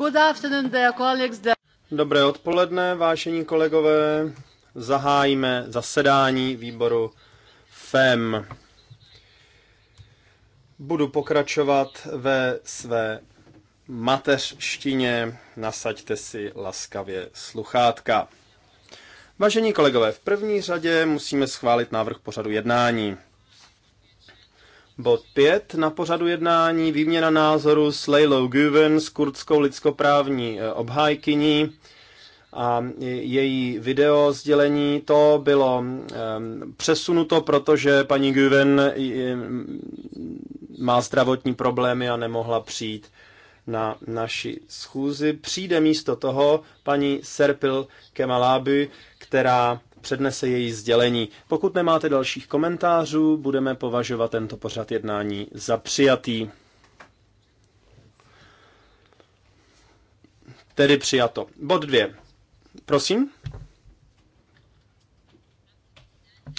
Good afternoon, dear colleagues. Dobré odpoledne, vážení kolegové. Zahájíme zasedání výboru FEM. Budu pokračovat ve své mateřštině. Nasaďte si laskavě sluchátka. Vážení kolegové, v první řadě musíme schválit návrh pořadu jednání. Bod 5 na pořadu jednání výměna názoru s Leilou Güven, s kurdskou lidskoprávní eh, obhájkyní a její video sdělení to bylo ehm, přesunuto, protože paní Güven ehm, má zdravotní problémy a nemohla přijít na naši schůzi. Přijde místo toho paní Serpil Kemalaby, která přednese její sdělení. Pokud nemáte dalších komentářů, budeme považovat tento pořad jednání za přijatý. Tedy přijato. Bod dvě. Prosím.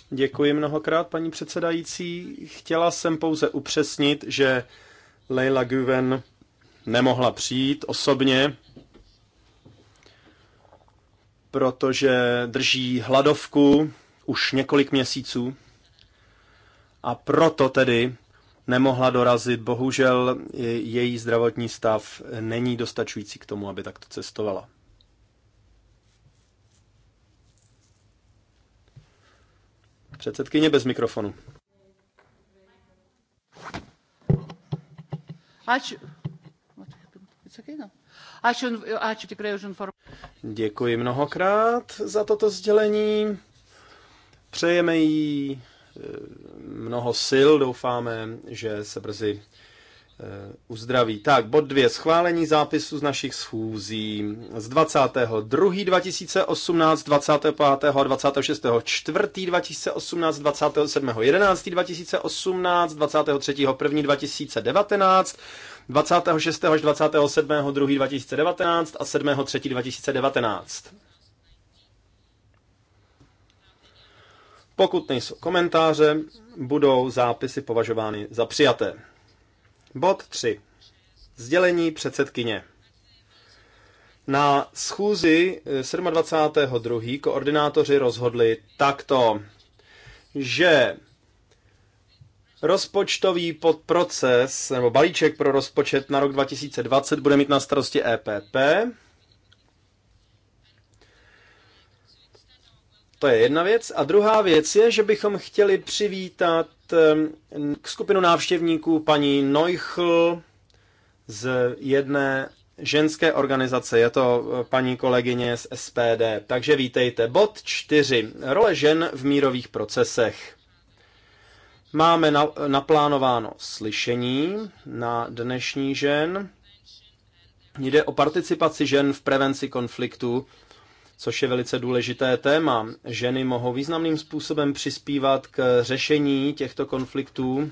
Děkuji mnohokrát, paní předsedající. Chtěla jsem pouze upřesnit, že Leila Guven nemohla přijít osobně, protože drží hladovku už několik měsíců a proto tedy nemohla dorazit. Bohužel její zdravotní stav není dostačující k tomu, aby takto cestovala. Předsedkyně bez mikrofonu. Ač... It's okay, no. Ačiū, ačiū tikrai už Děkuji mnohokrát za toto sdělení. Přejeme jí eh, mnoho sil, doufáme, že se brzy eh, uzdraví. Tak, bod dvě Schválení zápisu z našich schůzí z 22. 2018, 25. a 26. 4. 2018, 27. 11. 2018, 23. 1. 2019, 26. až 27. 2. 2019 a 7. 3. 2019. Pokud nejsou komentáře, budou zápisy považovány za přijaté. Bod 3. Sdělení předsedkyně. Na schůzi 27.2. Eh, koordinátoři rozhodli takto, že Rozpočtový podproces nebo balíček pro rozpočet na rok 2020 bude mít na starosti EPP. To je jedna věc. A druhá věc je, že bychom chtěli přivítat k eh, skupinu návštěvníků paní Neuchl z jedné ženské organizace. Je to eh, paní kolegyně z SPD. Takže vítejte. Bod čtyři. Role žen v mírových procesech. Máme na, naplánováno slyšení na dnešní žen. Jde o participaci žen v prevenci konfliktu, což je velice důležité téma. Ženy mohou významným způsobem přispívat k řešení těchto konfliktů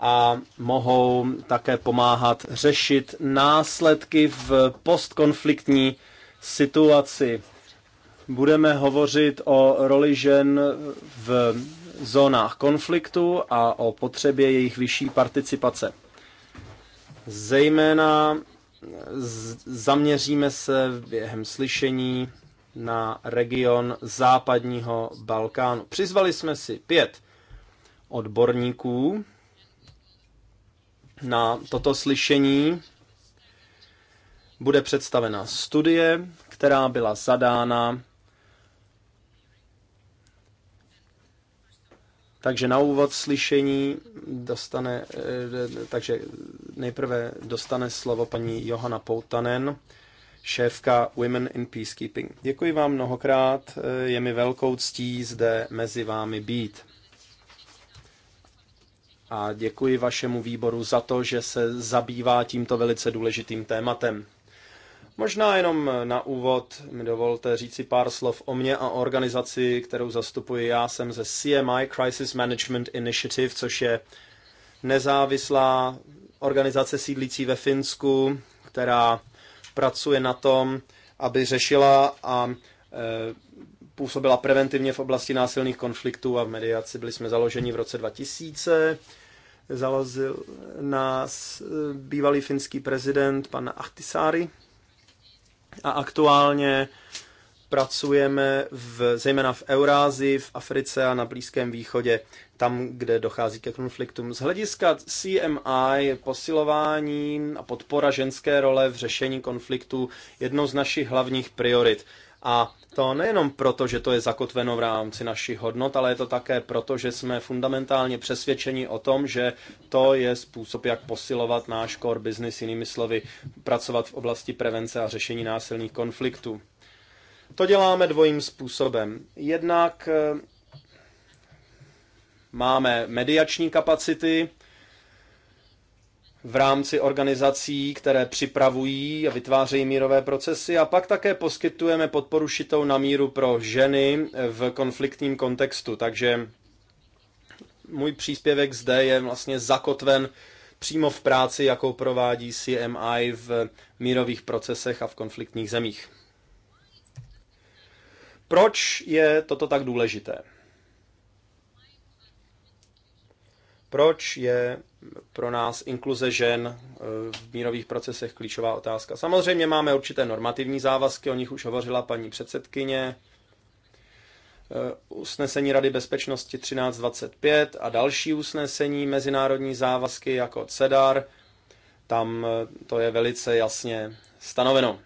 a mohou také pomáhat řešit následky v postkonfliktní situaci. Budeme hovořit o roli žen v zónách konfliktu a o potřebě jejich vyšší participace. Zejména zaměříme se během slyšení na region západního Balkánu. Přizvali jsme si pět odborníků na toto slyšení. Bude představena studie, která byla zadána Takže na úvod slyšení dostane, eh, takže nejprve dostane slovo paní Johana Poutanen, šéfka Women in Peacekeeping. Děkuji vám mnohokrát, eh, je mi velkou ctí zde mezi vámi být. A děkuji vašemu výboru za to, že se zabývá tímto velice důležitým tématem. Možná jenom na úvod mi dovolte říci pár slov o mě a organizaci, kterou zastupuji. Já jsem ze CMI Crisis Management Initiative, což je nezávislá organizace sídlící ve Finsku, která pracuje na tom, aby řešila a e, působila preventivně v oblasti násilných konfliktů a v mediaci. Byli jsme založeni v roce 2000. Založil nás e, bývalý finský prezident pan Ahtisaari a aktuálně pracujeme v, zejména v Eurázii, v Africe a na Blízkém východě, tam, kde dochází ke konfliktům. Z hlediska CMI je posilování a podpora ženské role v řešení konfliktu jednou z našich hlavních priorit. A to nejenom proto, že to je zakotveno v rámci našich hodnot, ale je to také proto, že jsme fundamentálně přesvědčeni o tom, že to je způsob, jak posilovat náš core business, jinými slovy, pracovat v oblasti prevence a řešení násilných konfliktů. To děláme dvojím způsobem. Jednak eh, máme mediační kapacity, v rámci organizací, které připravují a vytvářejí mírové procesy a pak také poskytujeme podporu šitou na míru pro ženy v konfliktním kontextu. Takže můj příspěvek zde je vlastně zakotven přímo v práci, jakou provádí CMI v mírových procesech a v konfliktních zemích. Proč je toto tak důležité? Proč je pro nás inkluze žen eh, v mírových procesech klíčová otázka. Samozřejmě máme určité normativní závazky, o nich už hovořila paní předsedkyně. Eh, usnesení Rady bezpečnosti 1325 a další usnesení mezinárodní závazky jako CEDAR, tam eh, to je velice jasně stanoveno.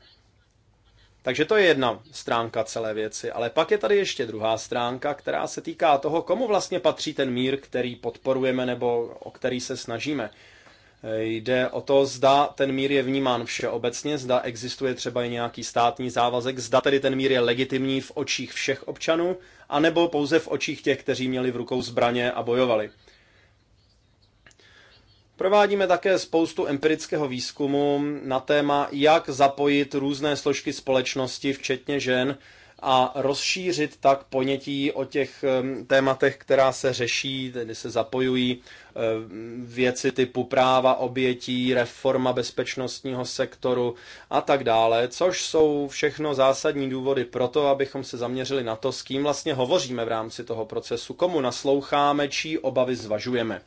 Takže to je jedna stránka celé věci. Ale pak je tady ještě druhá stránka, která se týká toho, komu vlastně patří ten mír, který podporujeme nebo o který se snažíme. Jde o to, zda ten mír je vnímán všeobecně, zda existuje třeba i nějaký státní závazek, zda tedy ten mír je legitimní v očích všech občanů, anebo pouze v očích těch, kteří měli v rukou zbraně a bojovali. Provádíme také spoustu empirického výzkumu na téma, jak zapojit různé složky společnosti, včetně žen, a rozšířit tak ponětí o těch tématech, která se řeší, tedy se zapojují věci typu práva obětí, reforma bezpečnostního sektoru a tak dále, což jsou všechno zásadní důvody pro to, abychom se zaměřili na to, s kým vlastně hovoříme v rámci toho procesu, komu nasloucháme, čí obavy zvažujeme.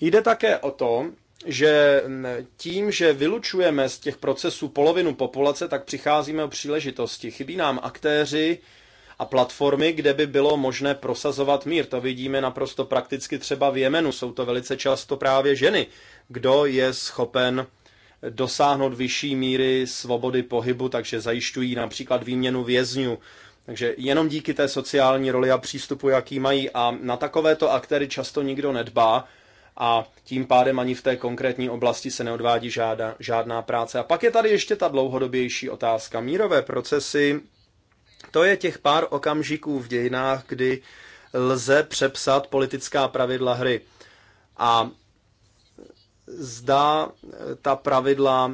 Jde také o to, že tím, že vylučujeme z těch procesů polovinu populace, tak přicházíme o příležitosti. Chybí nám aktéři a platformy, kde by bylo možné prosazovat mír. To vidíme naprosto prakticky třeba v Jemenu. Jsou to velice často právě ženy, kdo je schopen dosáhnout vyšší míry svobody pohybu, takže zajišťují například výměnu vězňů. Takže jenom díky té sociální roli a přístupu, jaký mají. A na takovéto aktéry často nikdo nedbá a tím pádem ani v té konkrétní oblasti se neodvádí žádná, žádná práce. A pak je tady ještě ta dlouhodobější otázka. Mírové procesy, to je těch pár okamžiků v dějinách, kdy lze přepsat politická pravidla hry. A zda ta pravidla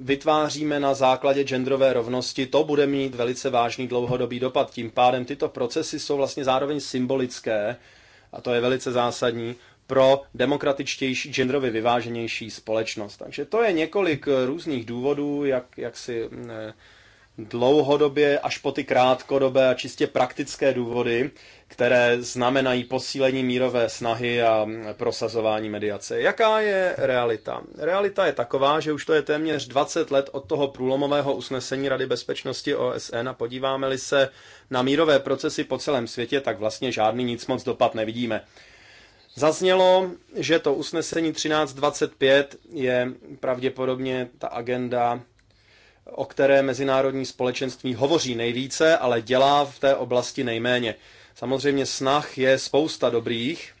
vytváříme na základě genderové rovnosti, to bude mít velice vážný dlouhodobý dopad. Tím pádem tyto procesy jsou vlastně zároveň symbolické, a to je velice zásadní, pro demokratičtější, genderově vyváženější společnost. Takže to je několik eh, různých důvodů, jak, jak si mm, eh, dlouhodobě až po ty krátkodobé a čistě praktické důvody, které znamenají posílení mírové snahy a mm, prosazování mediace. Jaká je realita? Realita je taková, že už to je téměř 20 let od toho průlomového usnesení Rady bezpečnosti OSN a podíváme-li se na mírové procesy po celém světě, tak vlastně žádný nic moc dopad nevidíme. Zaznělo, že to usnesení 1325 je pravděpodobně ta agenda, o které mezinárodní společenství hovoří nejvíce, ale dělá v té oblasti nejméně. Samozřejmě snah je spousta dobrých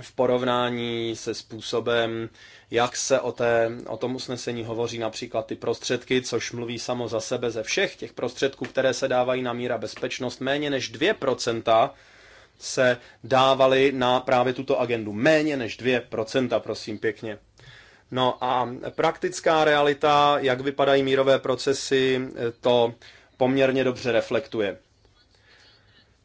v porovnání se způsobem, jak se o, té, o tom usnesení hovoří například ty prostředky, což mluví samo za sebe ze všech těch prostředků, které se dávají na míra bezpečnost, méně než 2% se dávaly na právě tuto agendu. Méně než 2%, prosím pěkně. No a praktická realita, jak vypadají mírové procesy, to poměrně dobře reflektuje.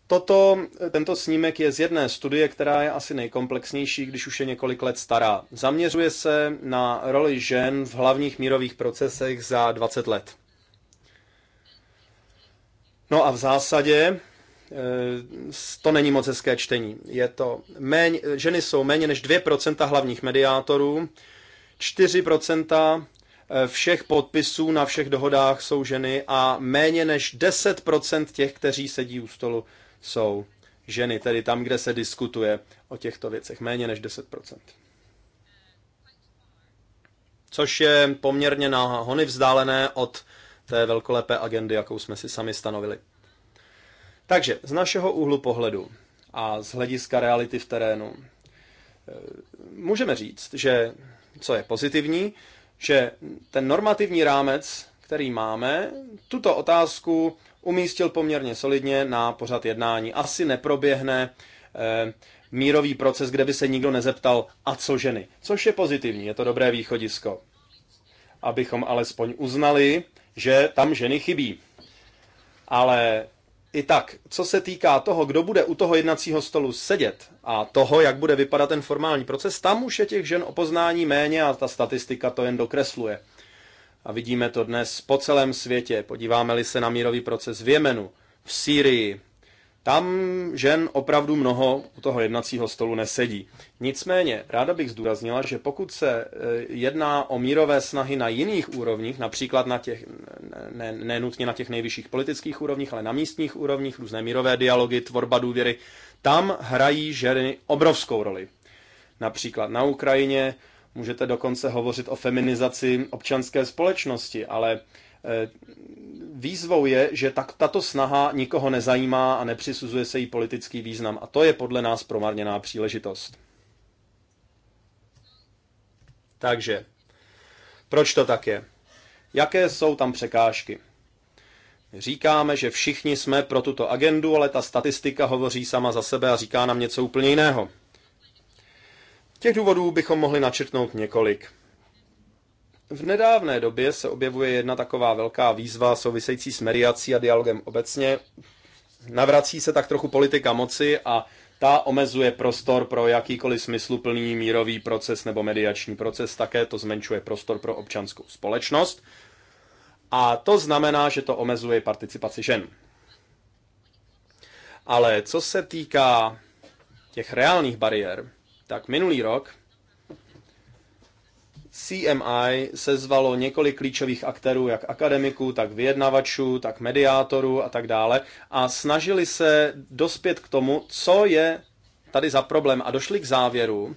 Toto, tento snímek je z jedné studie, která je asi nejkomplexnější, když už je několik let stará. Zaměřuje se na roli žen v hlavních mírových procesech za 20 let. No a v zásadě Eh, to není moc hezké čtení. Je to méně, ženy jsou méně než 2% hlavních mediátorů, 4% eh, všech podpisů na všech dohodách jsou ženy a méně než 10% těch, kteří sedí u stolu, jsou ženy, tedy tam, kde se diskutuje o těchto věcech. Méně než 10%. Což je poměrně na hony vzdálené od té velkolepé agendy, jakou jsme si sami stanovili. Takže z našeho úhlu pohledu a z hlediska reality v terénu eh, můžeme říct, že co je pozitivní, že ten normativní rámec, který máme, tuto otázku umístil poměrně solidně na pořad jednání. Asi neproběhne eh, mírový proces, kde by se nikdo nezeptal, a co ženy. Což je pozitivní, je to dobré východisko. Abychom alespoň uznali, že tam ženy chybí. Ale i tak, co se týká toho, kdo bude u toho jednacího stolu sedět a toho, jak bude vypadat ten formální proces, tam už je těch žen opoznání méně a ta statistika to jen dokresluje. A vidíme to dnes po celém světě. Podíváme-li se na mírový proces v Jemenu, v Sýrii, tam žen opravdu mnoho u toho jednacího stolu nesedí. Nicméně, ráda bych zdůraznila, že pokud se eh, jedná o mírové snahy na jiných úrovních, například na těch, ne, ne nutně na těch nejvyšších politických úrovních, ale na místních úrovních, různé mírové dialogy, tvorba důvěry, tam hrají ženy obrovskou roli. Například na Ukrajině můžete dokonce hovořit o feminizaci občanské společnosti, ale eh, výzvou je, že tak, tato snaha nikoho nezajímá a nepřisuzuje se jí politický význam. A to je podle nás promarněná příležitost. Takže, proč to tak je? Jaké jsou tam překážky? Říkáme, že všichni jsme pro tuto agendu, ale ta statistika hovoří sama za sebe a říká nám něco úplně jiného. Těch důvodů bychom mohli načrtnout několik. V nedávné době se objevuje jedna taková velká výzva související s mediací a dialogem obecně. Navrací se tak trochu politika moci a ta omezuje prostor pro jakýkoliv smysluplný mírový proces nebo mediační proces, také to zmenšuje prostor pro občanskou společnost. A to znamená, že to omezuje participaci žen. Ale co se týká těch reálných bariér, tak minulý rok CMI sezvalo několik klíčových aktérů, jak akademiků, tak vyjednavačů, tak mediátorů a tak dále, a snažili se dospět k tomu, co je tady za problém. A došli k závěru,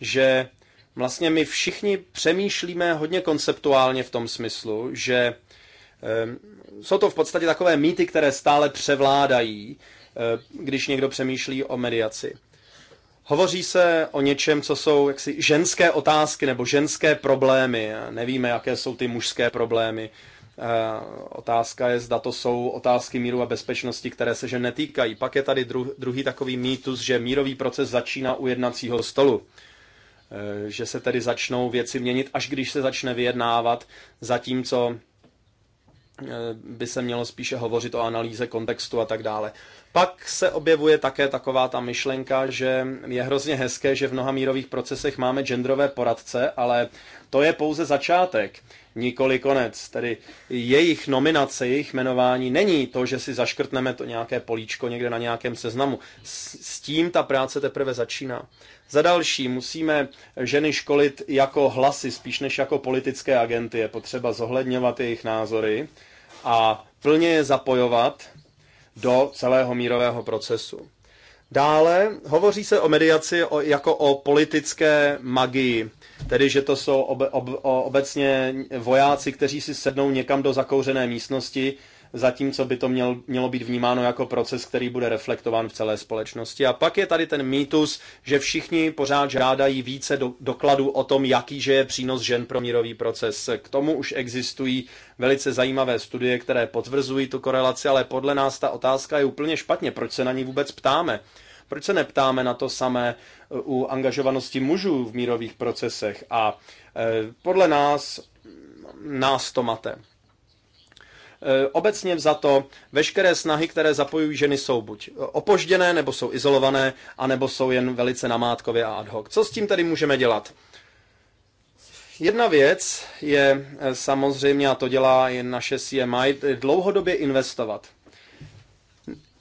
že vlastně my všichni přemýšlíme hodně konceptuálně v tom smyslu, že ehm, jsou to v podstatě takové mýty, které stále převládají, ehm, když někdo přemýšlí o mediaci. Hovoří se o něčem, co jsou jaksi ženské otázky nebo ženské problémy. Nevíme, jaké jsou ty mužské problémy. Eh, otázka je, zda to jsou otázky míru a bezpečnosti, které se žen netýkají. Pak je tady druhý takový mýtus, že mírový proces začíná u jednacího stolu. Eh, že se tedy začnou věci měnit, až když se začne vyjednávat, zatímco Eh, by se mělo spíše hovořit o analýze kontextu a tak dále. Pak se objevuje také taková ta myšlenka, že je hrozně hezké, že v mnoha mírových procesech máme genderové poradce, ale to je pouze začátek, nikoli konec. Tedy jejich nominace, jejich jmenování není to, že si zaškrtneme to nějaké políčko někde na nějakém seznamu. S, s tím ta práce teprve začíná. Za další, musíme ženy školit jako hlasy, spíš než jako politické agenty. Je potřeba zohledňovat jejich názory a plně je zapojovat do celého mírového procesu. Dále hovoří se o mediaci jako o politické magii, tedy že to jsou ob, obecně vojáci, kteří si sednou někam do zakouřené místnosti, zatímco by to měl, mělo být vnímáno jako proces, který bude reflektován v celé společnosti. A pak je tady ten mýtus, že všichni pořád žádají více do, dokladů o tom, jaký že je přínos žen pro mírový proces. K tomu už existují velice zajímavé studie, které potvrzují tu korelaci, ale podle nás ta otázka je úplně špatně. Proč se na ní vůbec ptáme? Proč se neptáme na to samé eh, u angažovanosti mužů v mírových procesech? A eh, podle nás mm, nás to mate. Eh, obecně za to veškeré snahy, které zapojují ženy, jsou buď opožděné, nebo jsou izolované, anebo jsou jen velice namátkově a ad hoc. Co s tím tedy můžeme dělat? Jedna věc je eh, samozřejmě, a to dělá i naše CMI, dlouhodobě investovat.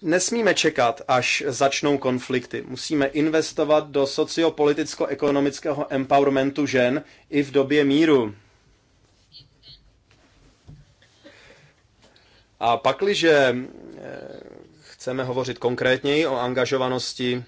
Nesmíme čekat, až začnou konflikty. Musíme investovat do sociopoliticko-ekonomického empowermentu žen i v době míru. A pakliže eh, chceme hovořit konkrétněji o angažovanosti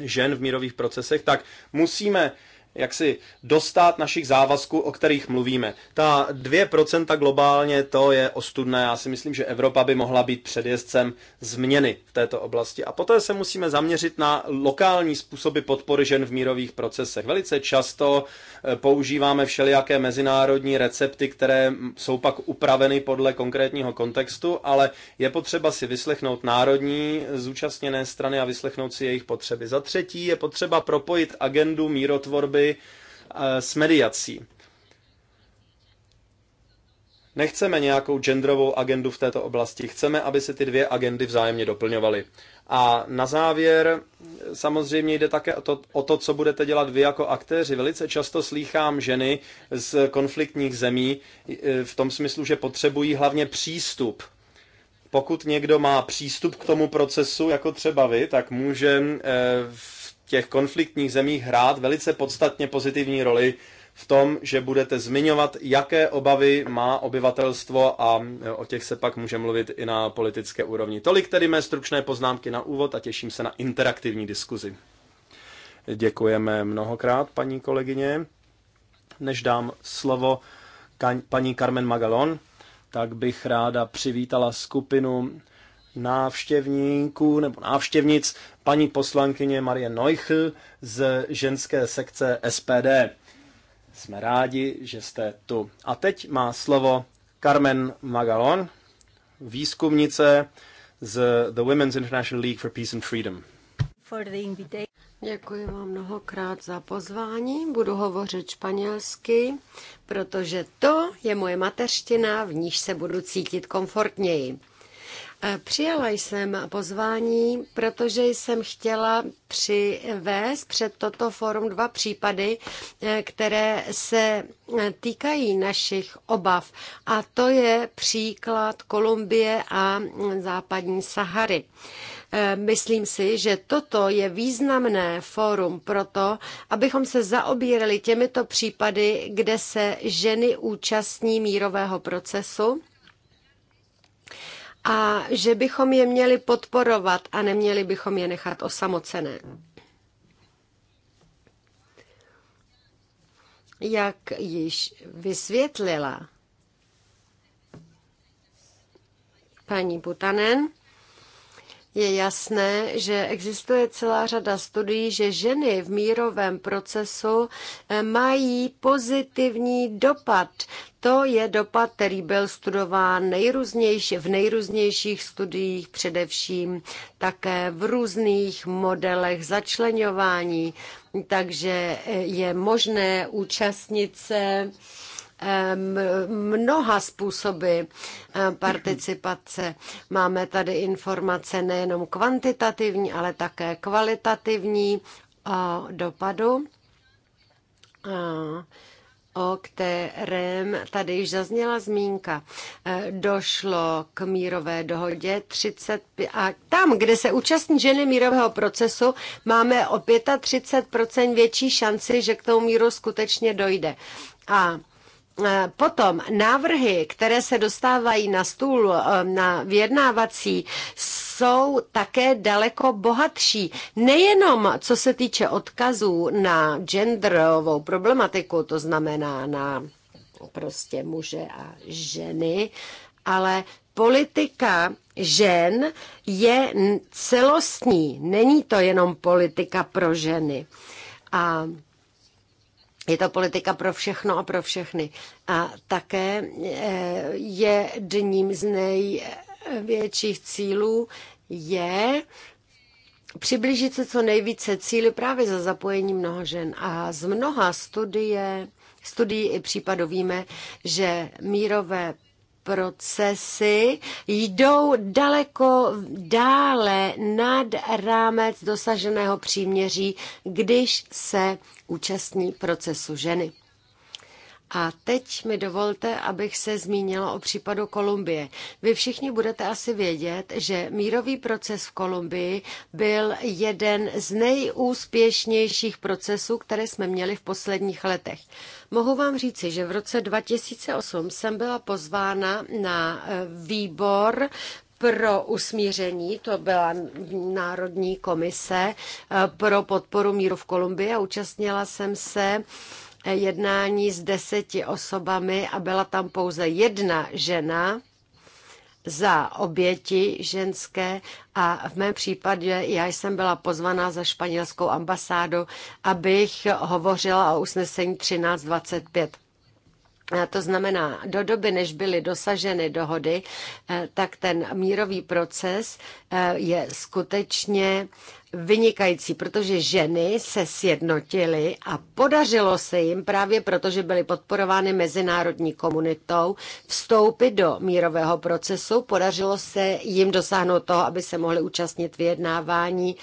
žen v mírových procesech, tak musíme jak si dostat našich závazků, o kterých mluvíme. Ta 2% globálně, to je ostudné. Já si myslím, že Evropa by mohla být předjezdcem změny v této oblasti. A poté se musíme zaměřit na lokální způsoby podpory žen v mírových procesech. Velice často eh, používáme všelijaké mezinárodní recepty, které jsou pak upraveny podle konkrétního kontextu, ale je potřeba si vyslechnout národní zúčastněné strany a vyslechnout si jejich potřeby. Za třetí je potřeba propojit agendu mírotvorby Eh, s mediací. Nechceme nějakou genderovou agendu v této oblasti, chceme, aby se ty dvě agendy vzájemně doplňovaly. A na závěr samozřejmě jde také o to, o to, co budete dělat vy jako aktéři. Velice často slýchám ženy z konfliktních zemí eh, v tom smyslu, že potřebují hlavně přístup. Pokud někdo má přístup k tomu procesu, jako třeba vy, tak může eh, v těch konfliktních zemích hrát velice podstatně pozitivní roli v tom, že budete zmiňovat, jaké obavy má obyvatelstvo a e, o těch se pak může mluvit i na politické úrovni. Tolik tedy mé stručné poznámky na úvod a těším se na interaktivní diskuzi. Děkujeme mnohokrát, paní kolegyně. Než dám slovo paní Carmen Magalon, tak bych ráda přivítala skupinu návštěvníků nebo návštěvnic paní poslankyně Marie Neuchl z ženské sekce SPD. Jsme rádi, že jste tu. A teď má slovo Carmen Magalon, výzkumnice z The Women's International League for Peace and Freedom. Děkuji vám mnohokrát za pozvání. Budu hovořit španělsky, protože to je moje mateřština, v níž se budu cítit komfortněji. E, přijala jsem pozvání, protože jsem chtěla přivést před toto fórum dva případy, e, které se týkají našich obav. A to je příklad Kolumbie a západní Sahary. E, myslím si, že toto je významné fórum proto, abychom se zaobírali těmito případy, kde se ženy účastní mírového procesu a že bychom je měli podporovat a neměli bychom je nechat osamocené. Jak již vysvětlila paní Butanen, je jasné, že existuje celá řada studií, že ženy v mírovém procesu eh, mají pozitivní dopad. To je dopad, který byl studován nejrůznější, v nejrůznějších studiích, především také v různých modelech začlenování. Takže eh, je možné účastnit se mnoha způsoby eh, participace. Máme tady informace nejenom kvantitativní, ale také kvalitativní o dopadu. o kterém tady již zazněla zmínka. Eh, došlo k mírové dohodě 35 a tam, kde se účastní ženy mírového procesu, máme o 35% větší šanci, že k tomu míru skutečně dojde. A Eh, potom návrhy, které se dostávají na stůl, eh, na vyjednávací, jsou také daleko bohatší. Nejenom co se týče odkazů na genderovou problematiku, to znamená na prostě muže a ženy, ale politika žen je celostní. Není to jenom politika pro ženy. A je to politika pro všechno a pro všechny. A také eh, je jedním z největších cílů je přiblížit se co nejvíce cíly právě za zapojení mnoha žen. A z mnoha studie, studií i případů víme, že mírové procesy jdou daleko dále nad rámec dosaženého příměří, když se účastní procesu ženy. A teď mi dovolte, abych se zmínila o případu Kolumbie. Vy všichni budete asi vědět, že mírový proces v Kolumbii byl jeden z nejúspěšnějších procesů, které jsme měli v posledních letech. Mohu vám říci, že v roce 2008 jsem byla pozvána na eh, výbor pro usmíření, to byla Národní komise eh, pro podporu míru v Kolumbii a účastnila jsem se jednání s deseti osobami a byla tam pouze jedna žena za oběti ženské a v mém případě já jsem byla pozvaná za španělskou ambasádu, abych hovořila o usnesení 1325. A to znamená, do doby, než byly dosaženy dohody, eh, tak ten mírový proces eh, je skutečně vynikající, protože ženy se sjednotily a podařilo se jim právě proto, že byly podporovány mezinárodní komunitou vstoupit do mírového procesu. Podařilo se jim dosáhnout toho, aby se mohly účastnit vyjednávání.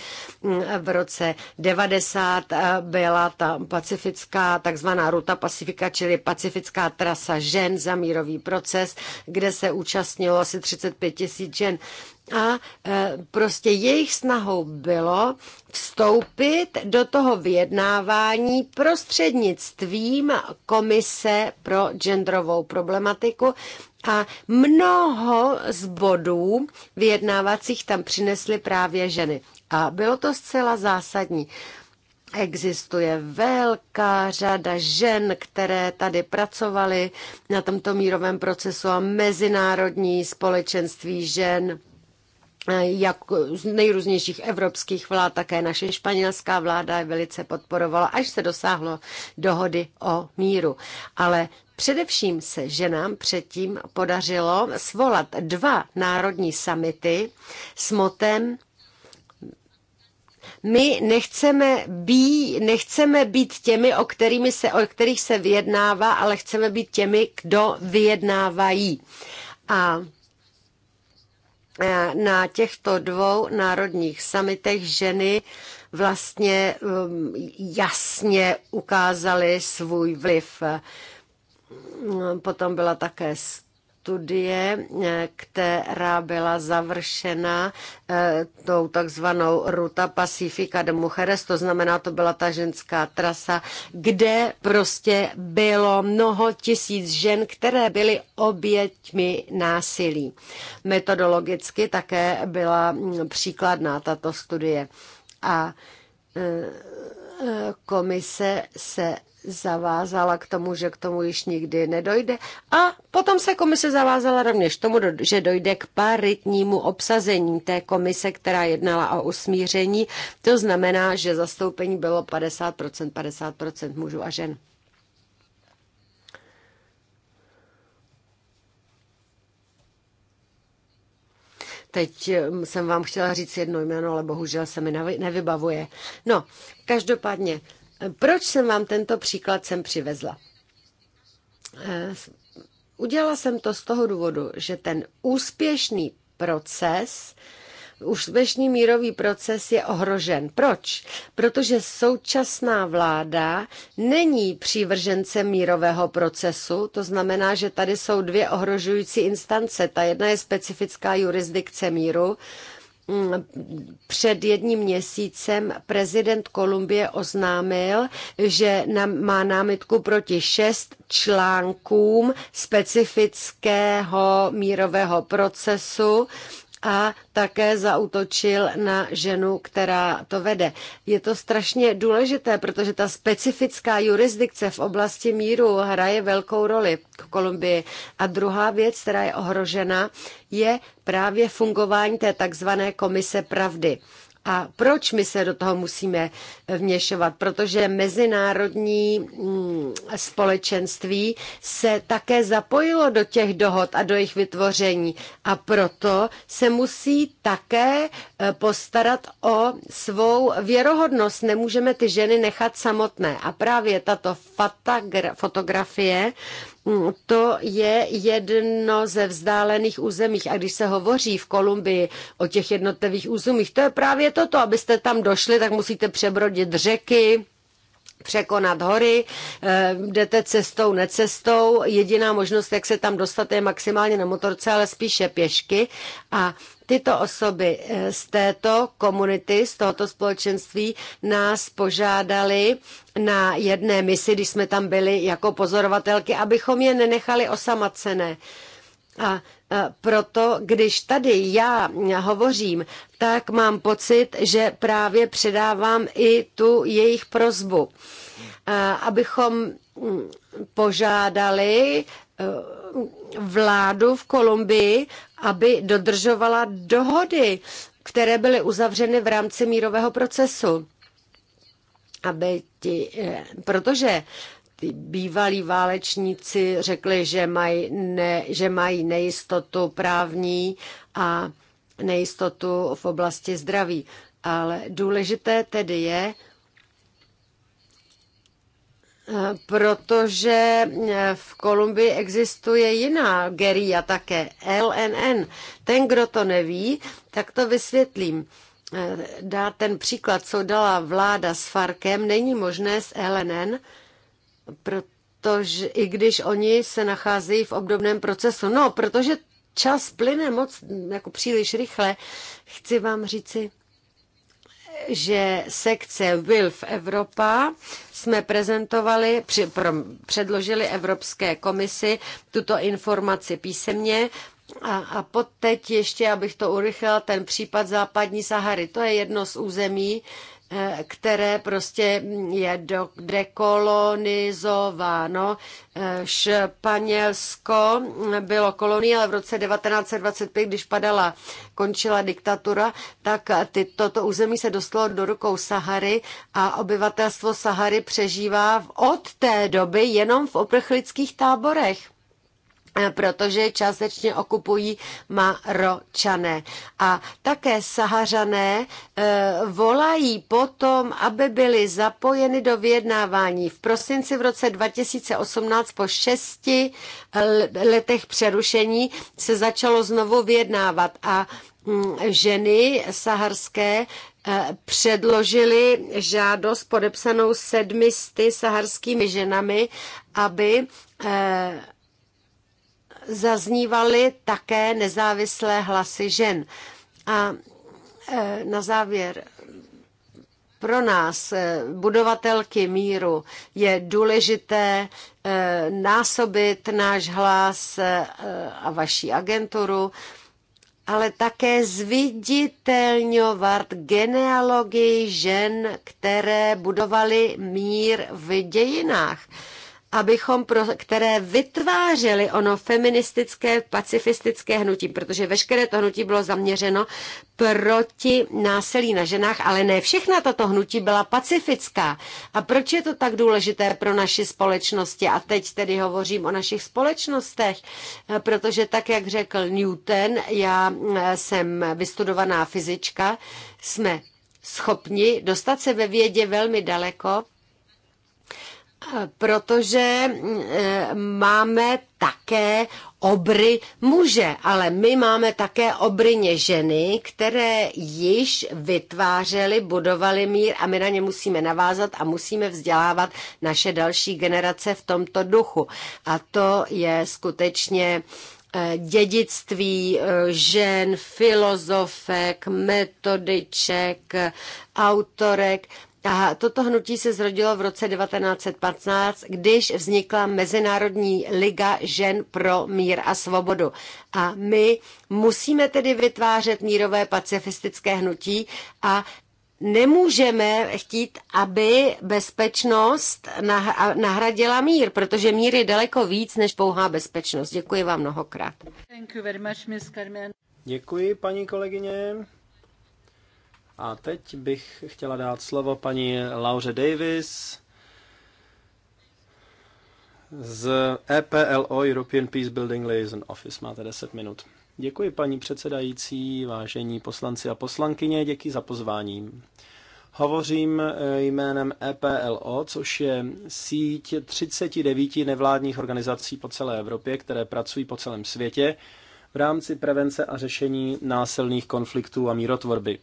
Mm, v roce 90 eh, byla ta pacifická, takzvaná ruta pacifika, čili pacifická trasa žen za mírový proces, kde se účastnilo asi 35 tisíc žen a e, prostě jejich snahou bylo vstoupit do toho vyjednávání prostřednictvím Komise pro genderovou problematiku a mnoho z bodů vyjednávacích tam přinesly právě ženy. A bylo to zcela zásadní. Existuje velká řada žen, které tady pracovaly na tomto mírovém procesu a mezinárodní společenství žen E, jak z nejrůznějších evropských vlád, také naše španělská vláda je velice podporovala, až se dosáhlo dohody o míru. Ale především se ženám předtím podařilo svolat dva národní samity s motem my nechceme, být, nechceme být těmi, o, kterými se, o kterých se vyjednává, ale chceme být těmi, kdo vyjednávají. A na těchto dvou národních samitech ženy vlastně um, jasně ukázaly svůj vliv. Potom byla také studie, eh, která byla završena eh, tou takzvanou Ruta Pacifica de Mujeres, to znamená, to byla ta ženská trasa, kde prostě bylo mnoho tisíc žen, které byly oběťmi násilí. Metodologicky také byla mm, příkladná tato studie. A eh, komise se zavázala k tomu, že k tomu již nikdy nedojde. A potom se komise zavázala rovněž k tomu, že dojde k paritnímu obsazení té komise, která jednala o usmíření. To znamená, že zastoupení bylo 50%, 50% mužů a žen. Teď eh, jsem vám chtěla říct jedno jméno, ale bohužel se mi nevybavuje. No, každopádně proč jsem vám tento příklad sem přivezla? Eh, udělala jsem to z toho důvodu, že ten úspěšný proces, úspěšný mírový proces je ohrožen. Proč? Protože současná vláda není přívržencem mírového procesu, to znamená, že tady jsou dvě ohrožující instance. Ta jedna je specifická jurisdikce míru, Mm, před jedním měsícem prezident Kolumbie oznámil, že má námitku proti šest článkům specifického mírového procesu, a také zautočil na ženu, která to vede. Je to strašně důležité, protože ta specifická jurisdikce v oblasti míru hraje velkou roli v Kolumbii. A druhá věc, která je ohrožena, je právě fungování té takzvané komise pravdy a proč my se do toho musíme vměšovat? Protože mezinárodní mm, společenství se také zapojilo do těch dohod a do jejich vytvoření a proto se musí také Eh, postarat o svou věrohodnost. Nemůžeme ty ženy nechat samotné. A právě tato fotografie, mm, to je jedno ze vzdálených územích. A když se hovoří v Kolumbii o těch jednotlivých územích, to je právě toto. Abyste tam došli, tak musíte přebrodit řeky, překonat hory, eh, jdete cestou, necestou. Jediná možnost, jak se tam dostat, je maximálně na motorce, ale spíše pěšky. A Tyto osoby eh, z této komunity, z tohoto společenství nás požádali na jedné misi, když jsme tam byli jako pozorovatelky, abychom je nenechali osamacené. A proto, když tady já hovořím, tak mám pocit, že právě předávám i tu jejich prozbu, abychom mm, požádali eh, vládu v Kolumbii, aby dodržovala dohody, které byly uzavřeny v rámci mírového procesu. Aby ti, eh, protože ty bývalí válečníci řekli, že mají, ne, že mají nejistotu právní a nejistotu v oblasti zdraví. Ale důležité tedy je, protože eh, v Kolumbii existuje jiná geria také, LNN. Ten, kdo to neví, tak to vysvětlím. Eh, dá ten příklad, co dala vláda s Farkem, není možné s LNN, protože i když oni se nacházejí v obdobném procesu. No, protože čas plyne moc jako příliš rychle, chci vám říci, že sekce WILF Evropa jsme prezentovali, při, pro, předložili Evropské komisi tuto informaci písemně. A, a pod teď ještě, abych to urychlila, ten případ západní Sahary. To je jedno z území, Eh, které prostě je do, dekolonizováno. Eh, Španělsko bylo kolonie, ale v roce 1925, když padala, končila diktatura, tak ty, toto území se dostalo do rukou Sahary a obyvatelstvo Sahary přežívá od té doby jenom v oprchlických táborech. Eh, protože částečně okupují Maročané. A také Sahařané eh, volají potom, aby byli zapojeni do vyjednávání. V prosinci v roce 2018 po šesti eh, letech přerušení se začalo znovu vyjednávat a mm, ženy saharské předložili žádost podepsanou sedmisty saharskými ženami, aby zaznívaly také nezávislé hlasy žen. A e, na závěr pro nás, e, budovatelky míru, je důležité e, násobit náš hlas a vaší agenturu, ale také zviditelňovat genealogii žen, které budovaly mír v dějinách abychom pro, které vytvářely ono feministické, pacifistické hnutí, protože veškeré to hnutí bylo zaměřeno proti násilí na ženách, ale ne všechna tato hnutí byla pacifická. A proč je to tak důležité pro naši společnosti? A teď tedy hovořím o našich společnostech, protože tak, jak řekl Newton, já eh, jsem vystudovaná fyzička, jsme schopni dostat se ve vědě velmi daleko, protože eh, máme také obry muže, ale my máme také obryně ženy, které již vytvářely, budovaly mír a my na ně musíme navázat a musíme vzdělávat naše další generace v tomto duchu. A to je skutečně eh, dědictví eh, žen, filozofek, metodiček, autorek, a toto hnutí se zrodilo v roce 1915, když vznikla Mezinárodní liga žen pro mír a svobodu. A my musíme tedy vytvářet mírové pacifistické hnutí a nemůžeme chtít, aby bezpečnost nahradila mír, protože mír je daleko víc než pouhá bezpečnost. Děkuji vám mnohokrát. Děkuji, paní kolegyně. A teď bych chtěla dát slovo paní Lauře Davis z EPLO European Peace Building Liaison Office. Máte 10 minut. Děkuji paní předsedající, vážení poslanci a poslankyně, děkuji za pozvání. Hovořím eh, jménem EPLO, což je síť 39 nevládních organizací po celé Evropě, které pracují po celém světě v rámci prevence a řešení násilných konfliktů a mírotvorby.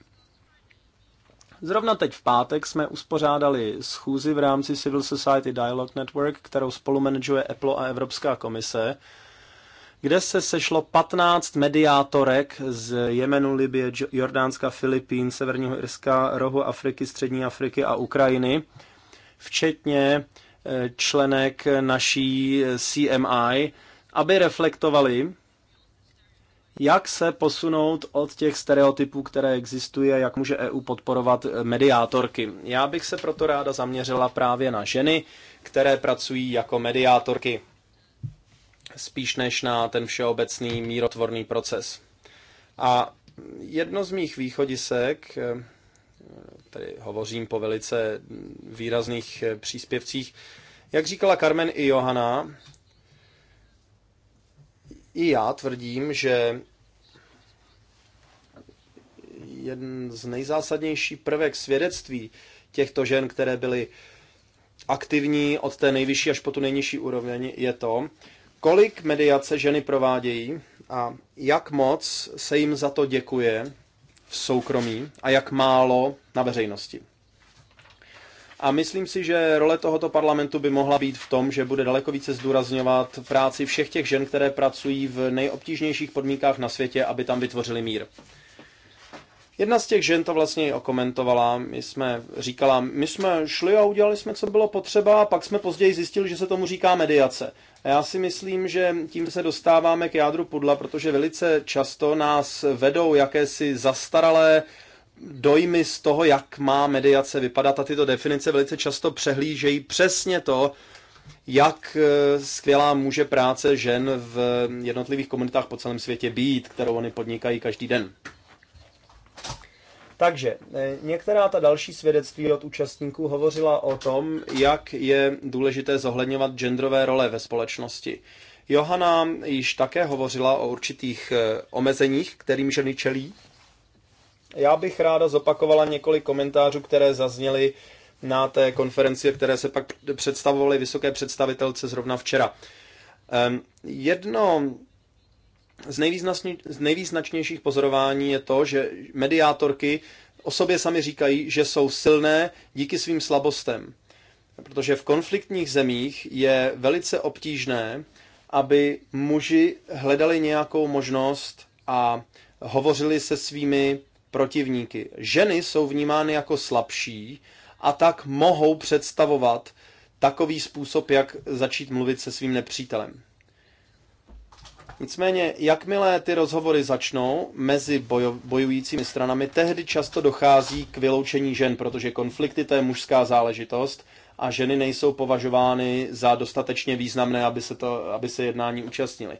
Zrovna teď v pátek jsme uspořádali schůzi v rámci Civil Society Dialogue Network, kterou spolumanaguje Apple a Evropská komise, kde se sešlo 15 mediátorek z Jemenu, Libie, Jordánska, Filipín, Severního Irska, rohu Afriky, Střední Afriky a Ukrajiny, včetně e, členek naší e, CMI, aby reflektovali jak se posunout od těch stereotypů, které existují a jak může EU podporovat eh, mediátorky. Já bych se proto ráda zaměřila právě na ženy, které pracují jako mediátorky, spíš než na ten všeobecný mírotvorný proces. A jedno z mých východisek, eh, tady hovořím po velice mm, výrazných eh, příspěvcích, jak říkala Carmen i Johana, i já tvrdím, že jeden z nejzásadnější prvek svědectví těchto žen, které byly aktivní od té nejvyšší až po tu nejnižší úroveň, je to, kolik mediace ženy provádějí a jak moc se jim za to děkuje v soukromí a jak málo na veřejnosti. A myslím si, že role tohoto parlamentu by mohla být v tom, že bude daleko více zdůrazňovat práci všech těch žen, které pracují v nejobtížnějších podmínkách na světě, aby tam vytvořili mír. Jedna z těch žen to vlastně i okomentovala. My jsme říkala, my jsme šli a udělali jsme, co bylo potřeba, a pak jsme později zjistili, že se tomu říká mediace. A já si myslím, že tím se dostáváme k jádru pudla, protože velice často nás vedou jakési zastaralé dojmy z toho, jak má mediace vypadat a tyto definice velice často přehlížejí přesně to, jak e, skvělá může práce žen v jednotlivých komunitách po celém světě být, kterou oni podnikají každý den. Takže e, některá ta další svědectví od účastníků hovořila o tom, jak je důležité zohledňovat genderové role ve společnosti. Johana již také hovořila o určitých e, omezeních, kterým ženy čelí já bych ráda zopakovala několik komentářů, které zazněly na té konferenci, které se pak představovaly vysoké představitelce zrovna včera. Ehm, jedno z nejvýznačnějších pozorování je to, že mediátorky o sobě sami říkají, že jsou silné díky svým slabostem. Protože v konfliktních zemích je velice obtížné, aby muži hledali nějakou možnost a hovořili se svými protivníky. Ženy jsou vnímány jako slabší a tak mohou představovat takový způsob, jak začít mluvit se svým nepřítelem. Nicméně, jakmile ty rozhovory začnou mezi bojo, bojujícími stranami, tehdy často dochází k vyloučení žen, protože konflikty to je mužská záležitost a ženy nejsou považovány za dostatečně významné, aby se, to, aby se jednání účastnili.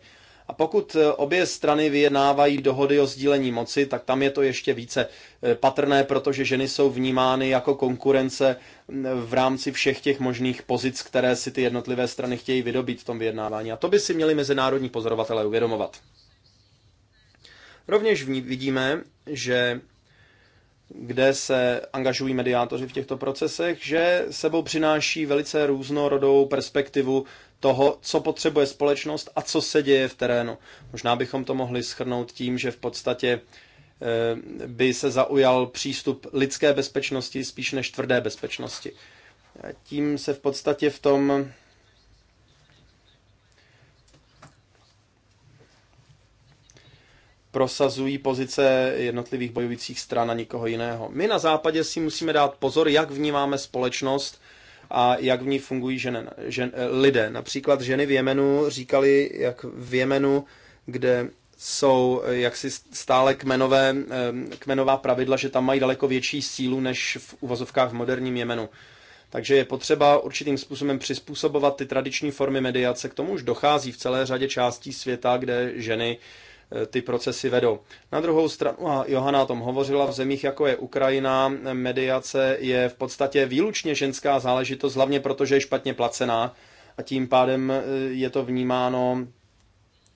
A pokud e, obě strany vyjednávají dohody o sdílení moci, tak tam je to ještě více e, patrné, protože ženy jsou vnímány jako konkurence v rámci všech těch možných pozic, které si ty jednotlivé strany chtějí vydobít v tom vyjednávání. A to by si měli mezinárodní pozorovatelé uvědomovat. Rovněž vidíme, že kde se angažují mediátoři v těchto procesech, že sebou přináší velice různorodou perspektivu toho, co potřebuje společnost a co se děje v terénu. Možná bychom to mohli schrnout tím, že v podstatě eh, by se zaujal přístup lidské bezpečnosti spíš než tvrdé bezpečnosti. Tím se v podstatě v tom prosazují pozice jednotlivých bojujících stran a nikoho jiného. My na západě si musíme dát pozor, jak vnímáme společnost a jak v ní fungují žen, žen, eh, lidé. Například ženy v Jemenu říkali, jak v Jemenu, kde jsou eh, jaksi stále kmenové, eh, kmenová pravidla, že tam mají daleko větší sílu než v uvozovkách v moderním Jemenu. Takže je potřeba určitým způsobem přizpůsobovat ty tradiční formy mediace. K tomu už dochází v celé řadě částí světa, kde ženy ty procesy vedou. Na druhou stranu, a Johana o tom hovořila, v zemích jako je Ukrajina, mediace je v podstatě výlučně ženská záležitost, hlavně protože je špatně placená a tím pádem e, je to vnímáno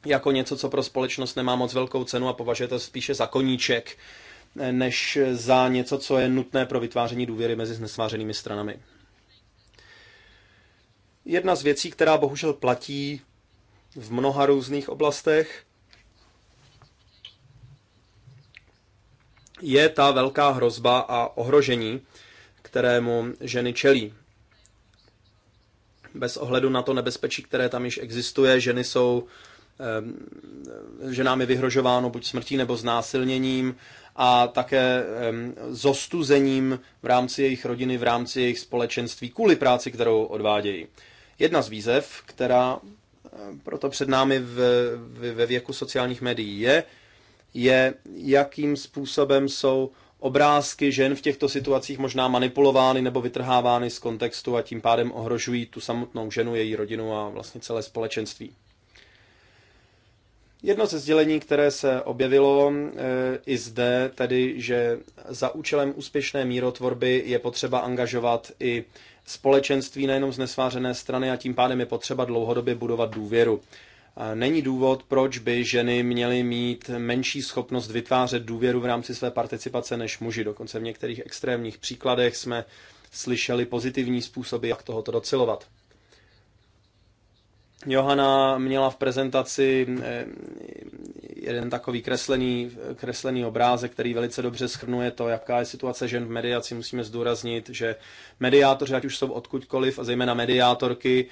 jako něco, co pro společnost nemá moc velkou cenu a považuje to spíše za koníček, e, než za něco, co je nutné pro vytváření důvěry mezi nesvářenými stranami. Jedna z věcí, která bohužel platí v mnoha různých oblastech, je ta velká hrozba a ohrožení, kterému ženy čelí. Bez ohledu na to nebezpečí, které tam již existuje, ženy jsou ženám je vyhrožováno buď smrtí nebo znásilněním a také zostuzením v rámci jejich rodiny, v rámci jejich společenství kvůli práci, kterou odvádějí. Jedna z výzev, která proto před námi v, ve věku sociálních médií je, je, jakým způsobem jsou obrázky žen v těchto situacích možná manipulovány nebo vytrhávány z kontextu a tím pádem ohrožují tu samotnou ženu, její rodinu a vlastně celé společenství. Jedno ze sdělení, které se objevilo eh, i zde, tedy, že za účelem úspěšné mírotvorby je potřeba angažovat i společenství nejenom z nesvářené strany a tím pádem je potřeba dlouhodobě budovat důvěru. Není důvod, proč by ženy měly mít menší schopnost vytvářet důvěru v rámci své participace než muži. Dokonce v některých extrémních příkladech jsme slyšeli pozitivní způsoby, jak tohoto docilovat. Johana měla v prezentaci eh, jeden takový kreslený, kreslený obrázek, který velice dobře schrnuje to, jaká je situace žen v mediaci. Musíme zdůraznit, že mediátoři, ať už jsou odkudkoliv, a zejména mediátorky,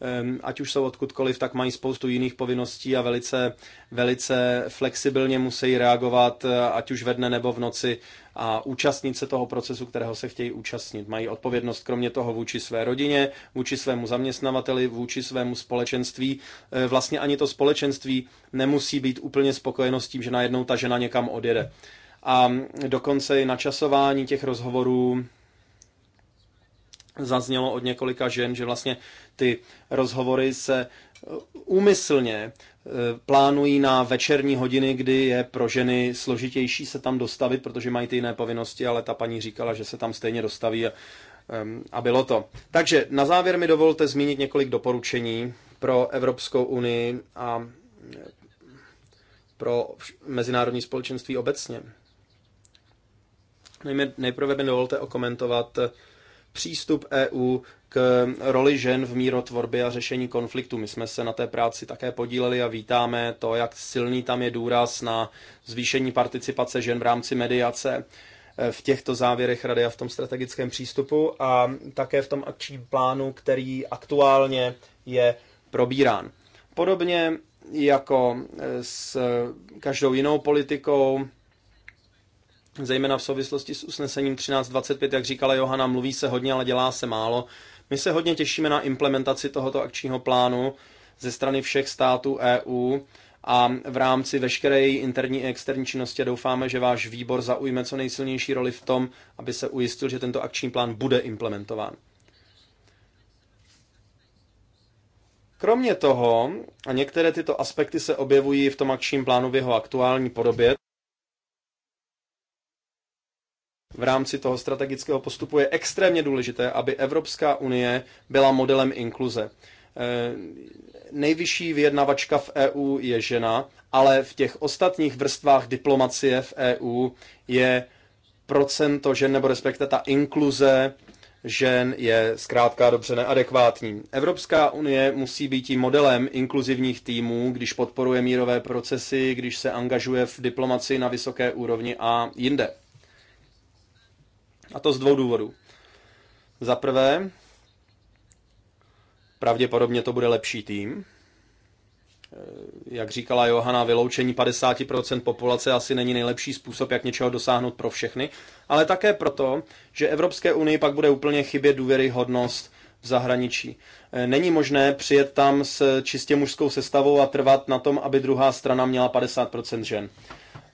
Ehm, ať už jsou odkudkoliv, tak mají spoustu jiných povinností a velice, velice flexibilně musí reagovat, eh, ať už ve dne nebo v noci a účastnit se toho procesu, kterého se chtějí účastnit. Mají odpovědnost kromě toho vůči své rodině, vůči svému zaměstnavateli, vůči svému společenství. Eh, vlastně ani to společenství nemusí být úplně spokojeno s tím, že najednou ta žena někam odjede. A dokonce i načasování těch rozhovorů zaznělo od několika žen, že vlastně ty rozhovory se e, úmyslně e, plánují na večerní hodiny, kdy je pro ženy složitější se tam dostavit, protože mají ty jiné povinnosti, ale ta paní říkala, že se tam stejně dostaví a, a bylo to. Takže na závěr mi dovolte zmínit několik doporučení pro Evropskou unii a e, pro mezinárodní společenství obecně. Nejprve mi dovolte okomentovat přístup EU k roli žen v mírotvorbě a řešení konfliktu. My jsme se na té práci také podíleli a vítáme to, jak silný tam je důraz na zvýšení participace žen v rámci mediace eh, v těchto závěrech rady a v tom strategickém přístupu a také v tom akčním plánu, který aktuálně je probírán. Podobně jako eh, s každou jinou politikou, zejména v souvislosti s usnesením 1325, jak říkala Johana, mluví se hodně, ale dělá se málo. My se hodně těšíme na implementaci tohoto akčního plánu ze strany všech států EU a v rámci veškeré její interní i externí činnosti doufáme, že váš výbor zaujme co nejsilnější roli v tom, aby se ujistil, že tento akční plán bude implementován. Kromě toho, a některé tyto aspekty se objevují v tom akčním plánu v jeho aktuální podobě, v rámci toho strategického postupu je extrémně důležité, aby Evropská unie byla modelem inkluze. E, nejvyšší vyjednavačka v EU je žena, ale v těch ostatních vrstvách diplomacie v EU je procento žen, nebo respektive ta inkluze žen je zkrátka dobře neadekvátní. Evropská unie musí být tím modelem inkluzivních týmů, když podporuje mírové procesy, když se angažuje v diplomaci na vysoké úrovni a jinde. A to z dvou důvodů. Za prvé, pravděpodobně to bude lepší tým. E, jak říkala Johana, vyloučení 50% populace asi není nejlepší způsob, jak něčeho dosáhnout pro všechny, ale také proto, že Evropské unii pak bude úplně chybět důvěryhodnost v zahraničí. E, není možné přijet tam s čistě mužskou sestavou a trvat na tom, aby druhá strana měla 50% žen.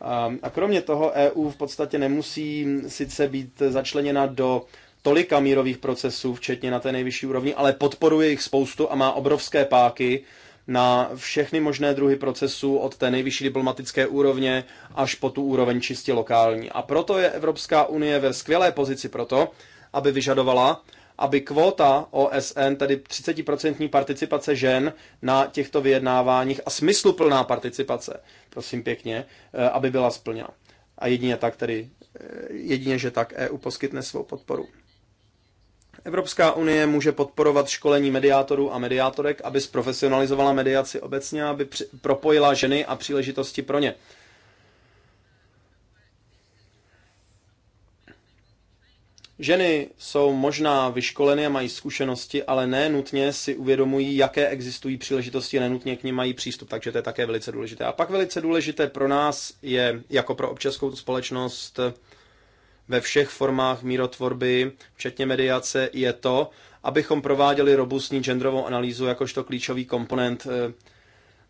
Ehm, a kromě toho EU v podstatě nemusí sice být začleněna do tolika mírových procesů, včetně na té nejvyšší úrovni, ale podporuje jich spoustu a má obrovské páky na všechny možné druhy procesů od té nejvyšší diplomatické úrovně až po tu úroveň čistě lokální. A proto je Evropská unie ve skvělé pozici proto, aby vyžadovala, aby kvóta OSN, tedy 30% participace žen na těchto vyjednáváních a smysluplná participace, prosím pěkně, eh, aby byla splněna. A jedině tak tedy, eh, jedině, že tak EU poskytne svou podporu. Evropská unie může podporovat školení mediátorů a mediátorek, aby zprofesionalizovala mediaci obecně, aby propojila ženy a příležitosti pro ně. Ženy jsou možná vyškoleny a mají zkušenosti, ale ne nutně si uvědomují, jaké existují příležitosti, nenutně k nim mají přístup, takže to je také velice důležité. A pak velice důležité pro nás je, jako pro občanskou společnost ve všech formách mírotvorby, včetně mediace, je to, abychom prováděli robustní genderovou analýzu jakožto klíčový komponent eh,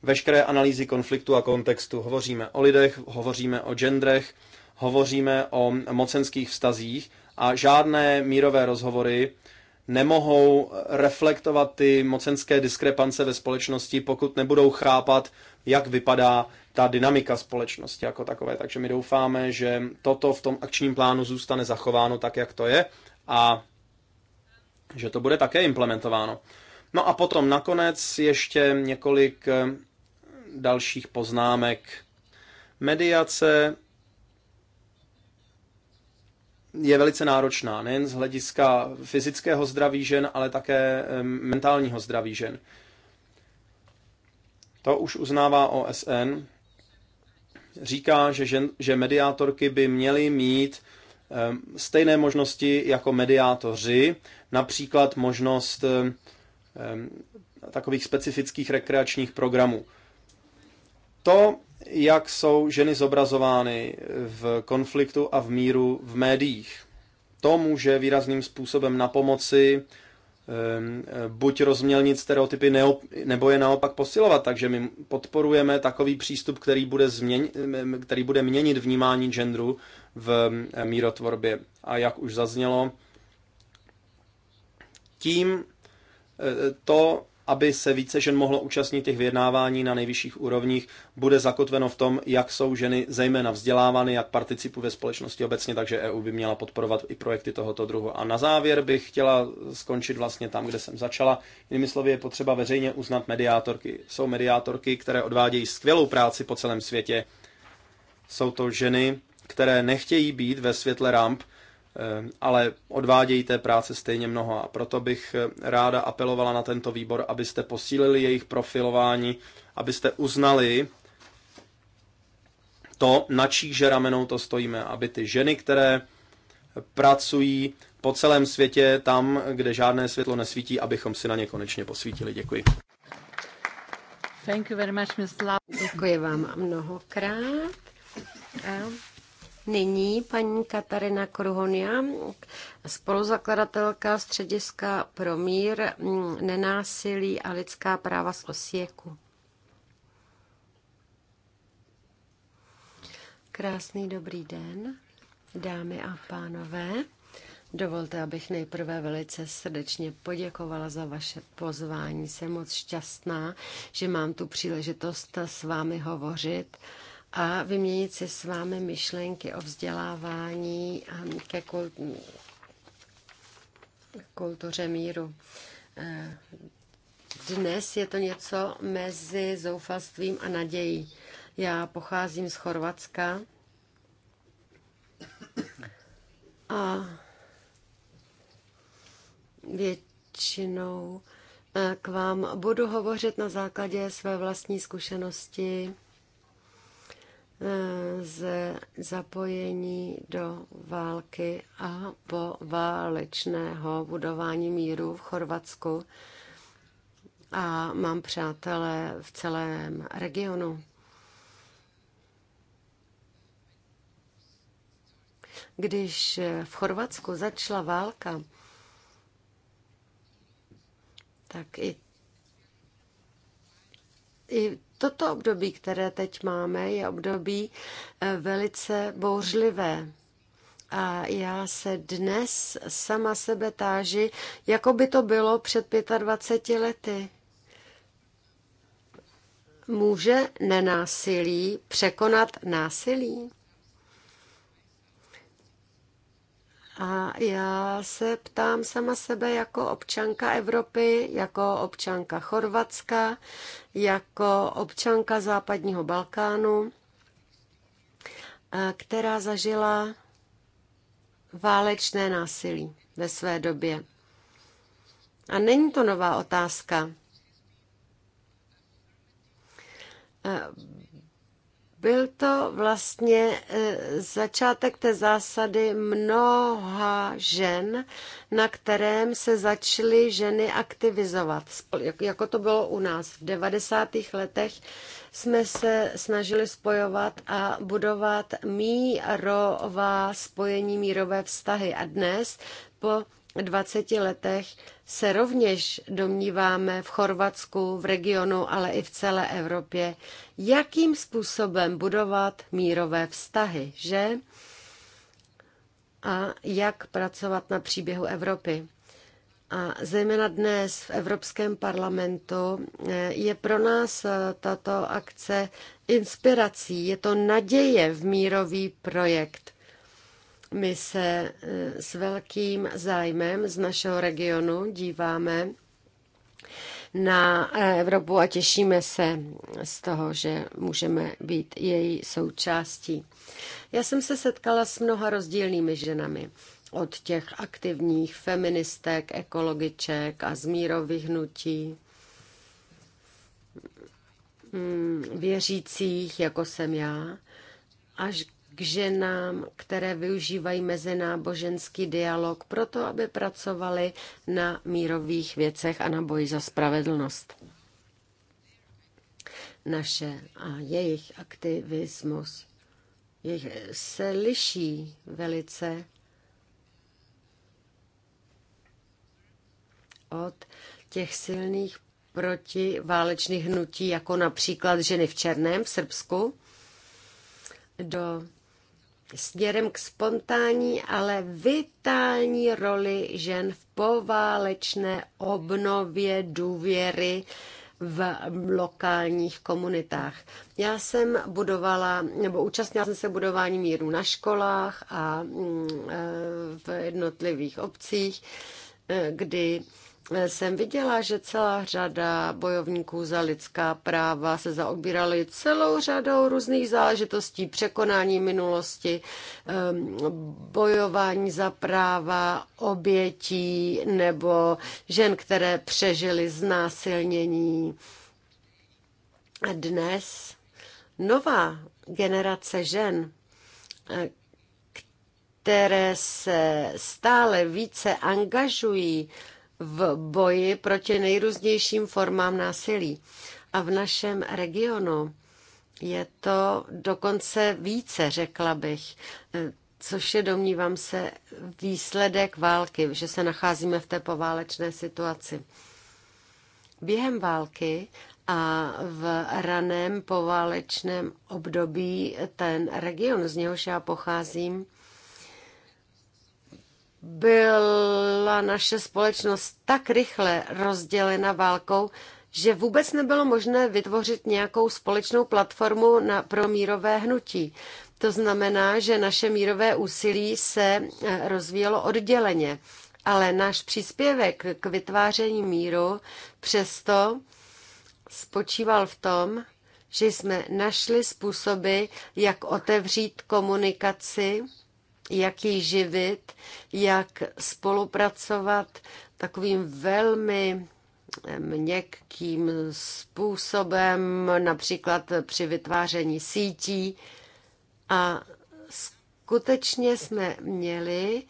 veškeré analýzy konfliktu a kontextu. Hovoříme o lidech, hovoříme o genderech, hovoříme o mocenských vztazích, a žádné mírové rozhovory nemohou reflektovat ty mocenské diskrepance ve společnosti, pokud nebudou chápat, jak vypadá ta dynamika společnosti jako takové. Takže my doufáme, že toto v tom akčním plánu zůstane zachováno tak, jak to je a že to bude také implementováno. No a potom nakonec ještě několik eh, dalších poznámek. Mediace je velice náročná, nejen z hlediska fyzického zdraví žen, ale také mentálního zdraví žen. To už uznává OSN. Říká, že, žen, že mediátorky by měly mít stejné možnosti jako mediátoři, například možnost takových specifických rekreačních programů. To jak jsou ženy zobrazovány v konfliktu a v míru v médiích. To může výrazným způsobem na pomoci buď rozmělnit stereotypy, nebo je naopak posilovat. Takže my podporujeme takový přístup, který bude, změn, který bude měnit vnímání genderu v mírotvorbě. A jak už zaznělo, tím e, e, to aby se více žen mohlo účastnit těch vyjednávání na nejvyšších úrovních, bude zakotveno v tom, jak jsou ženy zejména vzdělávány, jak participují ve společnosti obecně, takže EU by měla podporovat i projekty tohoto druhu. A na závěr bych chtěla skončit vlastně tam, kde jsem začala. Jinými slovy, je potřeba veřejně uznat mediátorky. Jsou mediátorky, které odvádějí skvělou práci po celém světě. Jsou to ženy, které nechtějí být ve světle ramp, Ehm, ale odvádějí té práce stejně mnoho a proto bych eh, ráda apelovala na tento výbor, abyste posílili jejich profilování, abyste uznali to, na číže ramenou to stojíme, aby ty ženy, které pracují po celém světě, tam, kde žádné světlo nesvítí, abychom si na ně konečně posvítili. Děkuji. Thank you very much, Děkuji vám mnohokrát. A ehm, Nyní paní Katarina Kruhonia, spoluzakladatelka Střediska pro mír, nenásilí a lidská práva z Osieku. Krásný dobrý den, dámy a pánové. Dovolte, abych nejprve velice srdečně poděkovala za vaše pozvání. Jsem moc šťastná, že mám tu příležitost s vámi hovořit. Uh, a vyměnit si s vámi myšlenky o vzdělávání a ke kultuře míru. Eh, dnes je to něco mezi zoufalstvím a nadějí. Já pocházím z Chorvatska a většinou eh, k vám budu hovořit na základě své vlastní zkušenosti Eh, z zapojení do války a po válečného budování míru v Chorvatsku a mám přátelé v celém regionu. Když v Chorvatsku začala válka, tak i, i Toto období, které teď máme, je období eh, velice bouřlivé. A já se dnes sama sebe táži, jako by to bylo před 25 lety. Může nenásilí překonat násilí? A já se ptám sama sebe jako občanka Evropy, jako občanka Chorvatska, jako občanka západního Balkánu, eh, která zažila válečné násilí ve své době. A není to nová otázka. Eh, byl to vlastně e, začátek té zásady mnoha žen, na kterém se začaly ženy aktivizovat. Jako to bylo u nás v 90. letech, jsme se snažili spojovat a budovat mírová spojení, mírové vztahy. A dnes po 20 letech se rovněž domníváme v Chorvatsku, v regionu, ale i v celé Evropě, jakým způsobem budovat mírové vztahy, že? A jak pracovat na příběhu Evropy. A zejména dnes v Evropském parlamentu eh, je pro nás eh, tato akce inspirací, je to naděje v mírový projekt. My se eh, s velkým zájmem z našeho regionu díváme na eh, Evropu a těšíme se z toho, že můžeme být její součástí. Já jsem se setkala s mnoha rozdílnými ženami od těch aktivních feministek, ekologiček a zmírových hnutí, mm, věřících, jako jsem já, až k ženám, které využívají mezináboženský dialog proto, aby pracovali na mírových věcech a na boji za spravedlnost. Naše a jejich aktivismus jejich se liší velice od těch silných protiválečných hnutí, jako například ženy v Černém v Srbsku, do směrem k spontánní, ale vitální roli žen v poválečné obnově důvěry v lokálních komunitách. Já jsem budovala, nebo účastnila jsem se budování míru na školách a mm, e, v jednotlivých obcích, e, kdy jsem viděla, že celá řada bojovníků za lidská práva se zaobírali celou řadou různých záležitostí, překonání minulosti, bojování za práva obětí nebo žen, které přežily znásilnění. A dnes nová generace žen, eh, které se stále více angažují, v boji proti nejrůznějším formám násilí. A v našem regionu je to dokonce více, řekla bych, eh, což je, domnívám se, výsledek války, že se nacházíme v té poválečné situaci. Během války a v raném poválečném období ten region, z něhož já pocházím, byla naše společnost tak rychle rozdělena válkou, že vůbec nebylo možné vytvořit nějakou společnou platformu na, pro mírové hnutí. To znamená, že naše mírové úsilí se eh, rozvíjelo odděleně, ale náš příspěvek k vytváření míru přesto spočíval v tom, že jsme našli způsoby, jak otevřít komunikaci jak ji živit, jak spolupracovat takovým velmi měkkým způsobem, například při vytváření sítí. A skutečně jsme měli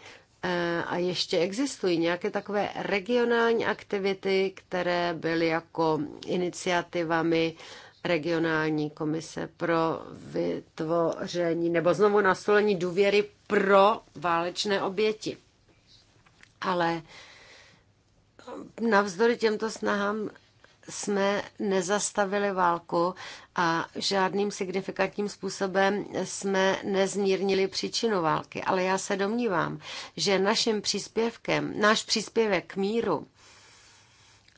eh, a ještě existují nějaké takové regionální aktivity, které byly jako iniciativami regionální komise pro vytvoření nebo znovu nastolení důvěry pro válečné oběti. Ale navzdory těmto snahám jsme nezastavili válku a žádným signifikantním způsobem jsme nezmírnili příčinu války. Ale já se domnívám, že naším příspěvkem, náš příspěvek k míru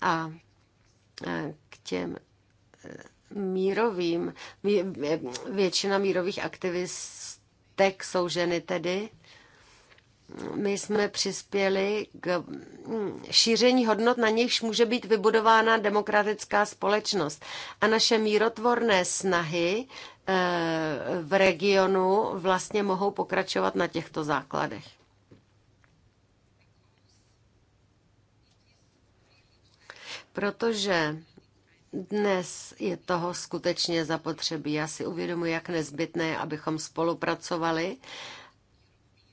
a e, k těm e, mírovým, e, většina mírových aktivistů, tak jsou ženy tedy, my jsme přispěli k mm, šíření hodnot, na nichž může být vybudována demokratická společnost. A naše mírotvorné snahy eh, v regionu vlastně mohou pokračovat na těchto základech. Protože dnes je toho skutečně zapotřebí. Já si uvědomuji, jak nezbytné, abychom spolupracovali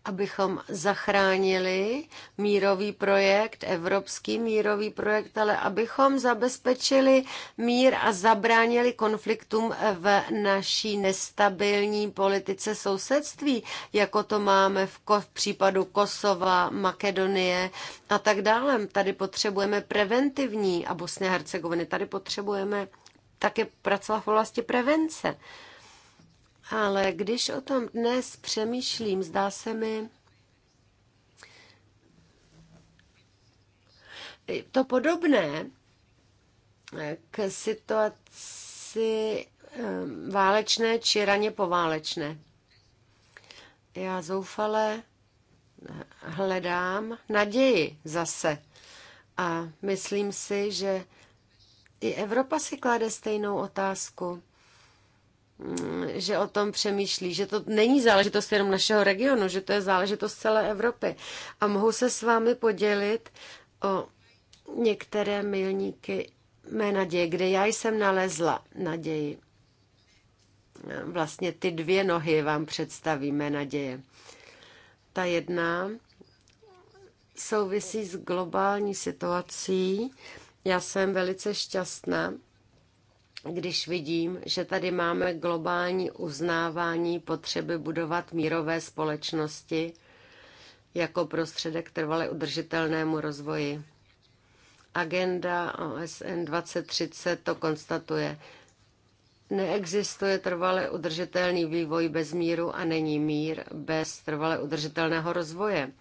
abychom zachránili mírový projekt, evropský mírový projekt, ale abychom zabezpečili mír a zabránili konfliktům v naší nestabilní politice sousedství, jako to máme v, v případu Kosova, Makedonie a tak dále. Tady potřebujeme preventivní a Bosně a Hercegoviny, tady potřebujeme také pracovat v oblasti prevence. Ale když o tom dnes přemýšlím, zdá se mi, to podobné eh, k situaci eh, válečné či raně poválečné. Já zoufale eh, hledám naději zase a myslím si, že i Evropa si klade stejnou otázku Mm, že o tom přemýšlí, že to není záležitost jenom našeho regionu, že to je záležitost celé Evropy. A mohu se s vámi podělit o některé milníky mé naděje, kde já jsem nalezla naději. Vlastně ty dvě nohy vám představíme naděje. Ta jedna souvisí s globální situací. Já jsem velice šťastná, když vidím, že tady máme globální uznávání potřeby budovat mírové společnosti jako prostředek trvale udržitelnému rozvoji. Agenda OSN 2030 to konstatuje. Neexistuje trvale udržitelný vývoj bez míru a není mír bez trvale udržitelného rozvoje.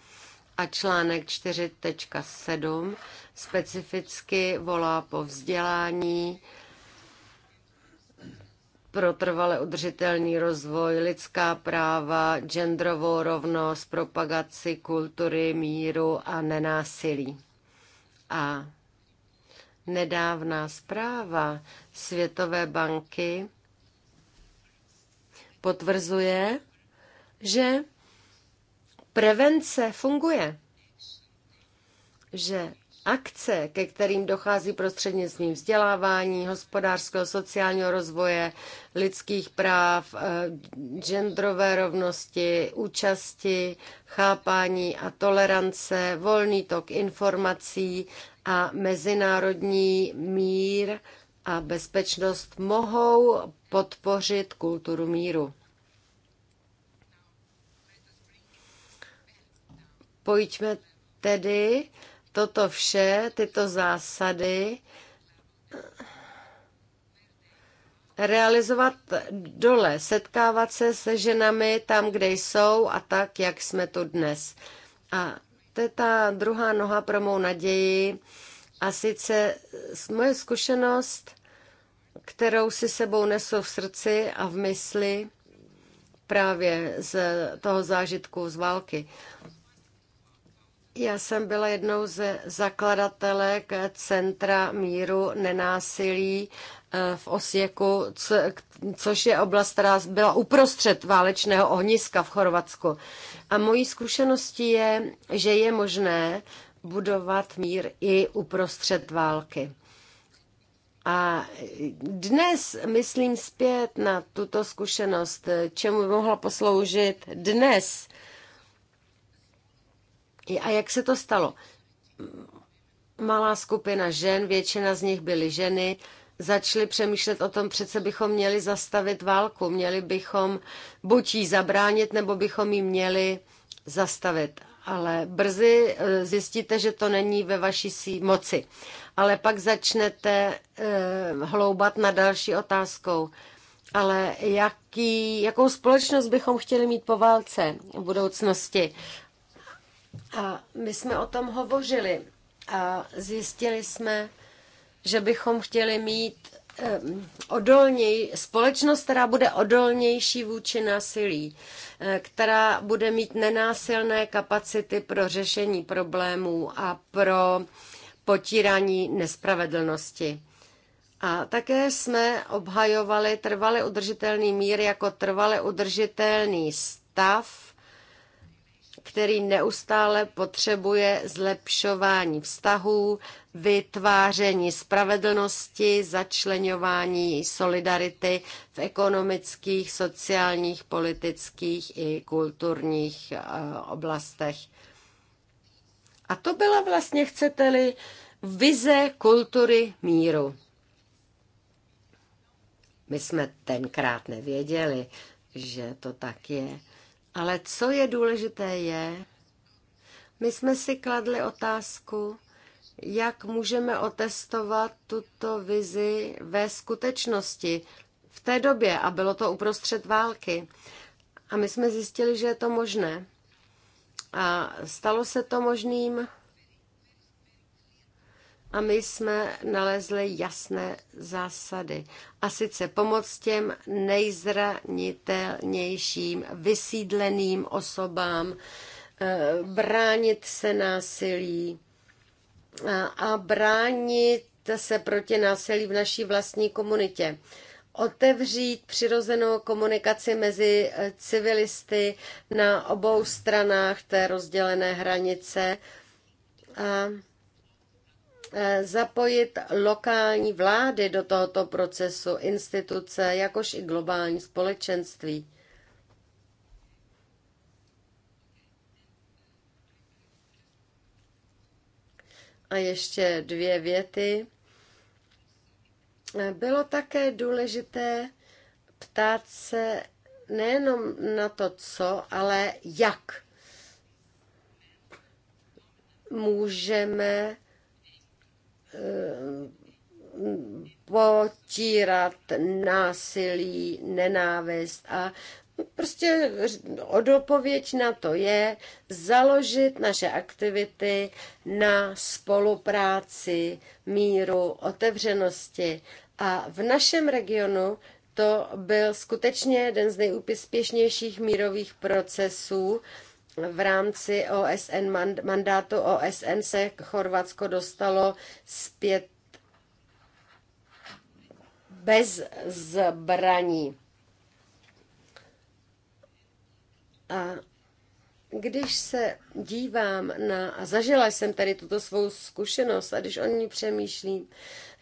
A článek 4.7 specificky volá po vzdělání, pro trvale udržitelný rozvoj, lidská práva, genderovou rovnost, propagaci kultury, míru a nenásilí. A nedávná zpráva Světové banky potvrzuje, že prevence funguje, že akce, ke kterým dochází prostřednictvím vzdělávání, hospodářského, sociálního rozvoje, lidských práv, eh, genderové rovnosti, účasti, chápání a tolerance, volný tok informací a mezinárodní mír a bezpečnost mohou podpořit kulturu míru. Pojďme tedy Toto vše, tyto zásady realizovat dole, setkávat se se ženami tam, kde jsou a tak, jak jsme tu dnes. A to je ta druhá noha pro mou naději. A sice moje zkušenost, kterou si sebou nesu v srdci a v mysli právě z toho zážitku z války. Já jsem byla jednou ze zakladatelek Centra míru nenásilí eh, v Osjeku, což je oblast, která byla uprostřed válečného ohniska v Chorvatsku. A mojí zkušeností je, že je možné budovat mír i uprostřed války. A dnes myslím zpět na tuto zkušenost, eh, čemu by mohla posloužit dnes – a jak se to stalo? Malá skupina žen, většina z nich byly ženy, začaly přemýšlet o tom, přece bychom měli zastavit válku, měli bychom buď jí zabránit, nebo bychom ji měli zastavit. Ale brzy eh, zjistíte, že to není ve vaší moci. Ale pak začnete eh, hloubat na další otázkou. Ale jaký, jakou společnost bychom chtěli mít po válce v budoucnosti? A my jsme o tom hovořili a zjistili jsme, že bychom chtěli mít odolněj, společnost, která bude odolnější vůči násilí, e, která bude mít nenásilné kapacity pro řešení problémů a pro potírání nespravedlnosti. A také jsme obhajovali trvale udržitelný mír jako trvale udržitelný stav, který neustále potřebuje zlepšování vztahů, vytváření spravedlnosti, začlenování solidarity v ekonomických, sociálních, politických i kulturních eh, oblastech. A to byla vlastně, chcete-li, vize kultury míru. My jsme tenkrát nevěděli, že to tak je. Ale co je důležité je, my jsme si kladli otázku, jak můžeme otestovat tuto vizi ve skutečnosti v té době, a bylo to uprostřed války. A my jsme zjistili, že je to možné. A stalo se to možným a my jsme nalezli jasné zásady. A sice pomoc těm nejzranitelnějším vysídleným osobám, eh, bránit se násilí a bránit se proti násilí v naší vlastní komunitě otevřít přirozenou komunikaci mezi eh, civilisty na obou stranách té rozdělené hranice a Eh, zapojit lokální vlády do tohoto procesu, instituce, jakož i globální společenství. A ještě dvě věty. Bylo také důležité ptát se nejenom na to, co, ale jak můžeme potírat násilí, nenávist a prostě odpověď na to je založit naše aktivity na spolupráci, míru, otevřenosti. A v našem regionu to byl skutečně jeden z nejúspěšnějších mírových procesů, v rámci OSN, mandátu OSN se Chorvatsko dostalo zpět bez zbraní. A když se dívám na, a zažila jsem tady tuto svou zkušenost, a když o ní přemýšlím,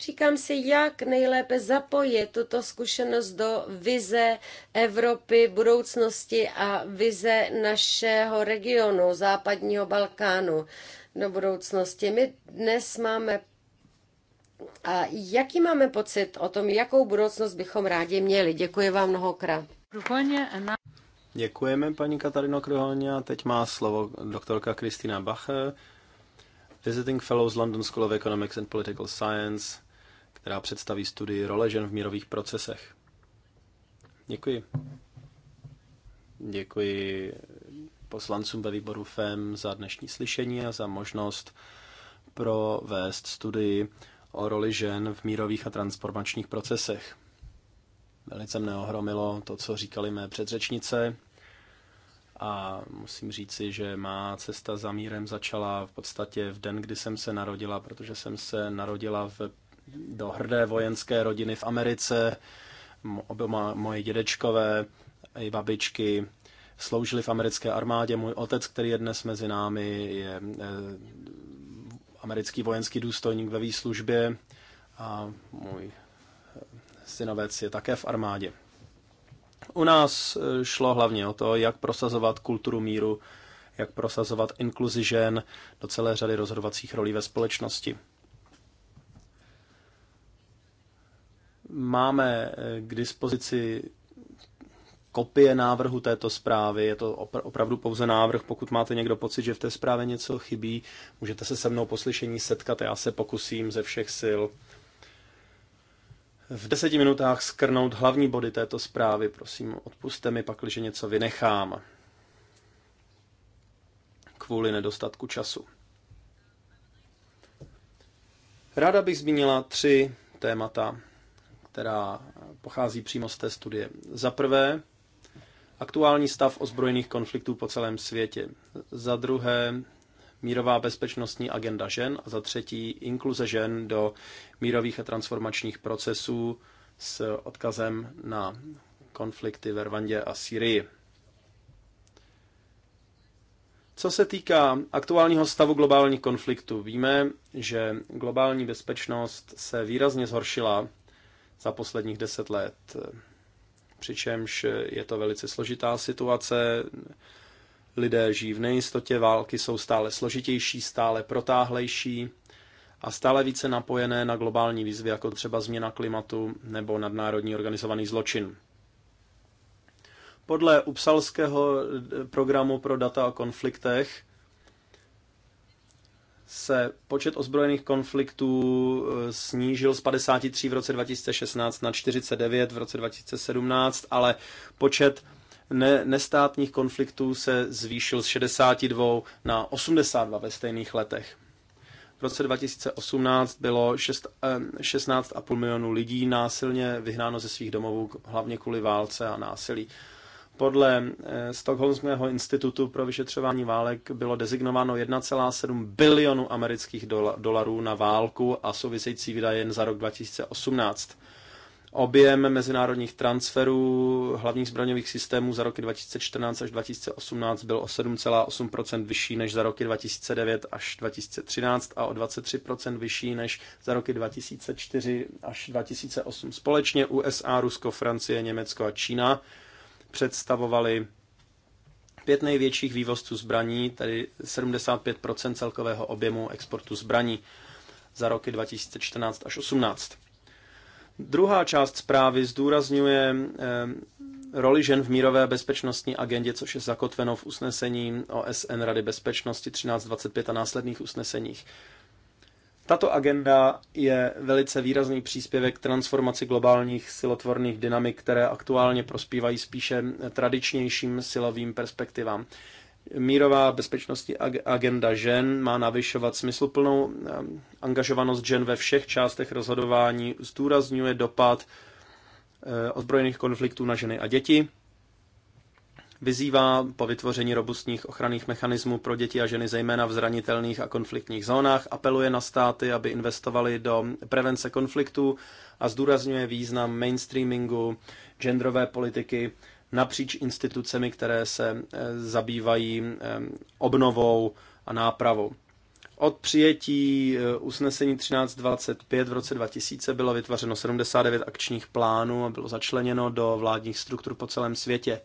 říkám si, jak nejlépe zapojit tuto zkušenost do vize Evropy budoucnosti a vize našeho regionu, západního Balkánu do budoucnosti. My dnes máme a jaký máme pocit o tom, jakou budoucnost bychom rádi měli? Děkuji vám mnohokrát. Děkujeme, paní Katarino Kruhoně. A teď má slovo doktorka Kristina Bache, Visiting Fellow z London School of Economics and Political Science, která představí studii role žen v mírových procesech. Děkuji. Děkuji poslancům ve výboru FEM za dnešní slyšení a za možnost provést studii o roli žen v mírových a transformačních procesech. Velice mne ohromilo to, co říkali mé předřečnice a musím říci, že má cesta za mírem začala v podstatě v den, kdy jsem se narodila, protože jsem se narodila v, do hrdé vojenské rodiny v Americe. Oba moje dědečkové i babičky sloužili v americké armádě. Můj otec, který je dnes mezi námi, je e, americký vojenský důstojník ve výslužbě a můj synovec je také v armádě. U nás eh, šlo hlavně o to, jak prosazovat kulturu míru, jak prosazovat inkluzi žen do celé řady rozhodovacích rolí ve společnosti. Máme eh, k dispozici kopie návrhu této zprávy, je to opravdu pouze návrh, pokud máte někdo pocit, že v té zprávě něco chybí, můžete se se mnou poslyšení setkat, já se pokusím ze všech sil v deseti minutách skrnout hlavní body této zprávy. Prosím, odpuste mi pak, že něco vynechám kvůli nedostatku času. Ráda bych zmínila tři témata, která pochází přímo z té studie. Za prvé, aktuální stav ozbrojených konfliktů po celém světě. Za druhé, mírová bezpečnostní agenda žen a za třetí inkluze žen do mírových a transformačních procesů s odkazem na konflikty ve Rwandě a Syrii. Co se týká aktuálního stavu globálních konfliktů, víme, že globální bezpečnost se výrazně zhoršila za posledních deset let, přičemž je to velice složitá situace, Lidé žijí v nejistotě, války jsou stále složitější, stále protáhlejší a stále více napojené na globální výzvy, jako třeba změna klimatu nebo nadnárodní organizovaný zločin. Podle Upsalského eh, programu pro data o konfliktech se počet ozbrojených konfliktů eh, snížil z 53 v roce 2016 na 49 v roce 2017, ale počet ne- nestátních konfliktů se zvýšil z 62 na 82 ve stejných letech. V roce 2018 bylo 16,5 eh, milionů lidí násilně vyhnáno ze svých domovů, hlavně kvůli válce a násilí. Podle eh, Stockholmského institutu pro vyšetřování válek bylo dezignováno 1,7 bilionu amerických dolarů na válku a související výdaje jen za rok 2018. Objem mezinárodních transferů hlavních zbraňových systémů za roky 2014 až 2018 byl o 7,8 vyšší než za roky 2009 až 2013 a o 23 vyšší než za roky 2004 až 2008. Společně USA, Rusko, Francie, Německo a Čína představovali pět největších vývozců zbraní, tedy 75 celkového objemu exportu zbraní za roky 2014 až 2018. Druhá část zprávy zdůrazňuje eh, roli žen v mírové bezpečnostní agendě, což je zakotveno v usnesení OSN Rady bezpečnosti 1325 a následných usneseních. Tato agenda je velice výrazný příspěvek k transformaci globálních silotvorných dynamik, které aktuálně prospívají spíše tradičnějším silovým perspektivám. Mírová bezpečnostní agenda žen má navyšovat smysluplnou eh, angažovanost žen ve všech částech rozhodování, zdůrazňuje dopad eh, ozbrojených konfliktů na ženy a děti, vyzývá po vytvoření robustních ochranných mechanismů pro děti a ženy, zejména v zranitelných a konfliktních zónách, apeluje na státy, aby investovali do prevence konfliktů a zdůrazňuje význam mainstreamingu genderové politiky napříč institucemi, které se eh, zabývají eh, obnovou a nápravou. Od přijetí eh, usnesení 1325 v roce 2000 bylo vytvořeno 79 akčních plánů a bylo začleněno do vládních struktur po celém světě.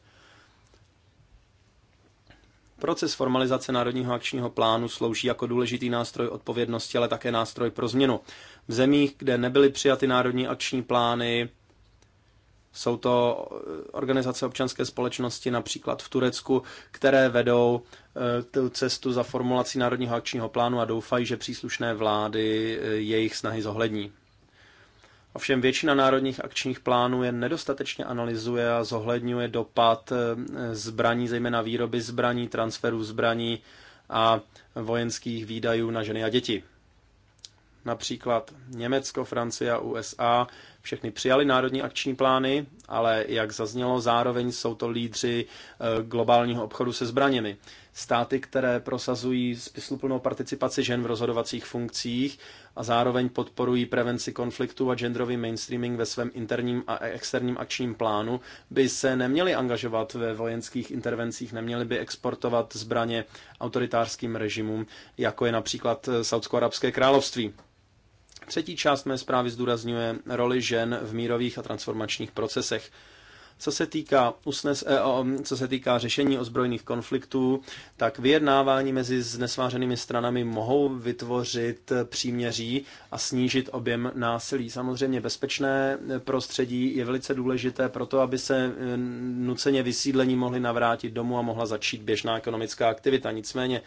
Proces formalizace Národního akčního plánu slouží jako důležitý nástroj odpovědnosti, ale také nástroj pro změnu. V zemích, kde nebyly přijaty národní akční plány, jsou to eh, organizace občanské společnosti například v Turecku, které vedou eh, tu cestu za formulací Národního akčního plánu a doufají, že příslušné vlády eh, jejich snahy zohlední. Ovšem většina národních akčních plánů je nedostatečně analyzuje a zohledňuje dopad zbraní, zejména výroby zbraní, transferu zbraní a vojenských výdajů na ženy a děti. Například Německo, Francie a USA všechny přijali národní akční plány, ale jak zaznělo, zároveň jsou to lídři eh, globálního obchodu se zbraněmi. Státy, které prosazují smysluplnou participaci žen v rozhodovacích funkcích a zároveň podporují prevenci konfliktu a genderový mainstreaming ve svém interním a externím akčním plánu, by se neměly angažovat ve vojenských intervencích, neměly by exportovat zbraně autoritářským režimům, jako je například eh, Saudsko-Arabské království. Třetí část mé zprávy zdůrazňuje roli žen v mírových a transformačních procesech. Co se týká, usnes, eh, co se týká řešení ozbrojených konfliktů, tak vyjednávání mezi znesvářenými stranami mohou vytvořit příměří a snížit objem násilí. Samozřejmě bezpečné prostředí je velice důležité pro to, aby se eh, nuceně vysídlení mohli navrátit domů a mohla začít běžná ekonomická aktivita. Nicméně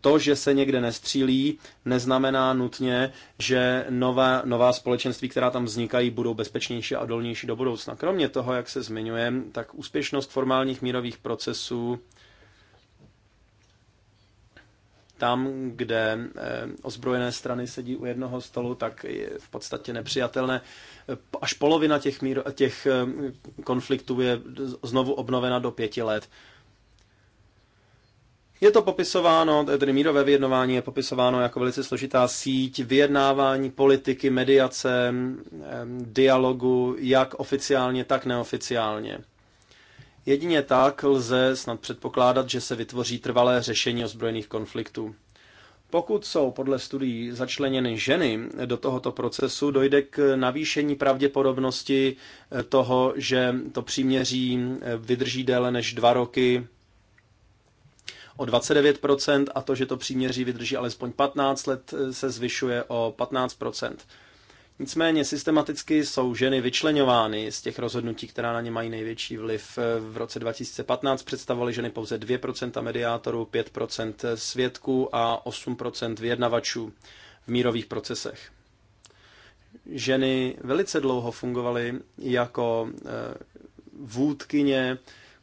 to, že se někde nestřílí, neznamená nutně, že nová, nová společenství, která tam vznikají, budou bezpečnější a odolnější do budoucna. Kromě toho, jak se zmiňuje, tak úspěšnost formálních mírových procesů tam, kde eh, ozbrojené strany sedí u jednoho stolu, tak je v podstatě nepřijatelné. Až polovina těch, mír, těch eh, konfliktů je znovu obnovena do pěti let. Je to popisováno, tedy mírové vyjednování je popisováno jako velice složitá síť vyjednávání, politiky, mediace, dialogu, jak oficiálně, tak neoficiálně. Jedině tak lze snad předpokládat, že se vytvoří trvalé řešení ozbrojených konfliktů. Pokud jsou podle studií začleněny ženy do tohoto procesu, dojde k navýšení pravděpodobnosti toho, že to příměří vydrží déle než dva roky o 29% a to, že to příměří vydrží alespoň 15 let, eh, se zvyšuje o 15%. Nicméně systematicky jsou ženy vyčleňovány z těch rozhodnutí, která na ně mají největší vliv. Eh, v roce 2015 představovaly ženy pouze 2% mediátorů, 5% svědků a 8% vyjednavačů v mírových procesech. Ženy velice dlouho fungovaly jako eh, vůdkyně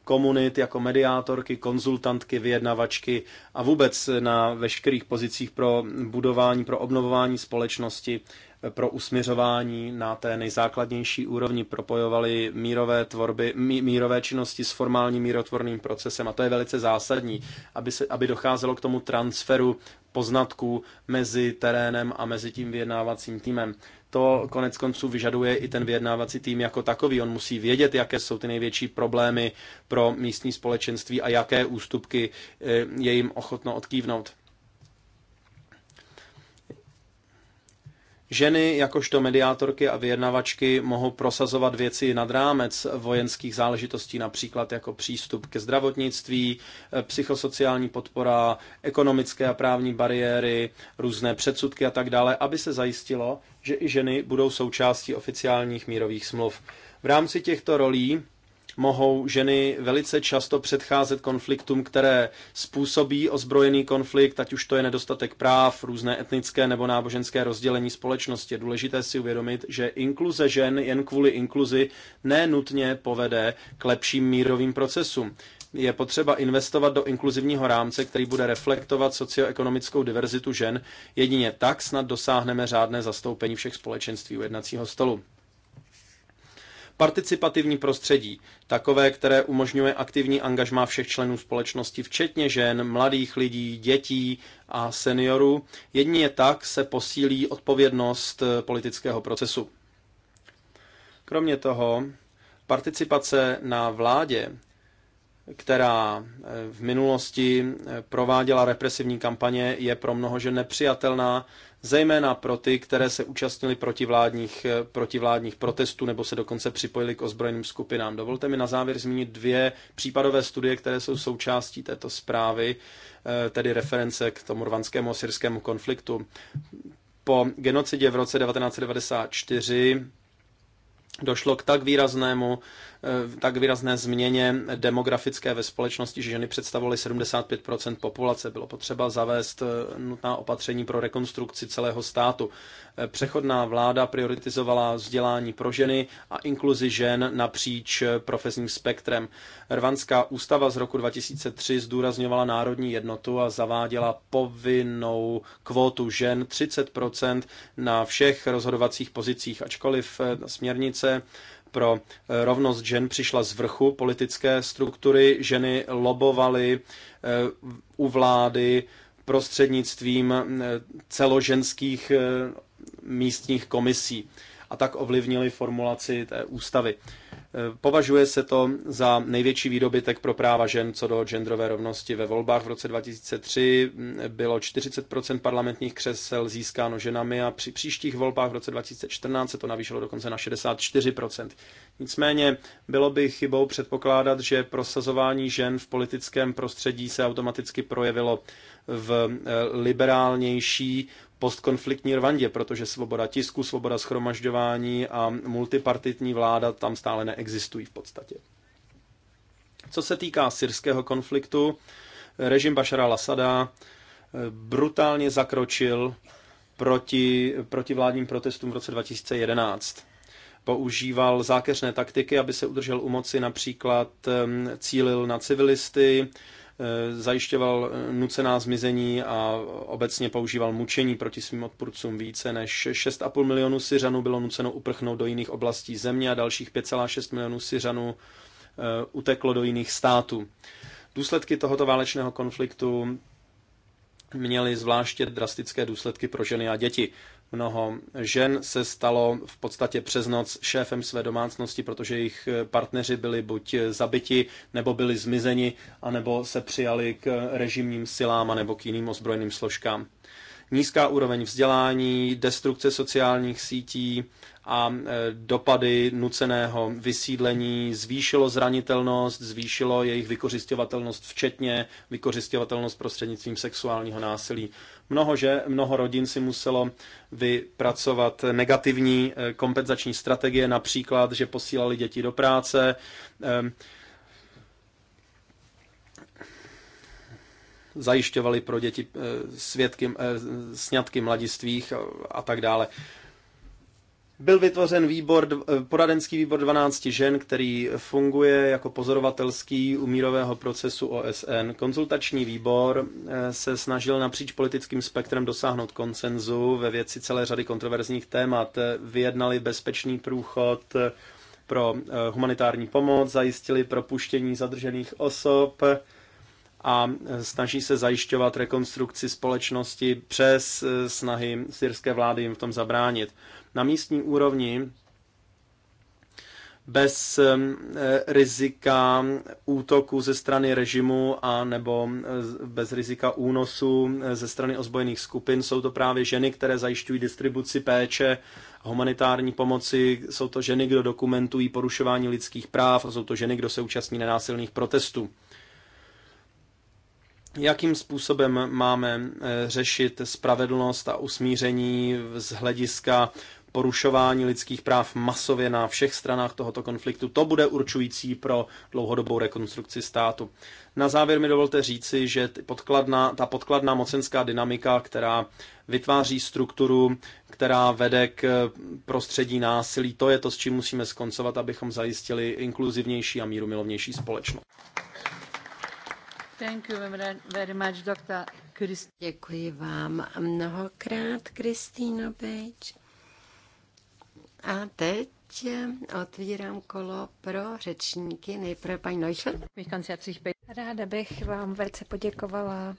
komunit jako mediátorky, konzultantky, vyjednavačky a vůbec na veškerých pozicích pro budování, pro obnovování společnosti, pro usměřování na té nejzákladnější úrovni propojovali mírové tvorby, mí, mírové činnosti s formálním mírotvorným procesem a to je velice zásadní, aby, se, aby docházelo k tomu transferu poznatků mezi terénem a mezi tím vyjednávacím týmem to konec konců vyžaduje i ten vyjednávací tým jako takový. On musí vědět, jaké jsou ty největší problémy pro místní společenství a jaké ústupky eh, je jim ochotno odkývnout. Ženy jakožto mediátorky a vyjednavačky mohou prosazovat věci nad rámec vojenských záležitostí, například jako přístup ke zdravotnictví, eh, psychosociální podpora, ekonomické a právní bariéry, různé předsudky a tak dále, aby se zajistilo, že i ženy budou součástí oficiálních mírových smluv. V rámci těchto rolí mohou ženy velice často předcházet konfliktům, které způsobí ozbrojený konflikt, ať už to je nedostatek práv, různé etnické nebo náboženské rozdělení společnosti. Je důležité si uvědomit, že inkluze žen jen kvůli inkluzi nenutně povede k lepším mírovým procesům je potřeba investovat do inkluzivního rámce, který bude reflektovat socioekonomickou diverzitu žen. Jedině tak snad dosáhneme řádné zastoupení všech společenství u jednacího stolu. Participativní prostředí, takové, které umožňuje aktivní angažmá všech členů společnosti, včetně žen, mladých lidí, dětí a seniorů, jedině tak se posílí odpovědnost eh, politického procesu. Kromě toho, participace na vládě která eh, v minulosti eh, prováděla represivní kampaně, je pro mnoho žen nepřijatelná, zejména pro ty, které se účastnili protivládních, eh, protivládních protestů nebo se dokonce připojili k ozbrojeným skupinám. Dovolte mi na závěr zmínit dvě případové studie, které jsou součástí této zprávy, eh, tedy reference k tomu rvanskému a syrskému konfliktu. Po genocidě v roce 1994 došlo k tak výraznému tak výrazné změně demografické ve společnosti, že ženy představovaly 75 populace. Bylo potřeba zavést eh, nutná opatření pro rekonstrukci celého státu. Eh, přechodná vláda prioritizovala vzdělání pro ženy a inkluzi žen napříč eh, profesním spektrem. Rvanská ústava z roku 2003 zdůrazňovala národní jednotu a zaváděla povinnou kvótu žen 30 na všech rozhodovacích pozicích, ačkoliv směrnice pro eh, rovnost žen přišla z vrchu politické struktury. Ženy lobovaly eh, u vlády prostřednictvím eh, celoženských místních komisí a tak ovlivnili formulaci té ústavy. Považuje se to za největší výdobytek pro práva žen co do genderové rovnosti. Ve volbách v roce 2003 bylo 40 parlamentních křesel získáno ženami a při příštích volbách v roce 2014 se to navýšilo dokonce na 64 Nicméně bylo by chybou předpokládat, že prosazování žen v politickém prostředí se automaticky projevilo v eh, liberálnější postkonfliktní Rwandě, protože svoboda tisku, svoboda schromažďování a multipartitní vláda tam stále neexistují v podstatě. Co se týká syrského konfliktu, režim Bašara Lasada eh, brutálně zakročil proti, proti vládním protestům v roce 2011. Používal zákeřné taktiky, aby se udržel u moci, například ehm, cílil na civilisty, Eh, zajišťoval eh, nucená zmizení a obecně používal mučení proti svým odpůrcům. Více než 6,5 milionů Syřanů bylo nuceno uprchnout do jiných oblastí země a dalších 5,6 milionů Syřanů eh, uteklo do jiných států. Důsledky tohoto válečného konfliktu měly zvláště drastické důsledky pro ženy a děti. Mnoho žen se stalo v podstatě přes noc šéfem své domácnosti, protože jejich partneři byli buď zabiti, nebo byli zmizeni, anebo se přijali k režimním silám, nebo k jiným ozbrojeným složkám. Nízká úroveň vzdělání, destrukce sociálních sítí a e, dopady nuceného vysídlení zvýšilo zranitelnost, zvýšilo jejich vykořišťovatelnost, včetně vykořišťovatelnost prostřednictvím sexuálního násilí mnoho, že, mnoho rodin si muselo vypracovat negativní eh, kompenzační strategie, například, že posílali děti do práce, ehm, zajišťovali pro děti eh, svědky, eh, sňatky mladistvých a tak dále. Byl vytvořen výbor, eh, poradenský výbor 12 žen, který funguje jako pozorovatelský umírového procesu OSN. Konzultační výbor eh, se snažil napříč politickým spektrem dosáhnout konsenzu ve věci celé řady kontroverzních témat. Eh, vyjednali bezpečný průchod pro humanitární pomoc, zajistili propuštění zadržených osob a snaží se zajišťovat rekonstrukci společnosti přes snahy syrské vlády jim v tom zabránit na místní úrovni bez e, rizika útoku ze strany režimu a nebo e, bez rizika únosu e, ze strany ozbrojených skupin. Jsou to právě ženy, které zajišťují distribuci péče, humanitární pomoci, jsou to ženy, kdo dokumentují porušování lidských práv a jsou to ženy, kdo se účastní nenásilných protestů. Jakým způsobem máme řešit spravedlnost a usmíření z hlediska porušování lidských práv masově na všech stranách tohoto konfliktu. To bude určující pro dlouhodobou rekonstrukci státu. Na závěr mi dovolte říci, že podkladná, ta podkladná mocenská dynamika, která vytváří strukturu, která vede k prostředí násilí, to je to, s čím musíme skoncovat, abychom zajistili inkluzivnější a mírumilovnější společnost. Thank you very much, Dr. Děkuji vám mnohokrát, Kristýno Bejč. A teď eh, otvírám kolo pro řečníky. Nejprve paní Neuchel. Ráda bych vám velice poděkovala.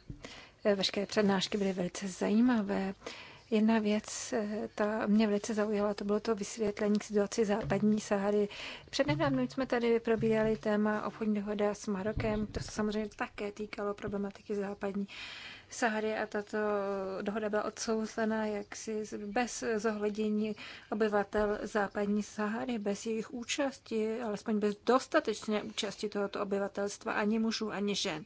Eh, veškeré přednášky byly velice zajímavé. Jedna věc, eh, ta mě velice zaujala, to bylo to vysvětlení k situaci západní Sahary. Přednedávno jsme tady probírali téma obchodní dohoda s Marokem, to se samozřejmě také týkalo problematiky západní Sahary a tato dohoda byla odsouzena jaksi bez zohledění obyvatel západní Sahary, bez jejich účasti, alespoň bez dostatečné účasti tohoto obyvatelstva, ani mužů, ani žen.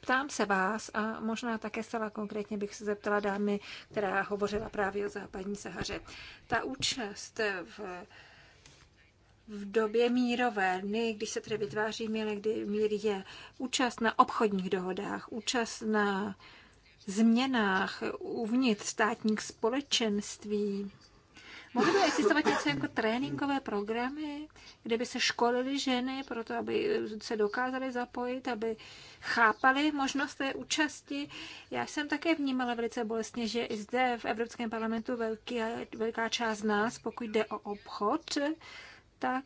Ptám se vás a možná také stala konkrétně bych se zeptala dámy, která hovořila právě o západní Sahaře. Ta účast v v době mírové, ne, když se tedy vytváří mír, kdy mír je účast na obchodních dohodách, účast na změnách uvnitř státních společenství. Mohly by existovat něco jako tréninkové programy, kde by se školily ženy pro to, aby se dokázaly zapojit, aby chápaly možnost té účasti. Já jsem také vnímala velice bolestně, že i zde v Evropském parlamentu velký, velká část nás, pokud jde o obchod, tak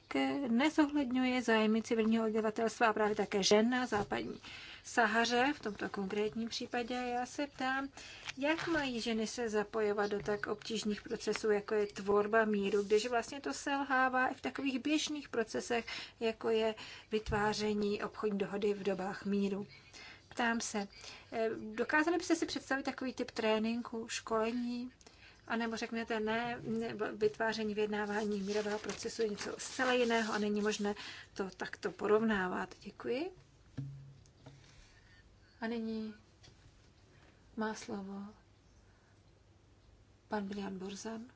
nezohledňuje zájmy civilního obyvatelstva a právě také žen na západní Sahaře, v tomto konkrétním případě. Já se ptám, jak mají ženy se zapojovat do tak obtížných procesů, jako je tvorba míru, když vlastně to selhává i v takových běžných procesech, jako je vytváření obchodní dohody v dobách míru. Ptám se, eh, dokázali byste si představit takový typ tréninku, školení, a nebo řeknete ne, vytváření vyjednávání mírového procesu je něco zcela jiného a není možné to takto porovnávat. Děkuji. A nyní má slovo pan Brian Borzan.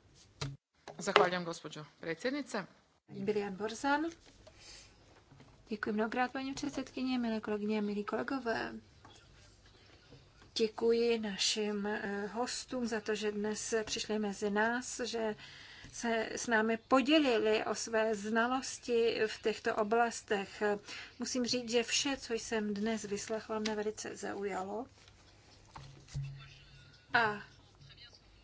Zahvaljujem, gospođo predsjednice. Brian Borzan. Děkuji mnohokrát, paní předsedkyně, milé kolegyně, milí kolegové. Děkuji našim eh, hostům za to, že dnes přišli mezi nás, že se s námi podělili o své znalosti v těchto oblastech. Musím říct, že vše, co jsem dnes vyslechla, mě velice zaujalo. A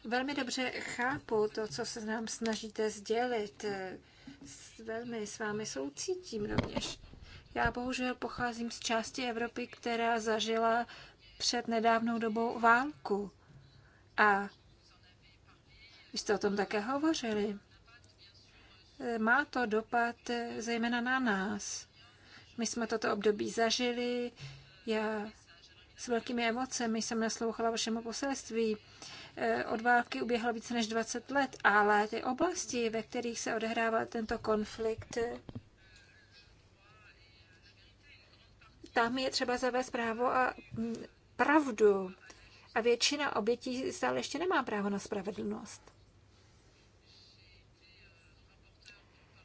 velmi dobře chápu to, co se nám snažíte sdělit. Velmi s vámi soucítím rovněž. Já bohužel pocházím z části Evropy, která zažila před nedávnou dobou válku. A vy jste o tom také hovořili. Eh, má to dopad eh, zejména na nás. My jsme toto období zažili. Já s velkými emocemi jsem naslouchala vašemu poselství. Eh, od války uběhlo více než 20 let, ale ty oblasti, ve kterých se odehrává tento konflikt, tam je třeba zavést právo a mm, pravdu. A většina obětí stále ještě nemá právo na spravedlnost.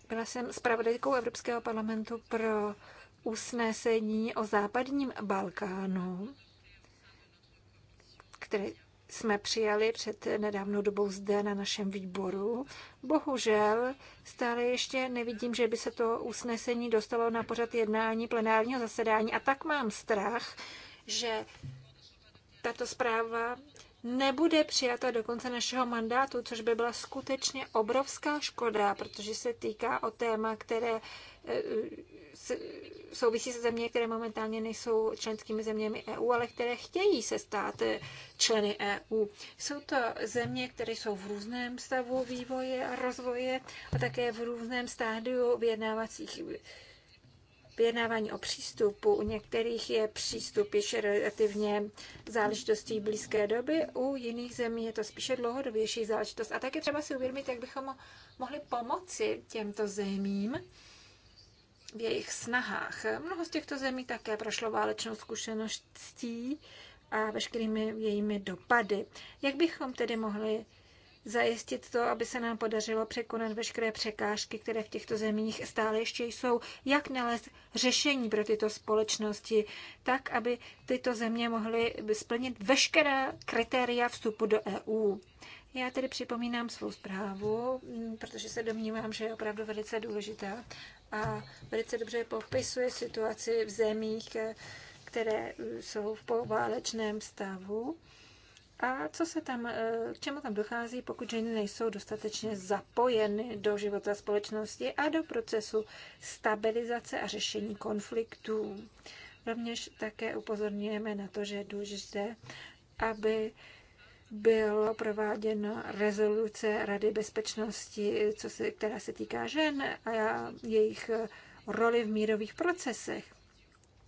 Byla jsem zpravodajkou Evropského parlamentu pro usnesení o západním Balkánu, které jsme přijali před nedávnou dobou zde na našem výboru. Bohužel stále ještě nevidím, že by se to usnesení dostalo na pořad jednání plenárního zasedání a tak mám strach, že tato zpráva nebude přijata do konce našeho mandátu, což by byla skutečně obrovská škoda, protože se týká o téma, které eh, souvisí se země, které momentálně nejsou členskými zeměmi EU, ale které chtějí se stát eh, členy EU. Jsou to země, které jsou v různém stavu vývoje a rozvoje a také v různém stádiu vyjednávacích vyjednávání o přístupu u některých je přístup ještě relativně záležitostí blízké doby, u jiných zemí je to spíše dlouhodobější záležitost. A také třeba si uvědomit, jak bychom mohli pomoci těmto zemím v jejich snahách. Mnoho z těchto zemí také prošlo válečnou zkušeností a veškerými jejími dopady. Jak bychom tedy mohli zajistit to, aby se nám podařilo překonat veškeré překážky, které v těchto zemích stále ještě jsou, jak nalézt řešení pro tyto společnosti, tak, aby tyto země mohly splnit veškerá kritéria vstupu do EU. Já tedy připomínám svou zprávu, protože se domnívám, že je opravdu velice důležitá a velice dobře popisuje situaci v zemích, které jsou v poválečném stavu a co se tam, eh, k čemu tam dochází, pokud ženy nejsou dostatečně zapojeny do života společnosti a do procesu stabilizace a řešení konfliktů. Rovněž také upozorňujeme na to, že je důležité, aby bylo prováděno rezoluce Rady bezpečnosti, co se, která se týká žen a jejich roli v mírových procesech.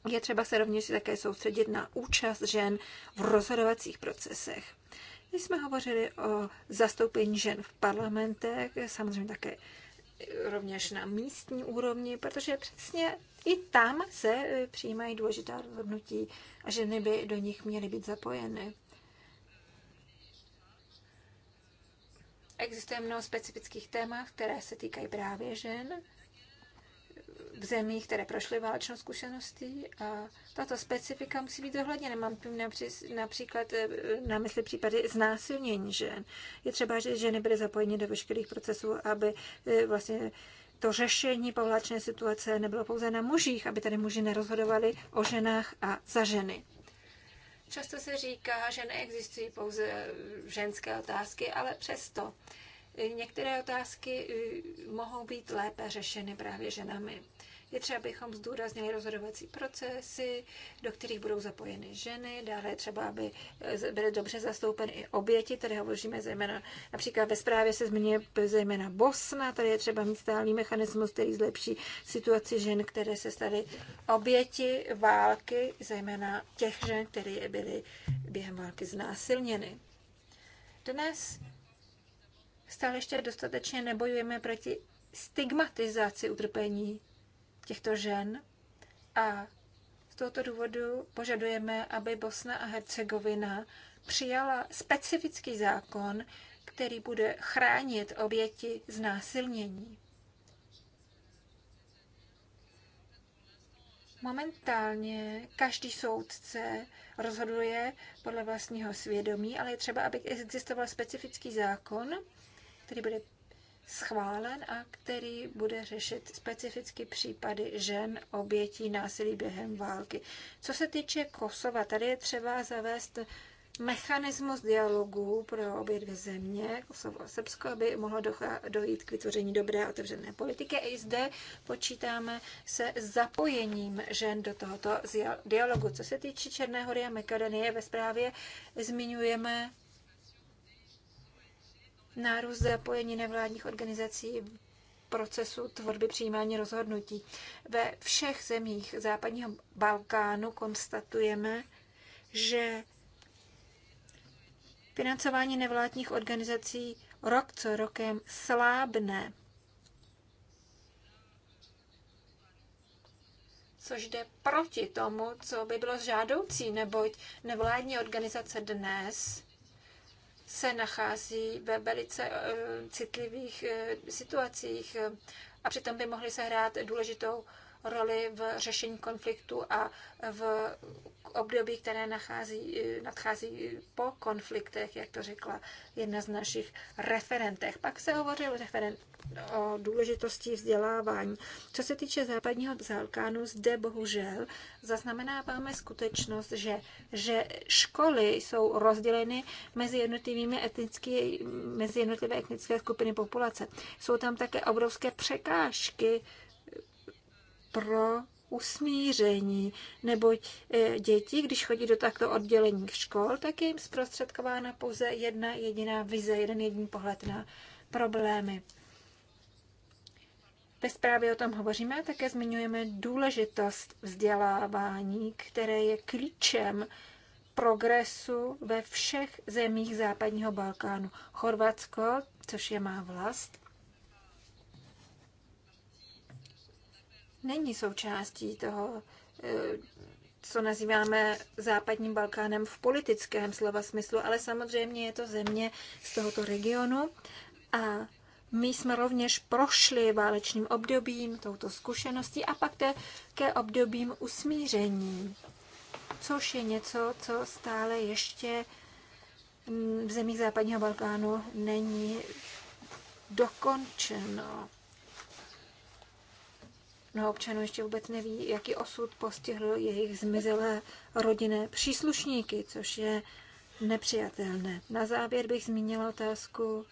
Je třeba se rovněž také soustředit na účast žen v rozhodovacích procesech. Když jsme hovořili o zastoupení žen v parlamentech, samozřejmě také rovněž na místní úrovni, protože přesně i tam se přijímají důležitá rozhodnutí a ženy by do nich měly být zapojeny. Existuje mnoho specifických témat, které se týkají právě žen v zemích, které prošly válečnou zkušeností a tato specifika musí být dohledně. Nemám tím například eh, na mysli případy znásilnění žen. Je třeba, že ženy byly zapojeny do veškerých procesů, aby eh, vlastně to řešení povláčné situace nebylo pouze na mužích, aby tady muži nerozhodovali o ženách a za ženy. Často se říká, že neexistují pouze eh, ženské otázky, ale přesto některé otázky eh, mohou být lépe řešeny právě ženami. Je třeba, abychom zdůraznili rozhodovací procesy, do kterých budou zapojeny ženy, dále třeba, aby eh, byly dobře zastoupeny i oběti, tady hovoříme zejména, například ve zprávě se zmiňuje zejména Bosna, tady je třeba mít stálý mechanismus, který zlepší situaci žen, které se staly oběti války, zejména těch žen, které byly během války znásilněny. Dnes stále ještě dostatečně nebojujeme proti stigmatizaci utrpení těchto žen a z tohoto důvodu požadujeme, aby Bosna a Hercegovina přijala specifický zákon, který bude chránit oběti znásilnění. Momentálně každý soudce rozhoduje podle vlastního svědomí, ale je třeba, aby existoval specifický zákon, který bude schválen a který bude řešit specificky případy žen obětí násilí během války. Co se týče Kosova, tady je třeba zavést mechanismus dialogu pro obě dvě země, Kosovo a Srbsko, aby mohlo dojít k vytvoření dobré otevřené politiky. I zde počítáme se zapojením žen do tohoto dialogu. Co se týče Černé hory a Makedonie, ve zprávě zmiňujeme nárůst zapojení nevládních organizací procesu tvorby přijímání rozhodnutí. Ve všech zemích západního Balkánu konstatujeme, že financování nevládních organizací rok co rokem slábne. což jde proti tomu, co by bylo žádoucí, neboť nevládní organizace dnes se nachází ve velice eh, citlivých eh, situacích eh, a přitom by mohly sehrát důležitou roli v řešení konfliktu a v období, které nachází, nadchází po konfliktech, jak to řekla jedna z našich referentech. Pak se hovořilo referent, o důležitosti vzdělávání. Co se týče západního Balkánu, zde bohužel zaznamenáváme skutečnost, že, že školy jsou rozděleny mezi jednotlivými etnickými, mezi jednotlivé etnické skupiny populace. Jsou tam také obrovské překážky pro usmíření, neboť e, děti, když chodí do takto oddělených škol, tak je jim zprostředkována pouze jedna jediná vize, jeden jediný pohled na problémy. Ve zprávě o tom hovoříme a také zmiňujeme důležitost vzdělávání, které je klíčem progresu ve všech zemích západního Balkánu. Chorvatsko, což je má vlast, není součástí toho, eh, co nazýváme západním Balkánem v politickém slova smyslu, ale samozřejmě je to země z tohoto regionu a my jsme rovněž prošli válečným obdobím, touto zkušeností a pak také obdobím usmíření, což je něco, co stále ještě mm, v zemích západního Balkánu není dokončeno. Mnoho občanů ještě vůbec neví, jaký osud postihl jejich zmizelé rodinné příslušníky, což je nepřijatelné. Na závěr bych zmínila otázku.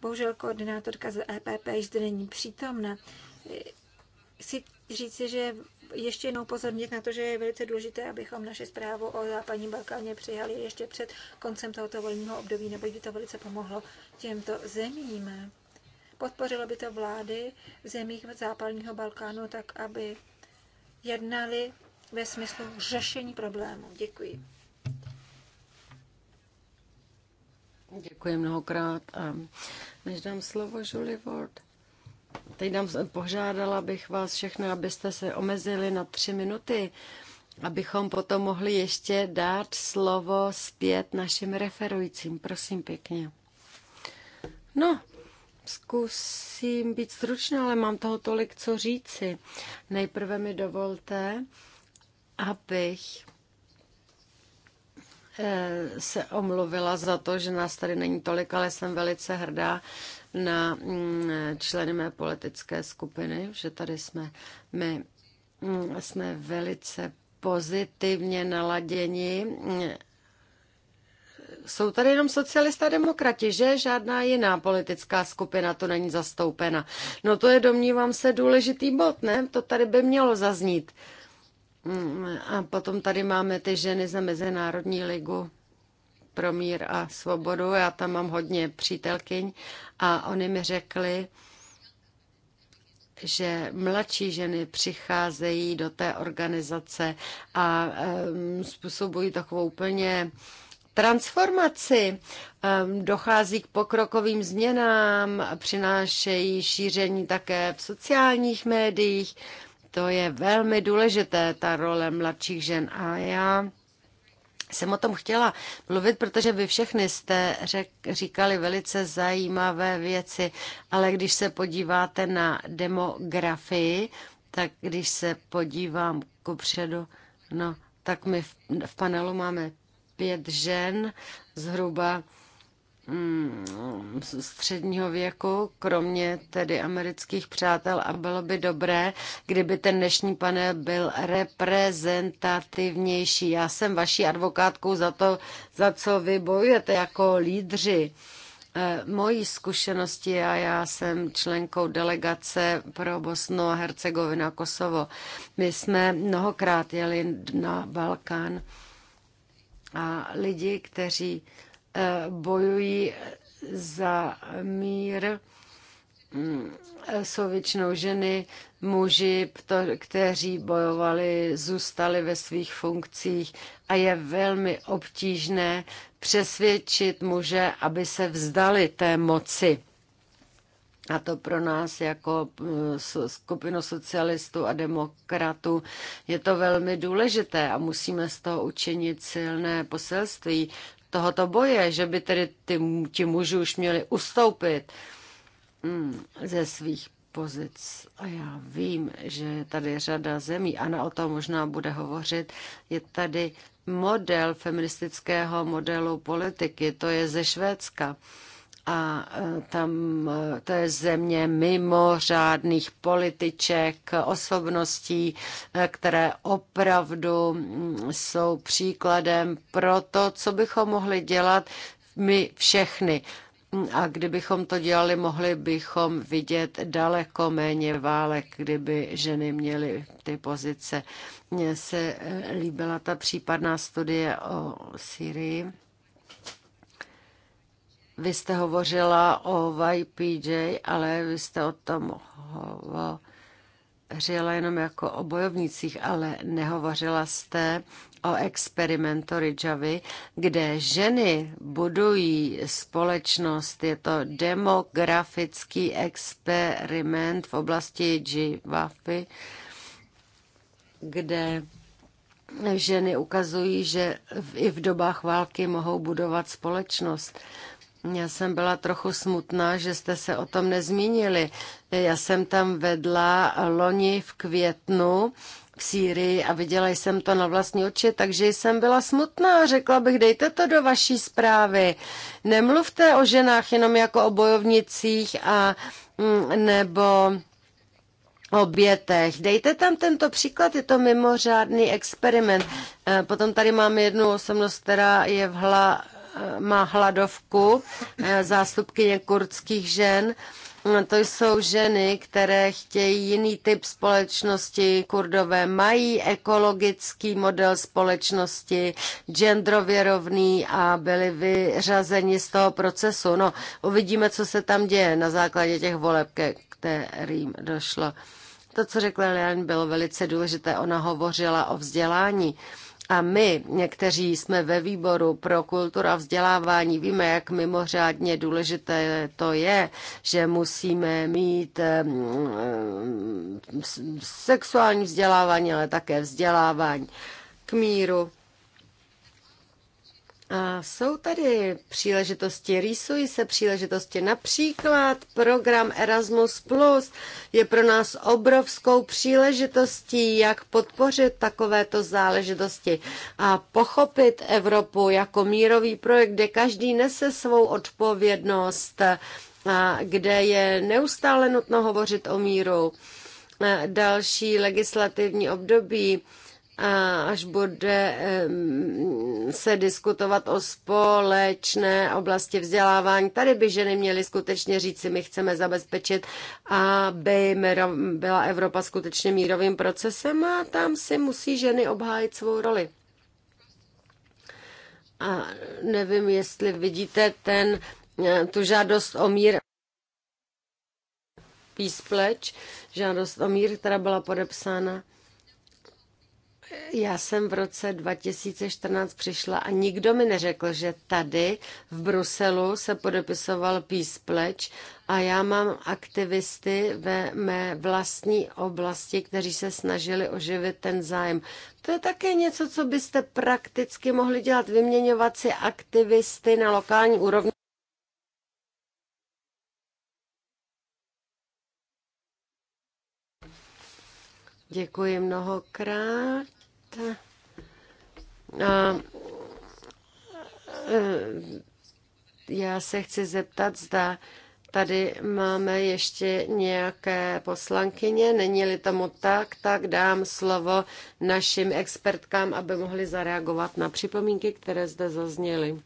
Bohužel koordinátorka z EPP již zde není přítomna. Chci říci, že ještě jednou pozornit na to, že je velice důležité, abychom naše zprávu o západní Balkáně přijali ještě před koncem tohoto volního období, nebo by to velice pomohlo těmto zemím. Podpořilo by to vlády v zemích západního Balkánu tak, aby jednali ve smyslu řešení problému. Děkuji. Děkuji mnohokrát. A než dám slovo Julie Ward, teď dám, požádala bych vás všechny, abyste se omezili na tři minuty, abychom potom mohli ještě dát slovo zpět našim referujícím. Prosím pěkně. No, Zkusím být stručná, ale mám toho tolik co říci. Nejprve mi dovolte, abych eh, se omluvila za to, že nás tady není tolik, ale jsem velice hrdá na mm, členy mé politické skupiny, že tady jsme. My mm, jsme velice pozitivně naladěni mm, jsou tady jenom socialista demokrati, že? Žádná jiná politická skupina to není zastoupena. No to je, domnívám se, důležitý bod, ne? To tady by mělo zaznít. Mm, a potom tady máme ty ženy za Mezinárodní ligu pro mír a svobodu. Já tam mám hodně přítelkyň a oni mi řekli, že mladší ženy přicházejí do té organizace a um, způsobují takovou úplně transformaci, ehm, dochází k pokrokovým změnám, přinášejí šíření také v sociálních médiích. To je velmi důležité, ta role mladších žen. A já jsem o tom chtěla mluvit, protože vy všechny jste řek, říkali velice zajímavé věci, ale když se podíváte na demografii, tak když se podívám kupředu, no, tak my v, v panelu máme pět žen zhruba mm, středního věku, kromě tedy amerických přátel a bylo by dobré, kdyby ten dnešní panel byl reprezentativnější. Já jsem vaší advokátkou za to, za co vy bojujete jako lídři. E, mojí zkušenosti, a já jsem členkou delegace pro Bosnu a Hercegovinu Kosovo, my jsme mnohokrát jeli na Balkán a lidi, kteří eh, bojují za mír, mm, jsou většinou ženy, muži, kteří bojovali, zůstali ve svých funkcích a je velmi obtížné přesvědčit muže, aby se vzdali té moci. A to pro nás jako eh, skupinu socialistů a demokratů je to velmi důležité a musíme z toho učinit silné poselství tohoto boje, že by tedy ty, ti muži už měli ustoupit mm, ze svých pozic. A já vím, že je tady řada zemí, Ana o tom možná bude hovořit, je tady model feministického modelu politiky, to je ze Švédska a e, tam e, to je země mimořádných političek, osobností, e, které opravdu mm, jsou příkladem pro to, co bychom mohli dělat my všechny. A kdybychom to dělali, mohli bychom vidět daleko méně válek, kdyby ženy měly ty pozice. Mně se líbila ta případná studie o Syrii vy jste hovořila o YPJ, ale vy jste o tom hovořila jenom jako o bojovnicích, ale nehovořila jste o experimentu Ridžavy, kde ženy budují společnost. Je to demografický experiment v oblasti Dživafy, kde ženy ukazují, že i v dobách války mohou budovat společnost. Já jsem byla trochu smutná, že jste se o tom nezmínili. Já jsem tam vedla loni v květnu v Sýrii a viděla jsem to na vlastní oči, takže jsem byla smutná. Řekla bych, dejte to do vaší zprávy. Nemluvte o ženách jenom jako o bojovnicích a mm, nebo obětech. Dejte tam tento příklad, je to mimořádný experiment. Eh, potom tady máme jednu osobnost, která je v hla, má hladovku eh, zástupkyně kurdských žen. To jsou ženy, které chtějí jiný typ společnosti. Kurdové mají ekologický model společnosti, genderově rovný a byli vyřazeni z toho procesu. No, uvidíme, co se tam děje na základě těch voleb, ke kterým došlo. To, co řekla Lian, bylo velice důležité. Ona hovořila o vzdělání. A my, někteří, jsme ve výboru pro kulturu a vzdělávání, víme, jak mimořádně důležité to je, že musíme mít sexuální vzdělávání, ale také vzdělávání k míru jsou tady příležitosti, rýsují se příležitosti. Například program Erasmus Plus je pro nás obrovskou příležitostí, jak podpořit takovéto záležitosti a pochopit Evropu jako mírový projekt, kde každý nese svou odpovědnost, a kde je neustále nutno hovořit o míru. Další legislativní období až bude se diskutovat o společné oblasti vzdělávání. Tady by ženy měly skutečně říct, si my chceme zabezpečit, aby byla Evropa skutečně mírovým procesem a tam si musí ženy obhájit svou roli. A nevím, jestli vidíte ten, eh, tu žádost o mír Peace Pledge, žádost o mír, která byla podepsána já jsem v roce 2014 přišla a nikdo mi neřekl, že tady v Bruselu se podepisoval Peace Pledge a já mám aktivisty ve mé vlastní oblasti, kteří se snažili oživit ten zájem. To je také něco, co byste prakticky mohli dělat, vyměňovat si aktivisty na lokální úrovni. Děkuji mnohokrát. A e, já se chci zeptat, zda tady máme ještě nějaké poslankyně. Není-li tomu tak, tak dám slovo našim expertkám, aby mohli zareagovat na připomínky, které zde zazněly.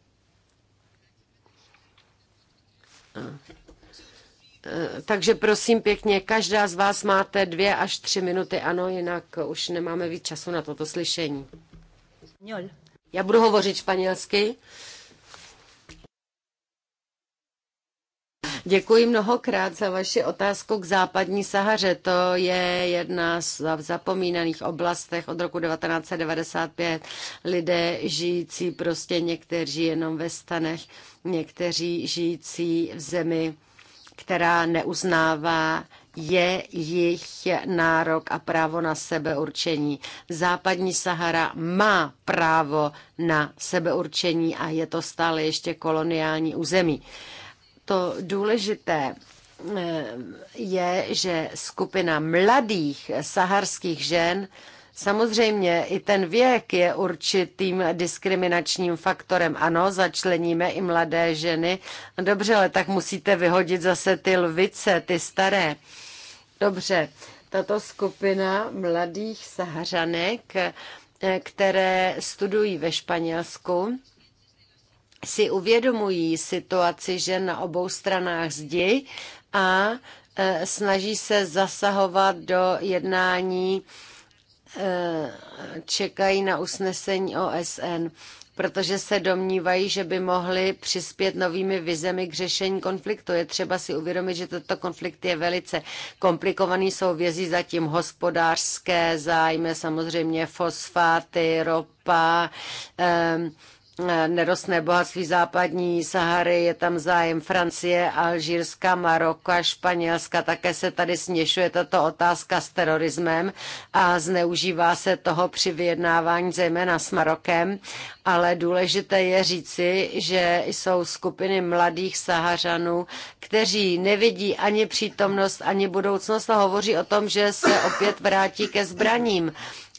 A. Eh, takže prosím pěkně, každá z vás máte dvě až tři minuty, ano, jinak už nemáme víc času na toto slyšení. Já budu hovořit španělsky. Děkuji mnohokrát za vaši otázku k západní Sahaře. To je jedna z zapomínaných oblastech od roku 1995. Lidé žijící prostě někteří jenom ve stanech, někteří žijící v zemi která neuznává je jejich nárok a právo na sebeurčení. Západní Sahara má právo na sebeurčení a je to stále ještě koloniální území. To důležité eh, je, že skupina mladých saharských žen Samozřejmě i ten věk je určitým diskriminačním faktorem. Ano, začleníme i mladé ženy. Dobře, ale tak musíte vyhodit zase ty lvice, ty staré. Dobře, tato skupina mladých sahařanek, eh, které studují ve Španělsku, si uvědomují situaci žen na obou stranách zdi a eh, snaží se zasahovat do jednání Eh, čekají na usnesení OSN, protože se domnívají, že by mohli přispět novými vizemi k řešení konfliktu. Je třeba si uvědomit, že tento konflikt je velice komplikovaný, souvězí zatím hospodářské zájmy, samozřejmě fosfáty, ropa, eh, Eh, nerostné bohatství západní Sahary, je tam zájem Francie, Alžírska, Maroka, Španělska. Také se tady směšuje tato otázka s terorismem a zneužívá se toho při vyjednávání zejména s Marokem. Ale důležité je říci, že jsou skupiny mladých Sahařanů, kteří nevidí ani přítomnost, ani budoucnost a hovoří o tom, že se opět vrátí ke zbraním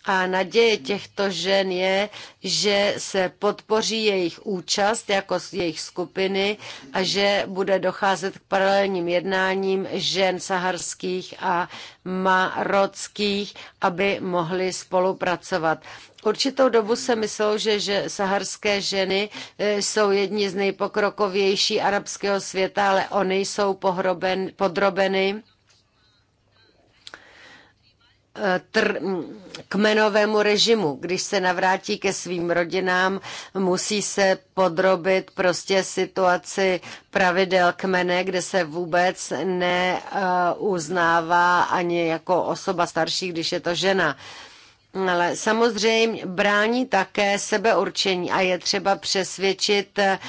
a naděje těchto žen je, že se podpoří jejich účast jako jejich skupiny a že bude docházet k paralelním jednáním žen saharských a marockých, aby mohly spolupracovat. Určitou dobu se myslelo, že, že saharské ženy e, jsou jedni z nejpokrokovější arabského světa, ale oni jsou pohroben, podrobeny tr- kmenovému režimu. Když se navrátí ke svým rodinám, musí se podrobit prostě situaci pravidel kmene, kde se vůbec neuznává ani jako osoba starší, když je to žena. Uh, ale samozřejmě brání také sebeurčení a je třeba přesvědčit eh,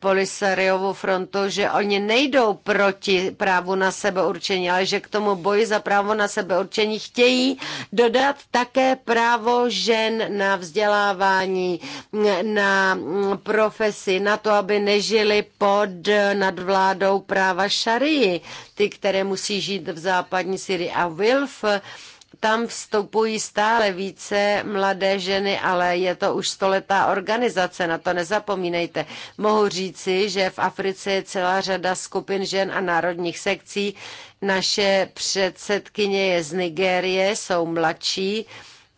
Polisariovu frontu, že oni nejdou proti právu na sebeurčení, ale že k tomu boji za právo na sebeurčení chtějí dodat také právo žen na vzdělávání, na mm, profesi, na to, aby nežili pod nadvládou práva šarii, ty, které musí žít v západní Syrii a Wilf, tam vstupují stále více mladé ženy, ale je to už stoletá organizace, na to nezapomínejte. Mohu říci, že v Africe je celá řada skupin žen a národních sekcí. Naše předsedkyně je z Nigérie, jsou mladší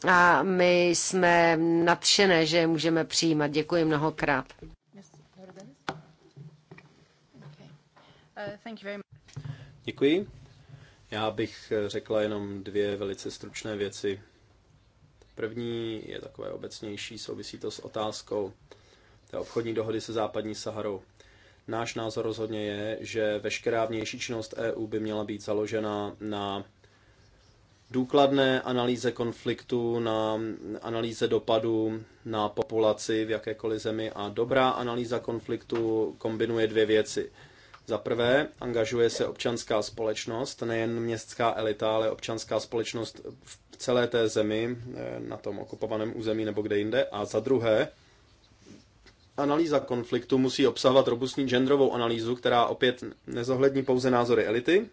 a my jsme nadšené, že je můžeme přijímat. Děkuji mnohokrát. Děkuji. Já bych eh, řekla jenom dvě velice stručné věci. První je takové obecnější, souvisí to s otázkou té obchodní dohody se západní Saharou. Náš názor rozhodně je, že veškerá vnější činnost EU by měla být založena na důkladné analýze konfliktu, na analýze dopadu na populaci v jakékoliv zemi a dobrá analýza konfliktu kombinuje dvě věci. Za prvé, angažuje se občanská společnost, nejen městská elita, ale občanská společnost v celé té zemi, eh, na tom okupovaném území nebo kde jinde. A za druhé, analýza konfliktu musí obsahovat robustní genderovou analýzu, která opět nezohlední pouze názory elity,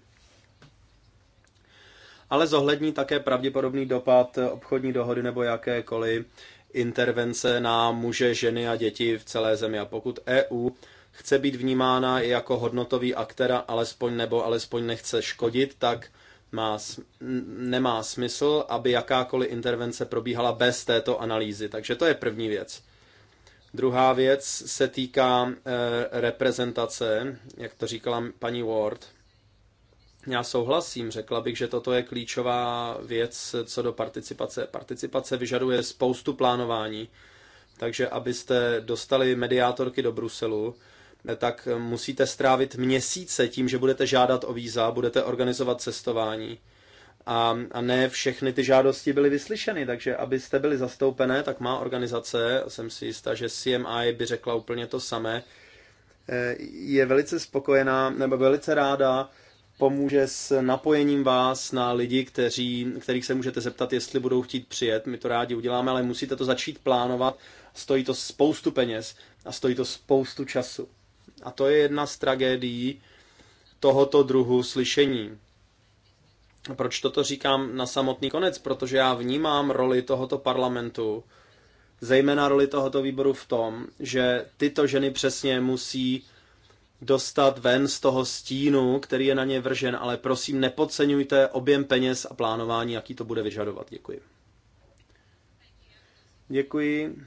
ale zohlední také pravděpodobný dopad obchodní dohody nebo jakékoliv intervence na muže, ženy a děti v celé zemi. A pokud EU chce být vnímána i jako hodnotový aktéra, alespoň nebo alespoň nechce škodit, tak má, nemá smysl, aby jakákoliv intervence probíhala bez této analýzy. Takže to je první věc. Druhá věc se týká e, reprezentace, jak to říkala paní Ward. Já souhlasím, řekla bych, že toto je klíčová věc co do participace. Participace vyžaduje spoustu plánování, takže abyste dostali mediátorky do Bruselu, tak eh, musíte strávit měsíce tím, že budete žádat o víza, budete organizovat cestování. A, a ne všechny ty žádosti byly vyslyšeny, takže abyste byli zastoupené, tak má organizace, jsem si jistá, že CMI by řekla úplně to samé, eh, je velice spokojená nebo velice ráda pomůže s napojením vás na lidi, kteří, kterých se můžete zeptat, jestli budou chtít přijet. My to rádi uděláme, ale musíte to začít plánovat. Stojí to spoustu peněz a stojí to spoustu času. A to je jedna z tragédií tohoto druhu slyšení. Proč toto říkám na samotný konec? Protože já vnímám roli tohoto parlamentu, zejména roli tohoto výboru v tom, že tyto ženy přesně musí dostat ven z toho stínu, který je na ně vržen, ale prosím nepodceňujte objem peněz a plánování, jaký to bude vyžadovat. Děkuji. Děkuji.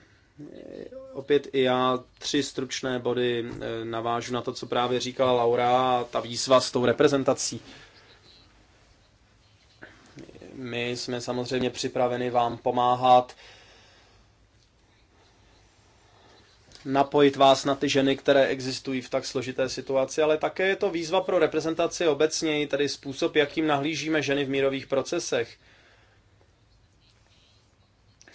Opět i já tři stručné body eh, navážu na to, co právě říkala Laura, ta výzva s tou reprezentací. My jsme samozřejmě připraveni vám pomáhat, napojit vás na ty ženy, které existují v tak složité situaci, ale také je to výzva pro reprezentaci obecně, tedy způsob, jakým nahlížíme ženy v mírových procesech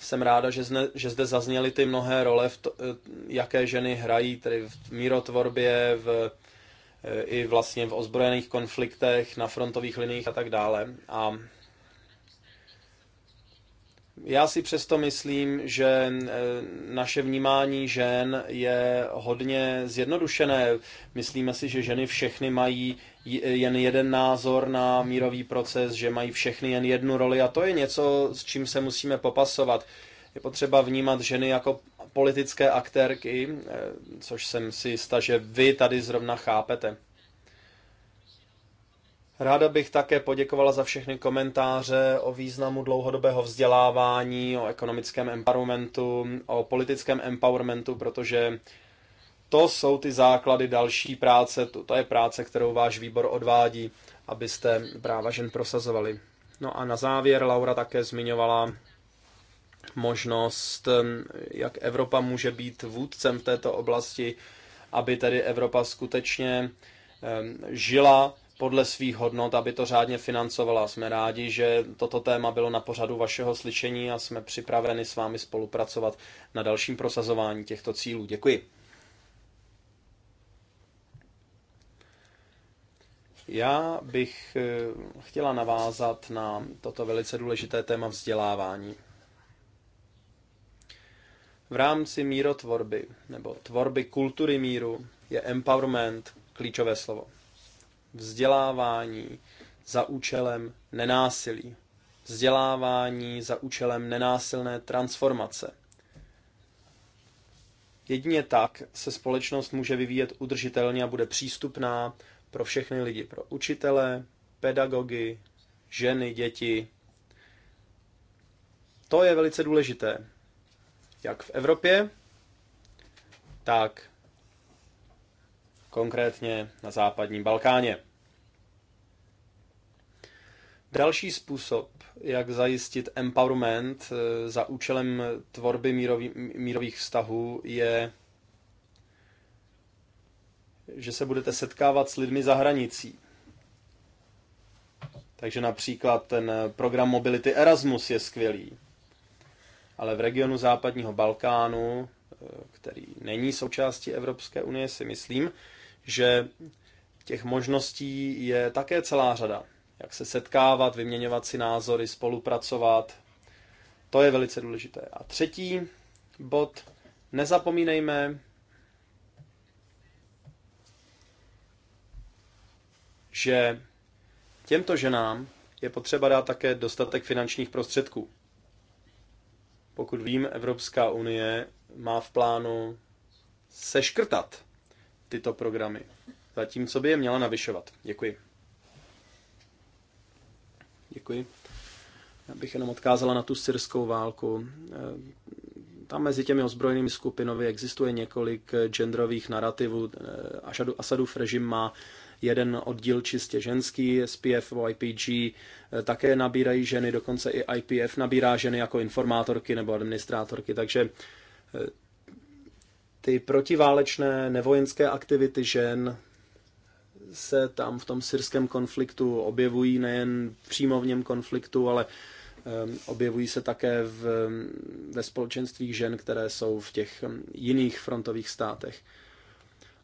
jsem ráda, že, zne, že zde zazněly ty mnohé role, v to, eh, jaké ženy hrají, tedy v mírotvorbě, v, eh, i vlastně v ozbrojených konfliktech, na frontových liních a tak dále. A já si přesto myslím, že eh, naše vnímání žen je hodně zjednodušené. Myslíme si, že ženy všechny mají jen jeden názor na mírový proces, že mají všechny jen jednu roli a to je něco, s čím se musíme popasovat. Je potřeba vnímat ženy jako politické aktérky, eh, což jsem si jistá, že vy tady zrovna chápete. Ráda bych také poděkovala za všechny komentáře o významu dlouhodobého vzdělávání, o ekonomickém empowermentu, o politickém empowermentu, protože to jsou ty základy další práce, to, to je práce, kterou váš výbor odvádí, abyste práva žen prosazovali. No a na závěr Laura také zmiňovala možnost, jak Evropa může být vůdcem v této oblasti, aby tedy Evropa skutečně žila podle svých hodnot, aby to řádně financovala. Jsme rádi, že toto téma bylo na pořadu vašeho slyšení a jsme připraveni s vámi spolupracovat na dalším prosazování těchto cílů. Děkuji. Já bych eh, chtěla navázat na toto velice důležité téma vzdělávání. V rámci mírotvorby nebo tvorby kultury míru je empowerment klíčové slovo vzdělávání za účelem nenásilí. Vzdělávání za účelem nenásilné transformace. Jedině tak se společnost může vyvíjet udržitelně a bude přístupná pro všechny lidi, pro učitele, pedagogy, ženy, děti. To je velice důležité. Jak v Evropě, tak konkrétně na západním Balkáně. Další způsob, jak zajistit empowerment eh, za účelem tvorby mírový, mírových vztahů, je, že se budete setkávat s lidmi za hranicí. Takže například ten program Mobility Erasmus je skvělý. Ale v regionu západního Balkánu, eh, který není součástí Evropské unie, si myslím, že těch možností je také celá řada. Jak se setkávat, vyměňovat si názory, spolupracovat. To je velice důležité. A třetí bod, nezapomínejme, že těmto ženám je potřeba dát také dostatek finančních prostředků. Pokud vím, Evropská unie má v plánu seškrtat tyto programy, zatímco by je měla navyšovat. Děkuji. Děkuji. Já bych jenom odkázala na tu syrskou válku. Eh, tam mezi těmi ozbrojenými skupinami existuje několik genderových narrativů. Eh, Asadův režim má jeden oddíl čistě ženský, SPF, ipg eh, také nabírají ženy, dokonce i IPF nabírá ženy jako informátorky nebo administrátorky, takže ty protiválečné nevojenské aktivity žen se tam v tom syrském konfliktu objevují nejen přímo v něm konfliktu, ale ehm, objevují se také v, ve společenstvích žen, které jsou v těch ehm, jiných frontových státech.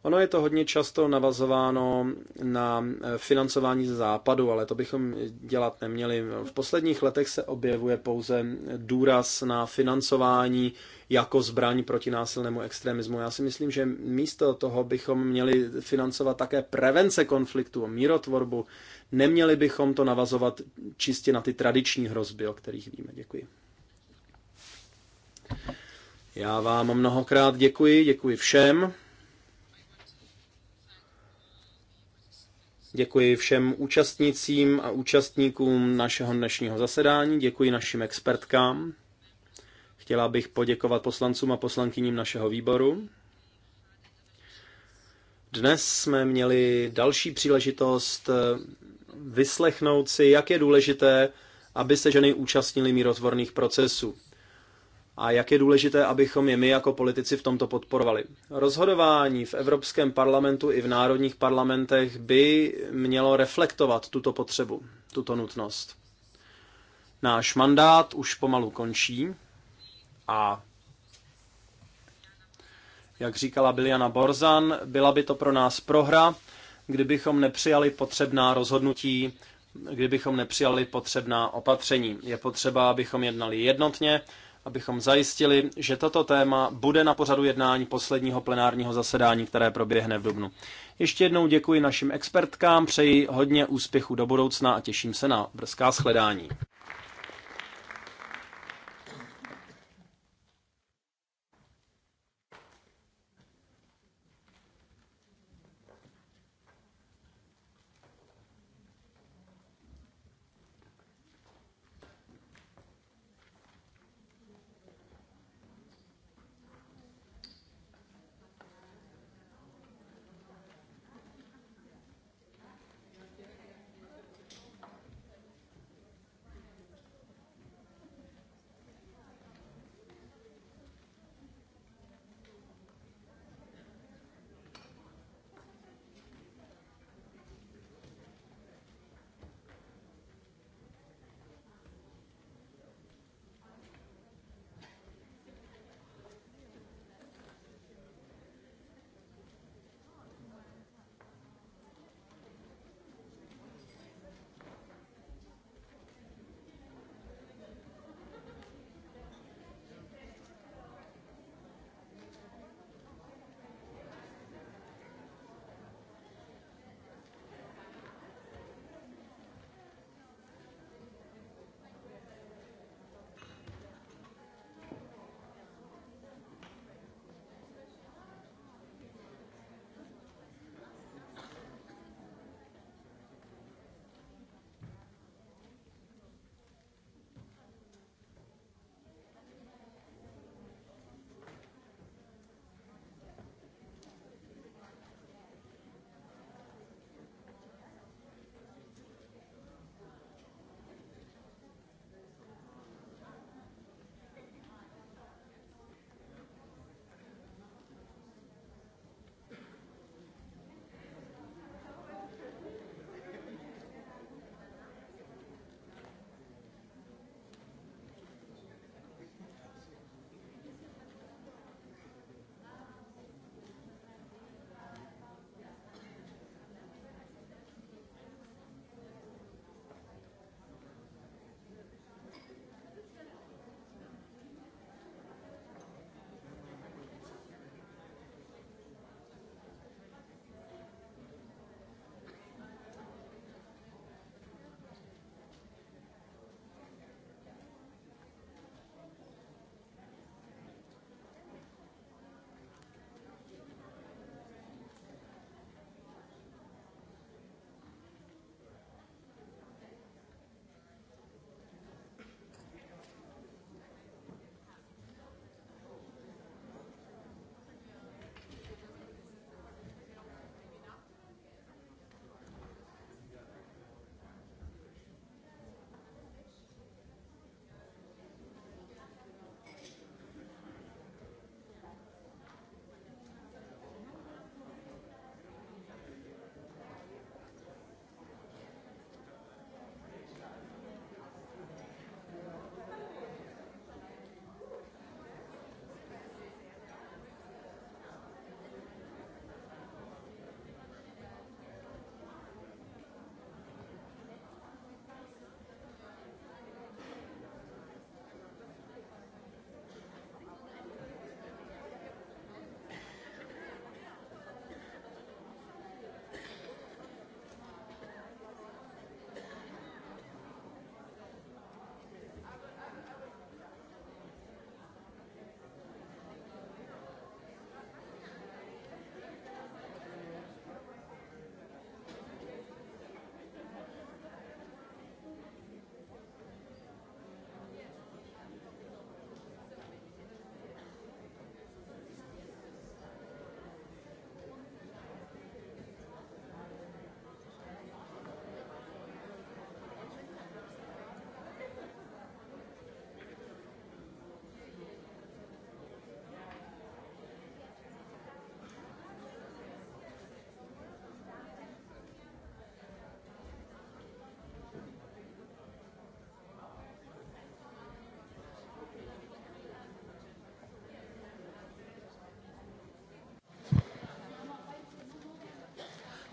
Ono je to hodně často navazováno na eh, financování ze západu, ale to bychom dělat neměli. V posledních letech se objevuje pouze důraz na financování jako zbraň proti násilnému extremismu. Já si myslím, že místo toho bychom měli financovat také prevence konfliktu, mírotvorbu. Neměli bychom to navazovat čistě na ty tradiční hrozby, o kterých víme. Děkuji. Já vám mnohokrát děkuji, děkuji všem. Děkuji všem účastnicím a účastníkům našeho dnešního zasedání, děkuji našim expertkám. Chtěla bych poděkovat poslancům a poslankyním našeho výboru. Dnes jsme měli další příležitost eh, vyslechnout si, jak je důležité, aby se ženy účastnily mírotvorných procesů a jak je důležité, abychom je my jako politici v tomto podporovali. Rozhodování v Evropském parlamentu i v národních parlamentech by mělo reflektovat tuto potřebu, tuto nutnost. Náš mandát už pomalu končí a jak říkala Biljana Borzan, byla by to pro nás prohra, kdybychom nepřijali potřebná rozhodnutí, kdybychom nepřijali potřebná opatření. Je potřeba, abychom jednali jednotně, abychom zajistili, že toto téma bude na pořadu jednání posledního plenárního zasedání, které proběhne v Dubnu. Ještě jednou děkuji našim expertkám, přeji hodně úspěchu do budoucna a těším se na brzká shledání.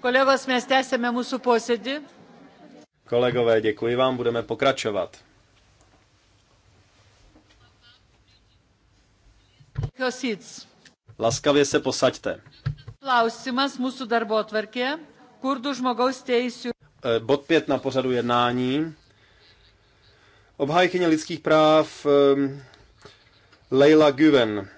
Kolegos, mes tęsėme mūsų posėdį. Kolegové, děkuji vám, budeme pokračovat. Laskavě se posaďte. Klausimas mūsų darbo tvarkė, kurdų žmogaus teisių. E, bod 5 na pořadu jednání. Obhájkyně lidských práv e, Leila Güven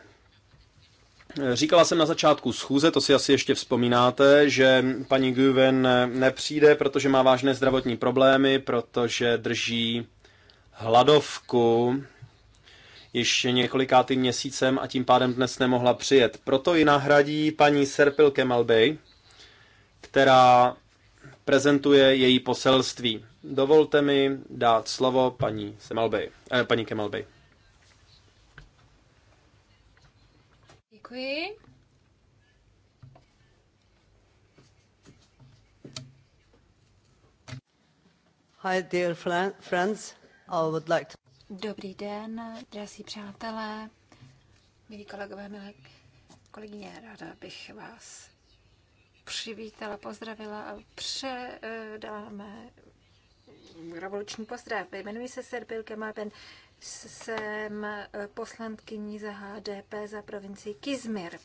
Říkala jsem na začátku schůze, to si asi ještě vzpomínáte, že paní Guven nepřijde, protože má vážné zdravotní problémy, protože drží hladovku ještě několikátým měsícem a tím pádem dnes nemohla přijet. Proto ji nahradí paní Serpil Kemalbej, která prezentuje její poselství. Dovolte mi dát slovo paní, Semalbej, eh, paní Kemalbey. Děkuji. Hi, dear friends. I would like to... Dobrý den, drazí přátelé, milí kolegové, milé kolegyně, ráda bych vás přivítala, pozdravila a předáme revoluční pozdrav. Jmenuji se Serpil Kemaben jsem eh, poslankyní za HDP za provincii Kizmir.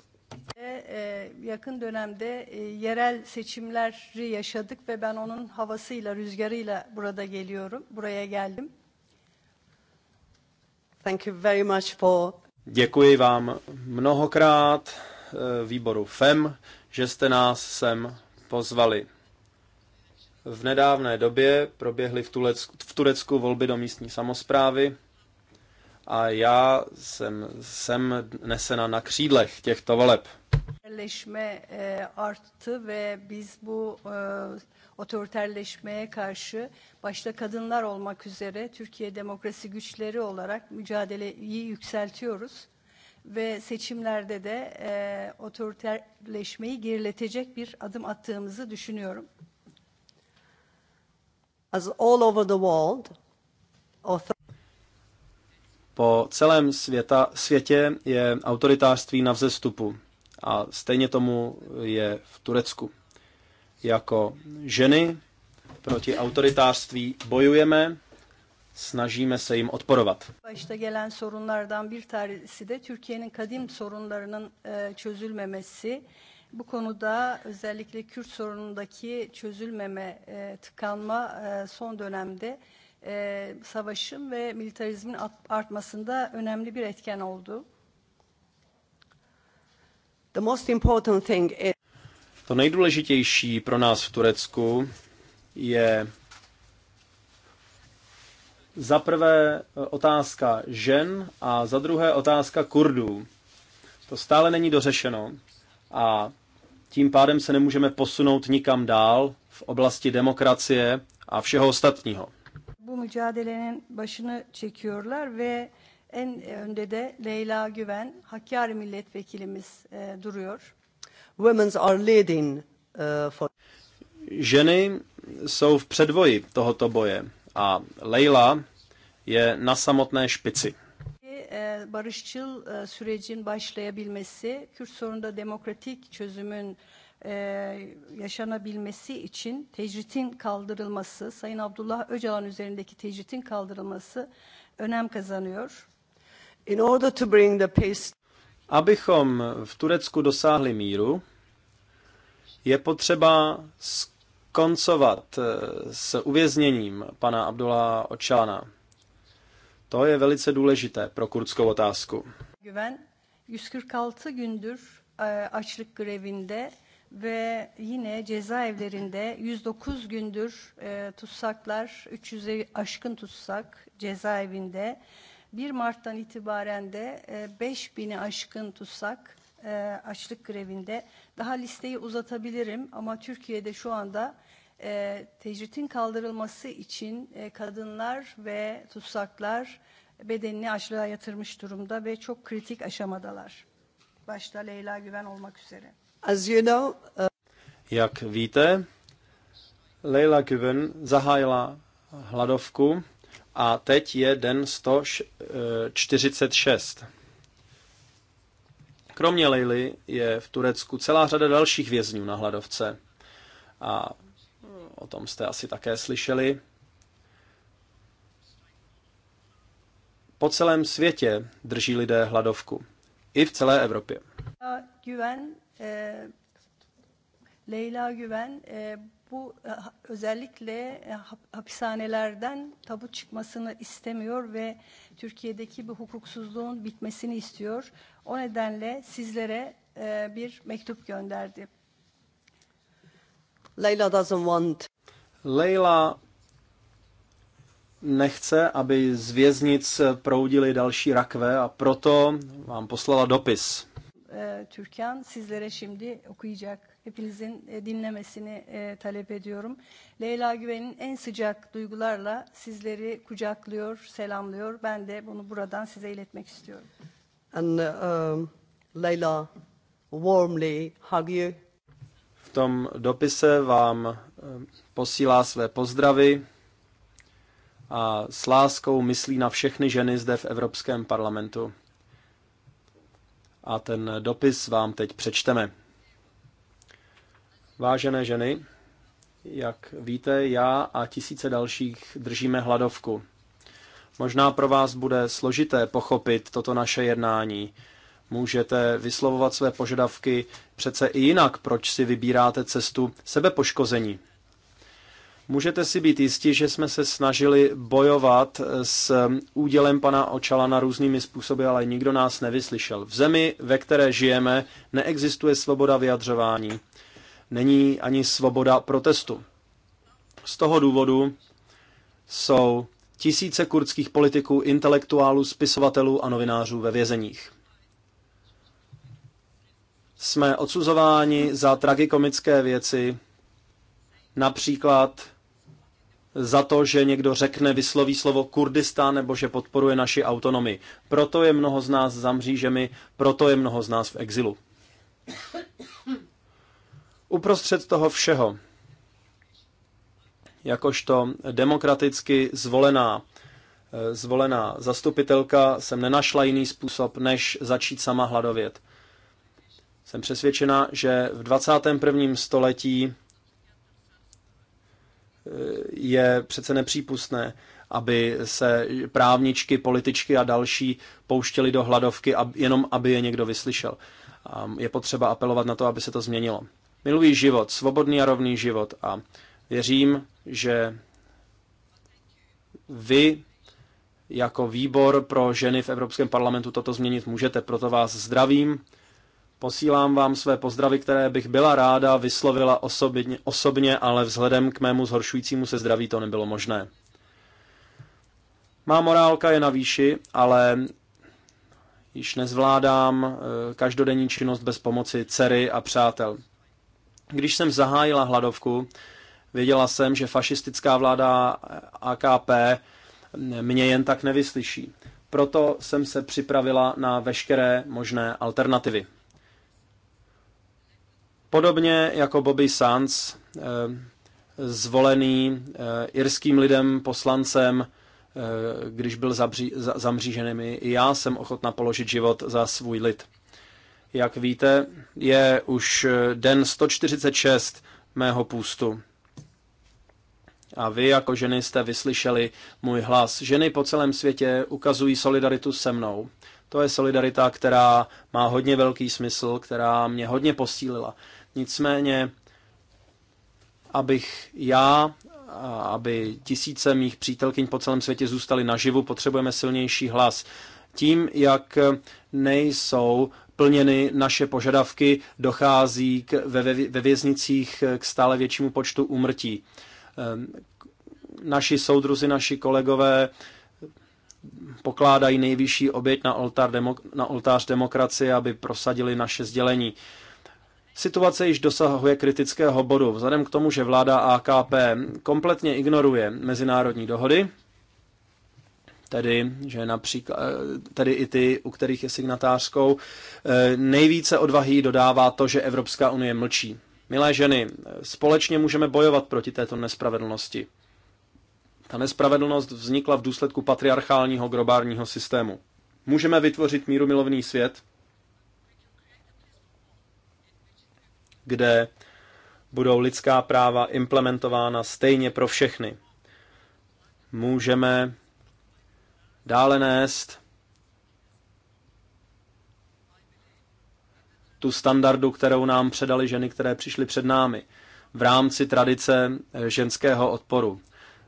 Eh, yakın dönemde eh, yerel seçimleri yaşadık ve ben onun havasıyla, rüzgarıyla burada geliyorum. Buraya geldim. Thank you very much for... Děkuji vám mnohokrát výboru FEM, že jste nás sem pozvali. V nedávné době proběhly v Turecku, v Turecku volby do místní samozprávy a já jsem, jsem nesena na křídlech těchto voleb. E, ve e, otoriterleşmeye karşı başta kadınlar olmak üzere Türkiye demokrasi güçleri olarak mücadeleyi yükseltiyoruz ve seçimlerde de e, otoriterleşmeyi geriletecek bir adım attığımızı düşünüyorum. As all over the world, po celém světa, světě je autoritářství na vzestupu a stejně tomu je v Turecku. Jako ženy proti autoritářství bojujeme, snažíme se jim odporovat. E, Bu konuda özellikle Kürt sorunundaki çözülmeme, e, tıkanma e, son dönemde e, savaşın ve militarizmin artmasında önemli bir etken oldu. The most important thing is... To nejdůležitější pro nás v Turecku je za prvé e, otázka žen a za druhé otázka Kurdů. To stále není dořešeno a tím pádem se nemůžeme posunout nikam dál v oblasti demokracie a všeho ostatního mücadelenin başını çekiyorlar ve en önde de Leyla Güven, Hakkari milletvekilimiz e, duruyor. Women's are leading, uh, for... Ženy jsou v předvoji tohoto boje a Leyla je na samotné špici. E, barışçıl e, sürecin başlayabilmesi, Kürt sorunda demokratik çözümün E, yaşanabilmesi için tecritin kaldırılması, Sayın Abdullah Öcalan üzerindeki tecritin kaldırılması önem kazanıyor. In order to bring the peace... Abychom v Turecku dosáhli míru, je potřeba skoncovat e, s uvězněním pana Abdullah Očána. To je velice důležité pro kurdskou otázku. Güven 146 gündür e, açlık grevinde ve yine cezaevlerinde 109 gündür e, tutsaklar, 300'e aşkın tutsak cezaevinde. 1 Mart'tan itibaren de e, 5000'i aşkın tutsak e, açlık grevinde. Daha listeyi uzatabilirim ama Türkiye'de şu anda e, tecritin kaldırılması için e, kadınlar ve tutsaklar bedenini açlığa yatırmış durumda ve çok kritik aşamadalar. Başta Leyla Güven olmak üzere. Uh, Jak víte, Leila Güven zahájila hladovku a teď je den 146. Eh, Kromě Leily je v Turecku celá řada dalších vězňů na hladovce. A o tom jste asi také slyšeli. Po celém světě drží lidé hladovku. I v celé Evropě. Uh, e, Leyla Güven e, bu e, özellikle e, hapishanelerden tabut çıkmasını istemiyor ve Türkiye'deki bu hukuksuzluğun bitmesini istiyor. O nedenle sizlere e, bir mektup gönderdi. Leyla doesn't want. Leyla nechce, aby z věznic proudily další rakve a proto vám poslala dopis e, Türkan sizlere şimdi okuyacak. Hepinizin e, dinlemesini e, talep ediyorum. Leyla Güven'in en sıcak duygularla sizleri kucaklıyor, selamlıyor. Ben de bunu buradan size iletmek istiyorum. And uh, um, Leyla warmly hug you. V tom dopise vám um, posílá své pozdravy a s láskou myslí na všechny ženy zde v Evropském parlamentu a ten dopis vám teď přečteme. Vážené ženy, jak víte, já a tisíce dalších držíme hladovku. Možná pro vás bude složité pochopit toto naše jednání. Můžete vyslovovat své požadavky přece i jinak, proč si vybíráte cestu sebepoškození. Můžete si být jistí, že jsme se snažili bojovat s údělem pana na různými způsoby, ale nikdo nás nevyslyšel. V zemi, ve které žijeme, neexistuje svoboda vyjadřování. Není ani svoboda protestu. Z toho důvodu jsou tisíce kurdských politiků, intelektuálů, spisovatelů a novinářů ve vězeních. Jsme odsuzováni za tragikomické věci, například za to, že někdo řekne, vysloví slovo Kurdistán nebo že podporuje naši autonomii. Proto je mnoho z nás za mřížemi, proto je mnoho z nás v exilu. Uprostřed toho všeho, jakožto demokraticky zvolená, eh, zvolená zastupitelka, jsem nenašla jiný způsob, než začít sama hladovět. Jsem přesvědčena, že v 21. století je přece nepřípustné, aby se právničky, političky a další pouštěli do hladovky, jenom aby je někdo vyslyšel. Je potřeba apelovat na to, aby se to změnilo. Miluji život, svobodný a rovný život a věřím, že vy jako výbor pro ženy v Evropském parlamentu toto změnit můžete. Proto vás zdravím Posílám vám své pozdravy, které bych byla ráda vyslovila osobně, osobně, ale vzhledem k mému zhoršujícímu se zdraví to nebylo možné. Má morálka je na výši, ale již nezvládám eh, každodenní činnost bez pomoci dcery a přátel. Když jsem zahájila hladovku, věděla jsem, že fašistická vláda eh, AKP mě jen tak nevyslyší. Proto jsem se připravila na veškeré možné alternativy. Podobně jako Bobby Sands, eh, zvolený eh, irským lidem poslancem, eh, když byl za, zamříženými. I já jsem ochotna položit život za svůj lid. Jak víte, je už den 146 mého půstu. A vy jako ženy jste vyslyšeli můj hlas. Ženy po celém světě ukazují solidaritu se mnou. To je solidarita, která má hodně velký smysl, která mě hodně posílila. Nicméně, abych já a aby tisíce mých přítelkyň po celém světě zůstaly naživu, potřebujeme silnější hlas. Tím, jak nejsou plněny naše požadavky, dochází k, ve, ve věznicích k stále většímu počtu úmrtí. Ehm, naši soudruzi, naši kolegové pokládají nejvyšší oběť na, oltár, na oltář demokracie, aby prosadili naše sdělení. Situace již dosahuje kritického bodu. Vzhledem k tomu, že vláda AKP kompletně ignoruje mezinárodní dohody, tedy, že například, tedy i ty, u kterých je signatářskou, eh, nejvíce odvahy dodává to, že Evropská unie mlčí. Milé ženy, společně můžeme bojovat proti této nespravedlnosti. Ta nespravedlnost vznikla v důsledku patriarchálního grobárního systému. Můžeme vytvořit mírumilovný svět, kde budou lidská práva implementována stejně pro všechny. Můžeme dále nést tu standardu, kterou nám předali ženy, které přišly před námi, v rámci tradice eh, ženského odporu.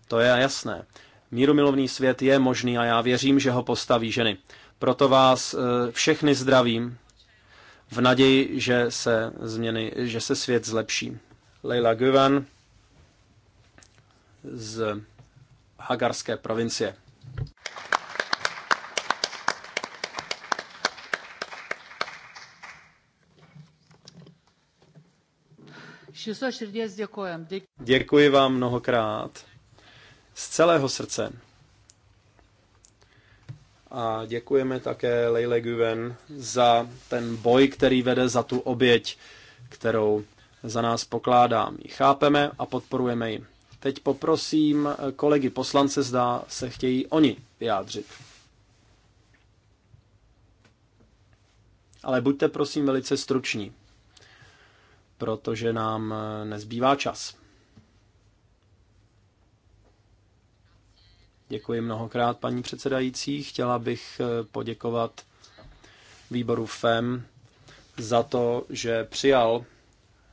To je jasné. Mírumilovný svět je možný a já věřím, že ho postaví ženy. Proto vás eh, všechny zdravím v naději, že se, změny, že se svět zlepší. Leila Güven z Hagarské provincie. Děkuji vám mnohokrát. Z celého srdce a děkujeme také Leile Guven za ten boj, který vede za tu oběť, kterou za nás pokládá. My chápeme a podporujeme ji. Teď poprosím kolegy poslance, zda se chtějí oni vyjádřit. Ale buďte prosím velice struční, protože nám nezbývá čas. Děkuji mnohokrát, paní předsedající. Chtěla bych eh, poděkovat výboru FEM za to, že přijal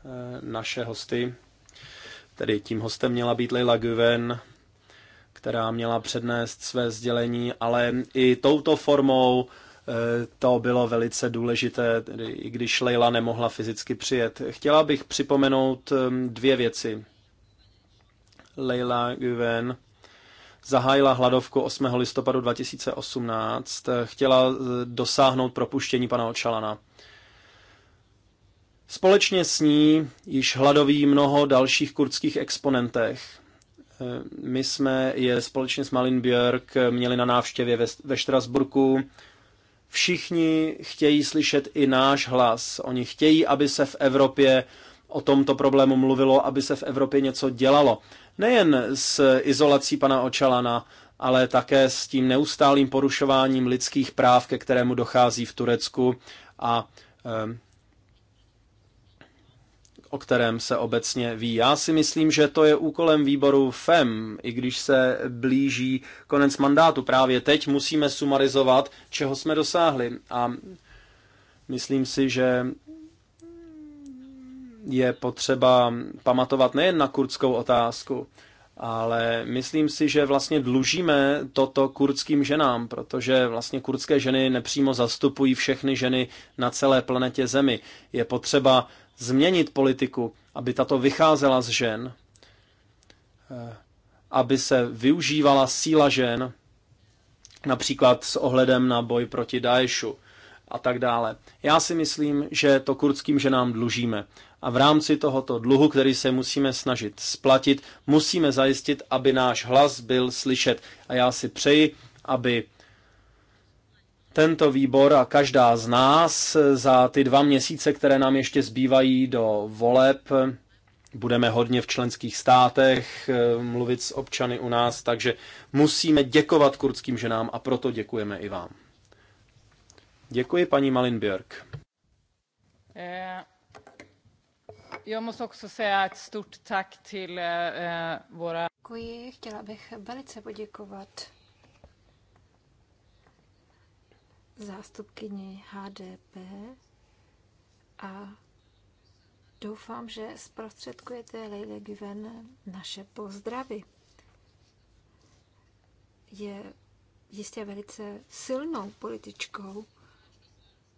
eh, naše hosty. Tedy tím hostem měla být Leila Guven, která měla přednést své sdělení, ale i touto formou eh, to bylo velice důležité, tedy i když Leila nemohla fyzicky přijet. Chtěla bych připomenout dvě věci. Leila Guven, zahájila hladovku 8. listopadu 2018. Eh, chtěla eh, dosáhnout propuštění pana Očalana. Společně s ní již hladoví mnoho dalších kurdských exponentech. Eh, my jsme je společně s Malin Björk měli na návštěvě ve, Štrasburku. Všichni chtějí slyšet i náš hlas. Oni chtějí, aby se v Evropě o tomto problému mluvilo, aby se v Evropě něco dělalo nejen s izolací pana Očalana, ale také s tím neustálým porušováním lidských práv, ke kterému dochází v Turecku a eh, o kterém se obecně ví. Já si myslím, že to je úkolem výboru FEM, i když se blíží konec mandátu. Právě teď musíme sumarizovat, čeho jsme dosáhli. A myslím si, že je potřeba pamatovat nejen na kurdskou otázku, ale myslím si, že vlastně dlužíme toto kurdským ženám, protože vlastně kurdské ženy nepřímo zastupují všechny ženy na celé planetě Zemi. Je potřeba změnit politiku, aby tato vycházela z žen, eh, aby se využívala síla žen, například s ohledem na boj proti Daeshu a tak dále. Já si myslím, že to kurdským ženám dlužíme a v rámci tohoto dluhu, který se musíme snažit splatit, musíme zajistit, aby náš hlas byl slyšet. A já si přeji, aby tento výbor a každá z nás za ty dva měsíce, které nám ještě zbývají do voleb, budeme hodně v členských státech mluvit s občany u nás, takže musíme děkovat kurdským ženám a proto děkujeme i vám. Děkuji paní Malin Björk. Yeah. Jag måste också säga ett stort tack till eh, eh, våra... Děkuji, chtěla bych velice poděkovat zástupkyni HDP a doufám, že zprostředkujete Leile Given naše pozdravy. Je jistě velice silnou političkou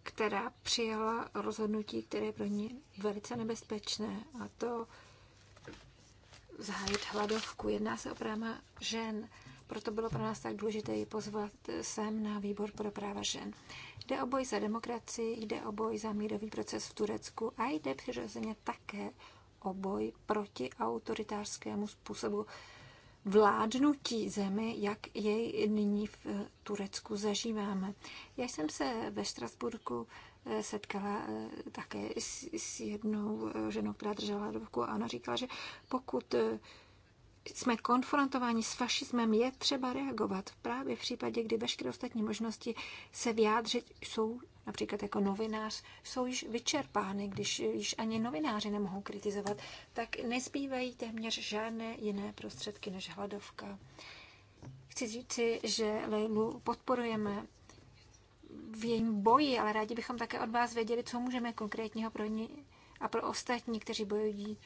která přijala rozhodnutí, které je pro ní velice nebezpečné, a to zahájit hladovku. Jedná se o práva žen, proto bylo pro nás tak důležité ji pozvat sem na výbor pro práva žen. Jde o boj za demokracii, jde o boj za mírový proces v Turecku a jde přirozeně také o boj proti autoritářskému způsobu vládnutí zemi, jak jej nyní v Turecku zažíváme. Já jsem se ve Štrasburku eh, setkala eh, také s, jednou eh, ženou, která držela ruku a ona říkala, že pokud jsme konfrontováni s fašismem, je třeba reagovat. Právě v případě, kdy veškeré ostatní možnosti se vyjádřit jsou například jako novinář, jsou již vyčerpány, když již ani novináři nemohou kritizovat, tak nezbývají téměř žádné jiné prostředky než hladovka. Chci si, že Leilu podporujeme v jejím boji, ale rádi bychom také od vás věděli, co můžeme konkrétního pro ní a pro ostatní, kteří bojují,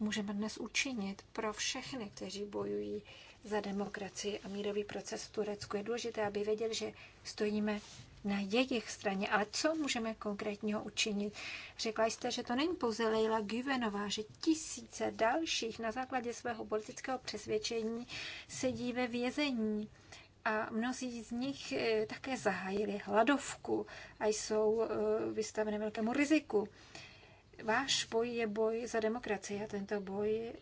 můžeme dnes učinit. Pro všechny, kteří bojují za demokracii a mírový proces v Turecku. Je důležité, aby věděli, že stojíme na jejich straně. Ale co můžeme konkrétního učinit? Řekla jste, že to není pouze Leila Givenová, že tisíce dalších na základě svého politického přesvědčení sedí ve vězení a mnozí z nich eh, také zahájili hladovku a jsou eh, vystaveni velkému riziku. Váš boj je boj za demokracii a tento boj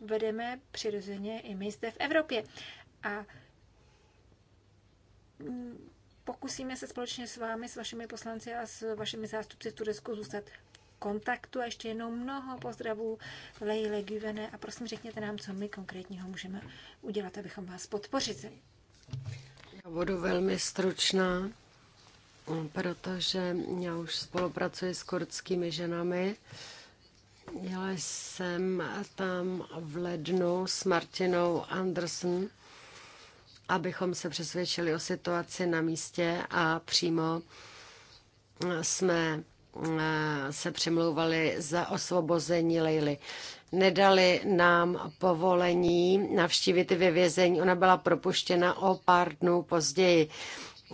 vedeme přirozeně i my zde v Evropě. A mm, pokusíme se společně s vámi, s vašimi poslanci a s vašimi zástupci v Turecku zůstat v kontaktu a ještě jednou mnoho pozdravů Leile Güvene a prosím řekněte nám, co my konkrétního můžeme udělat, abychom vás podpořili. Já budu velmi stručná, protože já už spolupracuji s kurdskými ženami. Jela jsem tam v lednu s Martinou Anderson abychom se přesvědčili o situaci na místě a přímo jsme eh, se přemlouvali za osvobození Lejly. Nedali nám povolení navštívit ve vězení. Ona byla propuštěna o pár dnů později.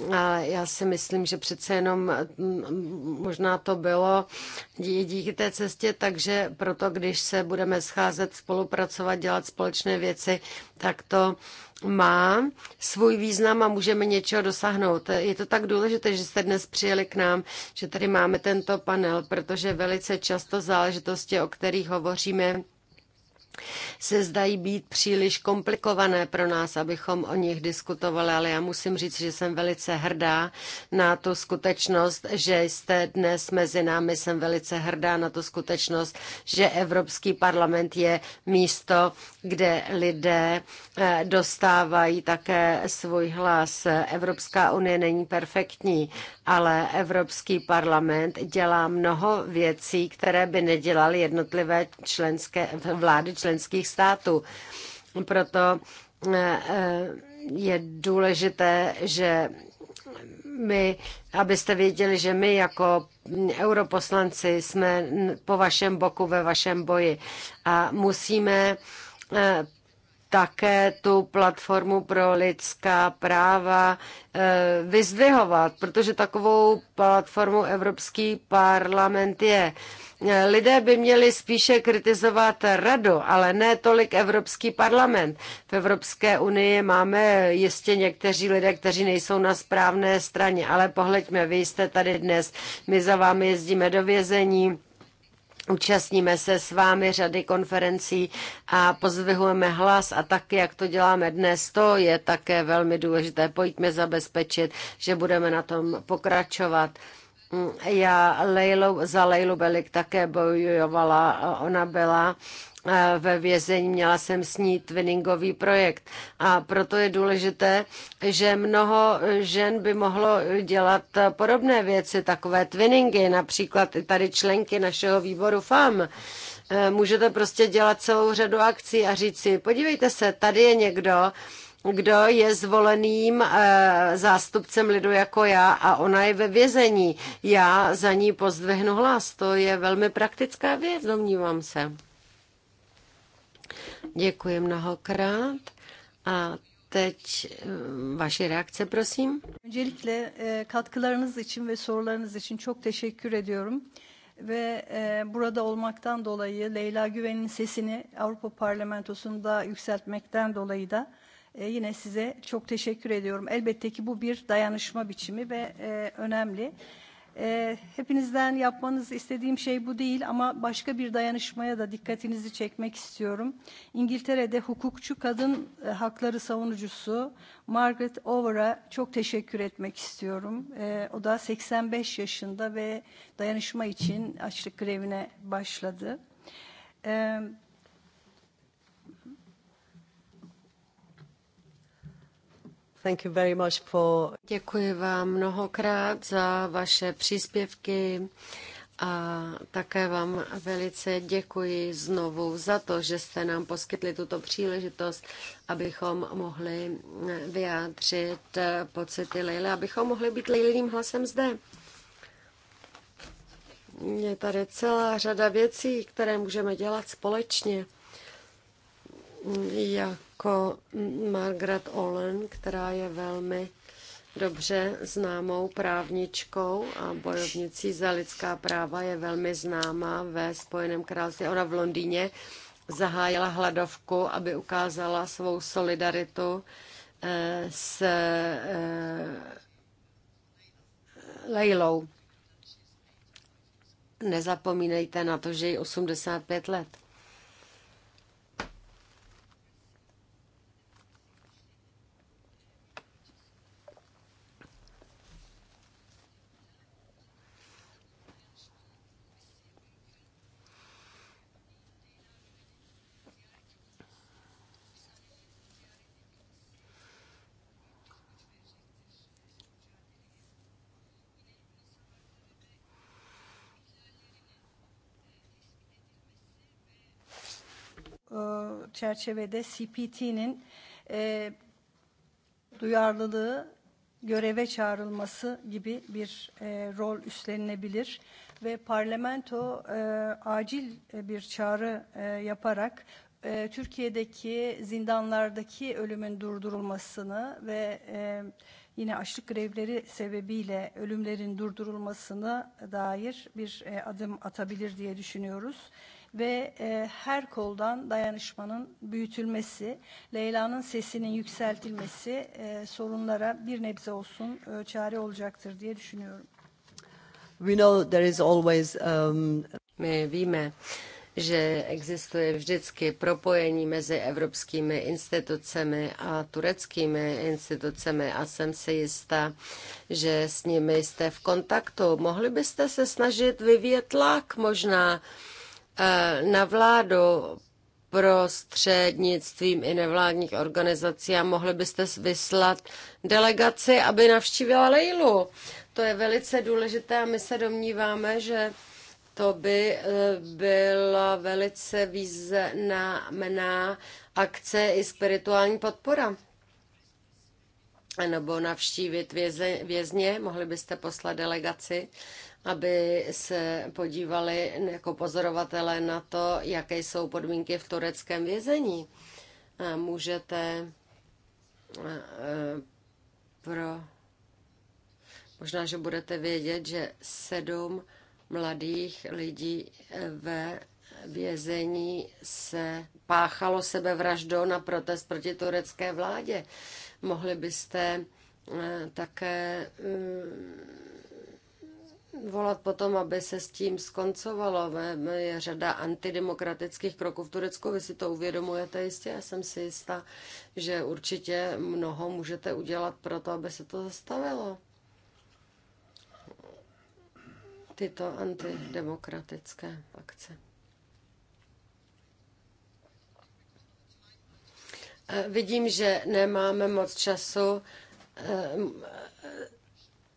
A já si myslím, že přece jenom mm, možná to bylo díky té cestě, takže proto, když se budeme scházet, spolupracovat, dělat společné věci, tak to má svůj význam a můžeme něčeho dosáhnout. Je to tak důležité, že jste dnes přijeli k nám, že tady máme tento panel, protože velice často záležitosti, o kterých hovoříme, se zdají být příliš komplikované pro nás, abychom o nich diskutovali, ale já musím říct, že jsem velice hrdá na tu skutečnost, že jste dnes mezi námi, jsem velice hrdá na tu skutečnost, že Evropský parlament je místo, kde lidé eh, dostávají také svůj hlas. Evropská unie není perfektní, ale Evropský parlament dělá mnoho věcí, které by nedělaly jednotlivé členské, vlády členských států. Proto eh, eh, je důležité, že my, abyste věděli, že my jako europoslanci jsme po vašem boku ve vašem boji a musíme eh, také tu platformu pro lidská práva eh, vyzdvihovat, protože takovou platformu Evropský parlament je. Eh, lidé by měli spíše kritizovat radu, ale ne tolik Evropský parlament. V Evropské unii máme jistě někteří lidé, kteří nejsou na správné straně, ale pohleďme, vy jste tady dnes, my za vámi jezdíme do vězení Účastníme se s vámi řady konferencí a pozvihujeme hlas a taky, jak to děláme dnes, to je také velmi důležité. Pojďme zabezpečit, že budeme na tom pokračovat. Já Lejlu, za Lejlu Belik také bojovala, ona byla ve vězení, měla jsem s ní twinningový projekt. A proto je důležité, že mnoho žen by mohlo dělat podobné věci, takové twinningy, například i tady členky našeho výboru FAM. E, můžete prostě dělat celou řadu akcí a říct si, podívejte se, tady je někdo, kdo je zvoleným e, zástupcem lidu jako já a ona je ve vězení. Já za ní pozdvihnu hlas. To je velmi praktická věc, domnívám se. Děkuji mnohokrát. A teď eh, vaše reakce, prosím. Öncelikle eh, katkılarınız için ve sorularınız için çok teşekkür ediyorum. Ve eh, burada olmaktan dolayı Leyla Güven'in sesini Avrupa Parlamentosu'nda yükseltmekten dolayı da e, yine size çok teşekkür ediyorum. Elbette ki bu bir dayanışma biçimi ve önemli. önemli. E, hepinizden yapmanız istediğim şey bu değil ama başka bir dayanışmaya da dikkatinizi çekmek istiyorum. İngiltere'de hukukçu kadın e, hakları savunucusu Margaret Over'a çok teşekkür etmek istiyorum. E, o da 85 yaşında ve dayanışma için açlık grevine başladı. Evet. Thank you very much for... Děkuji vám mnohokrát za vaše příspěvky a také vám velice děkuji znovu za to, že jste nám poskytli tuto příležitost, abychom mohli vyjádřit pocity Lily, abychom mohli být Lilyním hlasem zde. Je tady celá řada věcí, které můžeme dělat společně. Jak jako Margaret Olen, která je velmi dobře známou právničkou a bojovnicí za lidská práva, je velmi známá ve Spojeném království. Ona v Londýně zahájila hladovku, aby ukázala svou solidaritu eh, s eh, Lejlou. Nezapomínejte na to, že je 85 let. çerçevede CPT'nin e, duyarlılığı göreve çağrılması gibi bir e, rol üstlenilebilir ve parlamento e, acil e, bir çağrı e, yaparak e, Türkiye'deki zindanlardaki ölümün durdurulmasını ve e, yine açlık grevleri sebebiyle ölümlerin durdurulmasını dair bir e, adım atabilir diye düşünüyoruz ve e, her koldan dayanışmanın büyütülmesi, Leyla'nın sesinin yükseltilmesi e, sorunlara bir nebze olsun e, çare olacaktır diye düşünüyorum. We know there is always, um... My víme, že existuje vždycky propojení mezi evropskými institucemi a tureckými institucemi a jsem si jistá, že s nimi jste v kontaktu. Mohli byste se snažit vyvíjet tlak možná Eh, na vládu prostřednictvím i nevládních organizací a mohli byste vyslat delegaci, aby navštívila Lejlu. To je velice důležité a my se domníváme, že to by eh, byla velice významná akce i spirituální podpora. Nebo navštívit vězně, mohli byste poslat delegaci aby se podívali jako pozorovatelé na to, jaké jsou podmínky v tureckém vězení. A můžete pro... Možná, že budete vědět, že sedm mladých lidí ve vězení se páchalo sebevraždou na protest proti turecké vládě. Mohli byste také mm, volat potom, aby se s tím skoncovalo. Je řada antidemokratických kroků v Turecku, vy si to uvědomujete jistě, já jsem si jistá, že určitě mnoho můžete udělat pro to, aby se to zastavilo. Tyto antidemokratické akce. Eh, vidím, že nemáme moc času eh,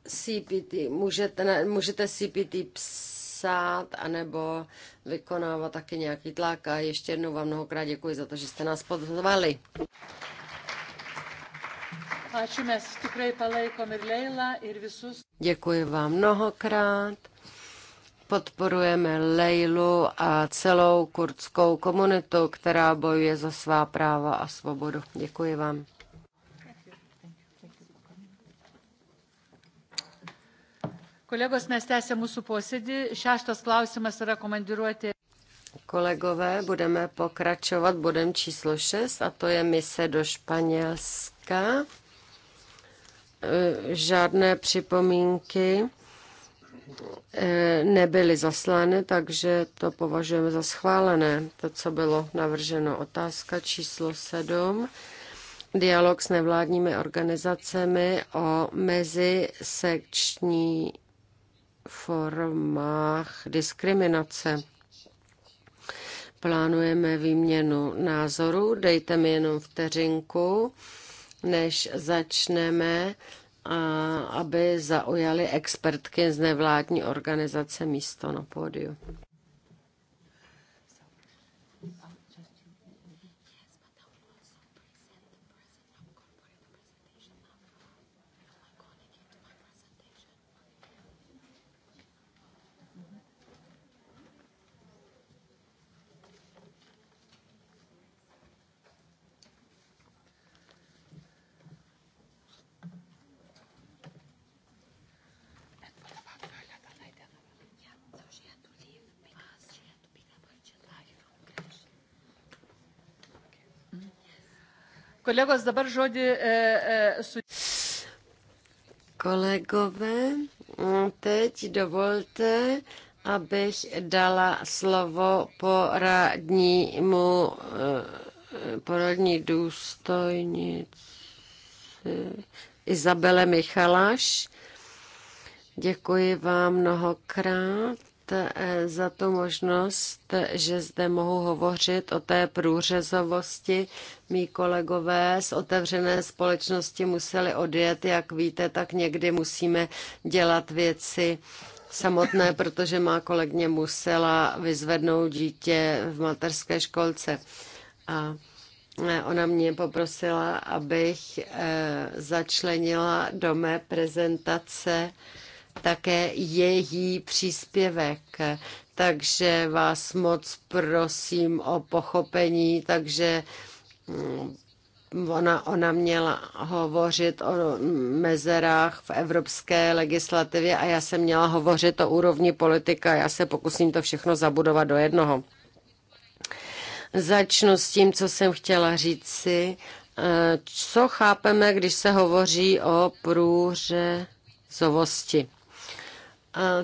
CPT, můžete, ne, můžete CPT psát anebo vykonávat taky nějaký tlak a ještě jednou vám mnohokrát děkuji za to, že jste nás pozvali. Děkuji vám mnohokrát. Podporujeme Leilu a celou kurdskou komunitu, která bojuje za svá práva a svobodu. Děkuji vám. Kolegové, budeme pokračovat bodem číslo šest a to je mise do Španělska. Eh, žádné připomínky eh, nebyly zaslány, takže to považujeme za schválené, to, co bylo navrženo. Otázka číslo sedm, Dialog s nevládními organizacemi o mezisekční formách diskriminace. Plánujeme výměnu názorů. Dejte mi jenom vteřinku, než začneme, a aby zaujali expertky z nevládní organizace místo na pódiu. Kolegos, dabar žodį e, e, su... Kolegové, teď dovolte, abych dala slovo poradnímu e, poradní důstojnici Izabele Michalaš. Děkuji vám mnohokrát Eh, za tu možnost, že zde mohu hovořit o té průřezovosti. Mí kolegové z otevřené společnosti museli odjet, jak víte, tak někdy musíme dělat věci samotné, protože má kolegně musela vyzvednout dítě v materské školce. A eh, Ona mě poprosila, abych eh, začlenila do mé prezentace také její příspěvek. Takže vás moc prosím o pochopení, takže mm, ona, ona měla hovořit o mezerách v evropské legislativě a já jsem měla hovořit o úrovni politika. Já se pokusím to všechno zabudovat do jednoho. Začnu s tím, co jsem chtěla říci. Eh, co chápeme, když se hovoří o průřezovosti?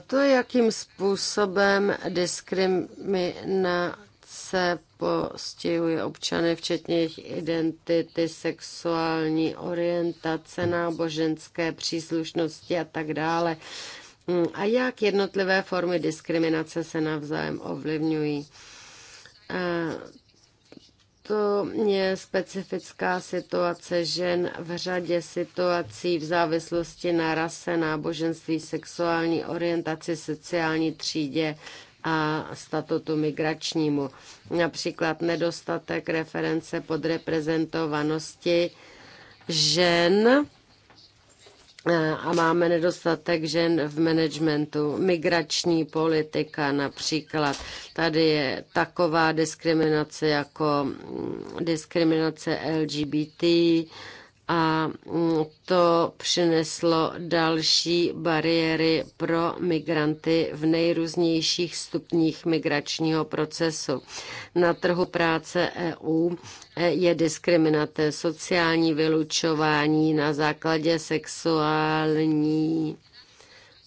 To, jakým způsobem diskriminace postihuje občany, včetně jejich identity, sexuální orientace, náboženské příslušnosti a tak dále. Mm, a jak jednotlivé formy diskriminace se navzájem ovlivňují to je specifická situace žen v řadě situací v závislosti na rase, náboženství, sexuální orientaci, sociální třídě a statutu migračnímu. Například nedostatek reference podreprezentovanosti žen a máme nedostatek žen v managementu. Migrační politika například. Tady je taková diskriminace jako mm, diskriminace LGBT, a mm, to přineslo další bariéry pro migranty v nejrůznějších stupních migračního procesu. Na trhu práce EU e, je diskriminace, sociální vylučování na základě sexuální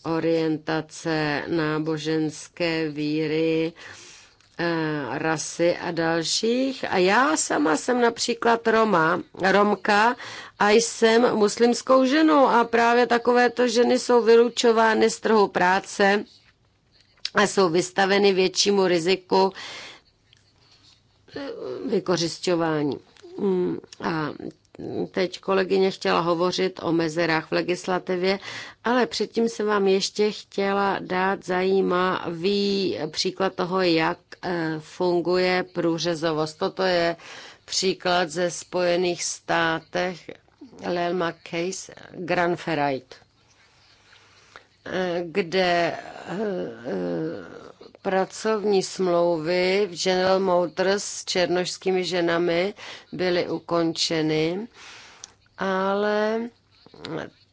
orientace, náboženské víry, rasy a dalších. A já sama jsem například Roma, Romka a jsem muslimskou ženou a právě takovéto ženy jsou vylučovány z trhu práce a jsou vystaveny většímu riziku e, vykořišťování. Mm, a teď kolegyně chtěla hovořit o mezerách v legislativě, ale předtím jsem vám ještě chtěla dát zajímavý příklad toho, jak eh, funguje průřezovost. Toto je příklad ze Spojených státech Lelma Case Granferite, eh, kde eh, Pracovní smlouvy v General Motors s černožskými ženami byly ukončeny, ale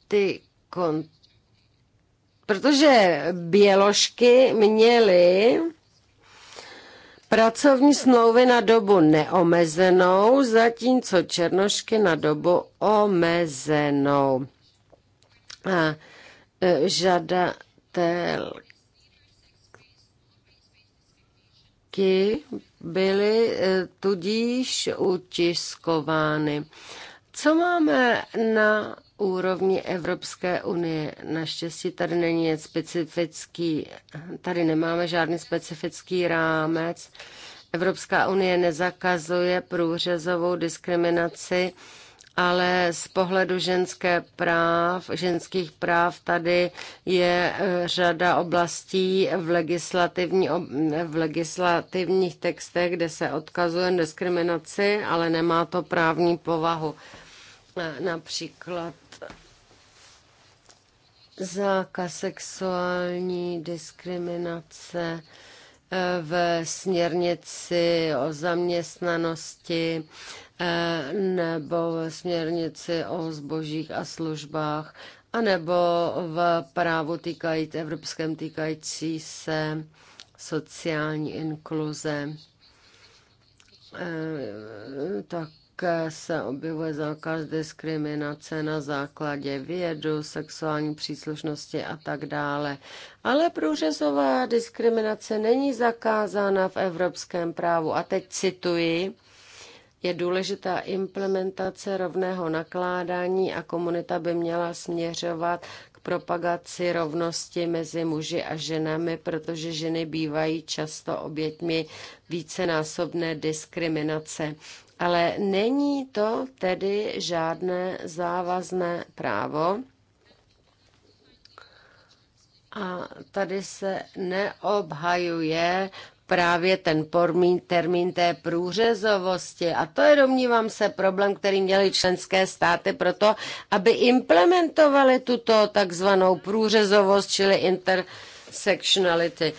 ty kon... protože běložky měly pracovní smlouvy na dobu neomezenou, zatímco černošky na dobu omezenou. A e, žadatelka děti byly eh, tudíž utiskovány. Co máme na úrovni Evropské unie? Naštěstí tady není nic specifický, tady nemáme žádný specifický rámec. Evropská unie nezakazuje průřezovou diskriminaci ale z pohledu ženské práv, ženských práv tady je eh, řada oblastí v, legislativní, v legislativních textech, kde se odkazuje diskriminaci, ale nemá to právní povahu. Například zákaz sexuální diskriminace eh, v směrnici o zaměstnanosti, nebo ve směrnici o zbožích a službách, anebo v právu týkající, evropském týkající se sociální inkluze. Eh, tak se objevuje zákaz diskriminace na základě vědu, sexuální příslušnosti a tak dále. Ale průřezová diskriminace není zakázána v evropském právu. A teď cituji je důležitá implementace rovného nakládání a komunita by měla směřovat k propagaci rovnosti mezi muži a ženami, protože ženy bývají často oběťmi vícenásobné diskriminace. Ale není to tedy žádné závazné právo. A tady se neobhajuje právě ten pormín, termín té průřezovosti. A to je, domnívám se, problém, který měly členské státy proto, aby implementovali tuto takzvanou průřezovost, čili intersectionality.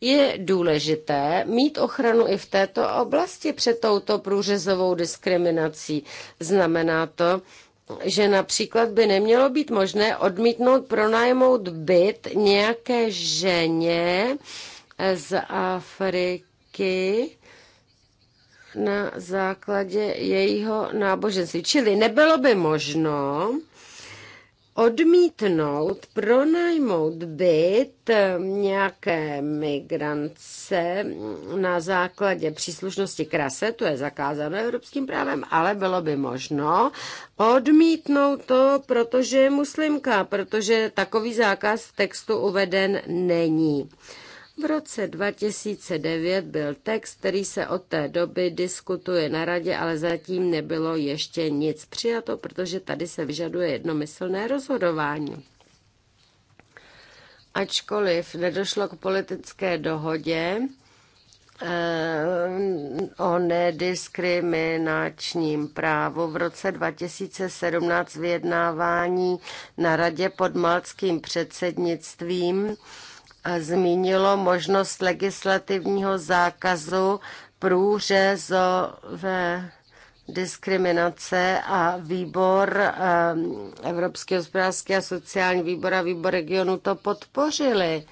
E je důležité mít ochranu i v této oblasti před touto průřezovou diskriminací. Znamená to, že například by nemělo být možné odmítnout pronajmout byt nějaké ženě z Afriky na základě jejího náboženství. Čili nebylo by možno odmítnout pronajmout byt nějaké migrance na základě příslušnosti krase, to je zakázáno evropským právem, ale bylo by možno odmítnout to, protože je muslimka, protože takový zákaz v textu uveden není. V roce 2009 byl text, který se od té doby diskutuje na radě, ale zatím nebylo ještě nic přijato, protože tady se vyžaduje jednomyslné rozhodování. Ačkoliv nedošlo k politické dohodě, eh, o nediskriminačním právu v roce 2017 vyjednávání na radě pod malckým předsednictvím zmínilo možnost legislativního zákazu průřezové diskriminace a výbor um, Evropský hospodářský a sociální výbor a výbor regionu to podpořili.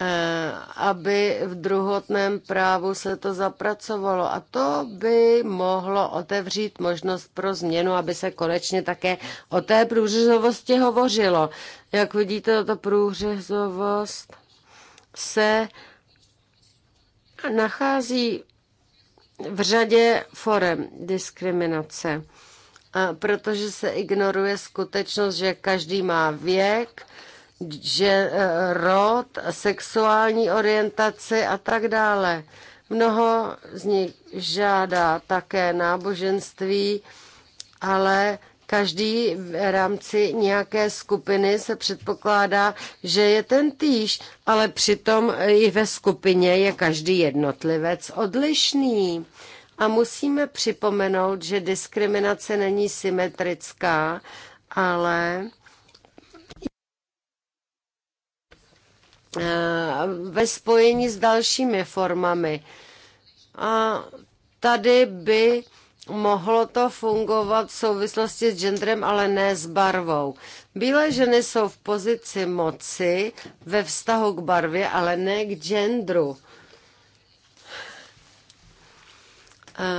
Eh, aby v druhotném právu se to zapracovalo. A to by mohlo otevřít možnost pro změnu, aby se konečně také o té průřezovosti hovořilo. Jak vidíte, tato průřezovost se nachází v řadě forem diskriminace, protože se ignoruje skutečnost, že každý má věk, že rod, sexuální orientaci a tak dále. Mnoho z nich žádá také náboženství, ale každý v rámci nějaké skupiny se předpokládá, že je ten týž, ale přitom i ve skupině je každý jednotlivec odlišný. A musíme připomenout, že diskriminace není symetrická, ale ve spojení s dalšími formami. A tady by mohlo to fungovat v souvislosti s genderem, ale ne s barvou. Bílé ženy jsou v pozici moci ve vztahu k barvě, ale ne k genderu.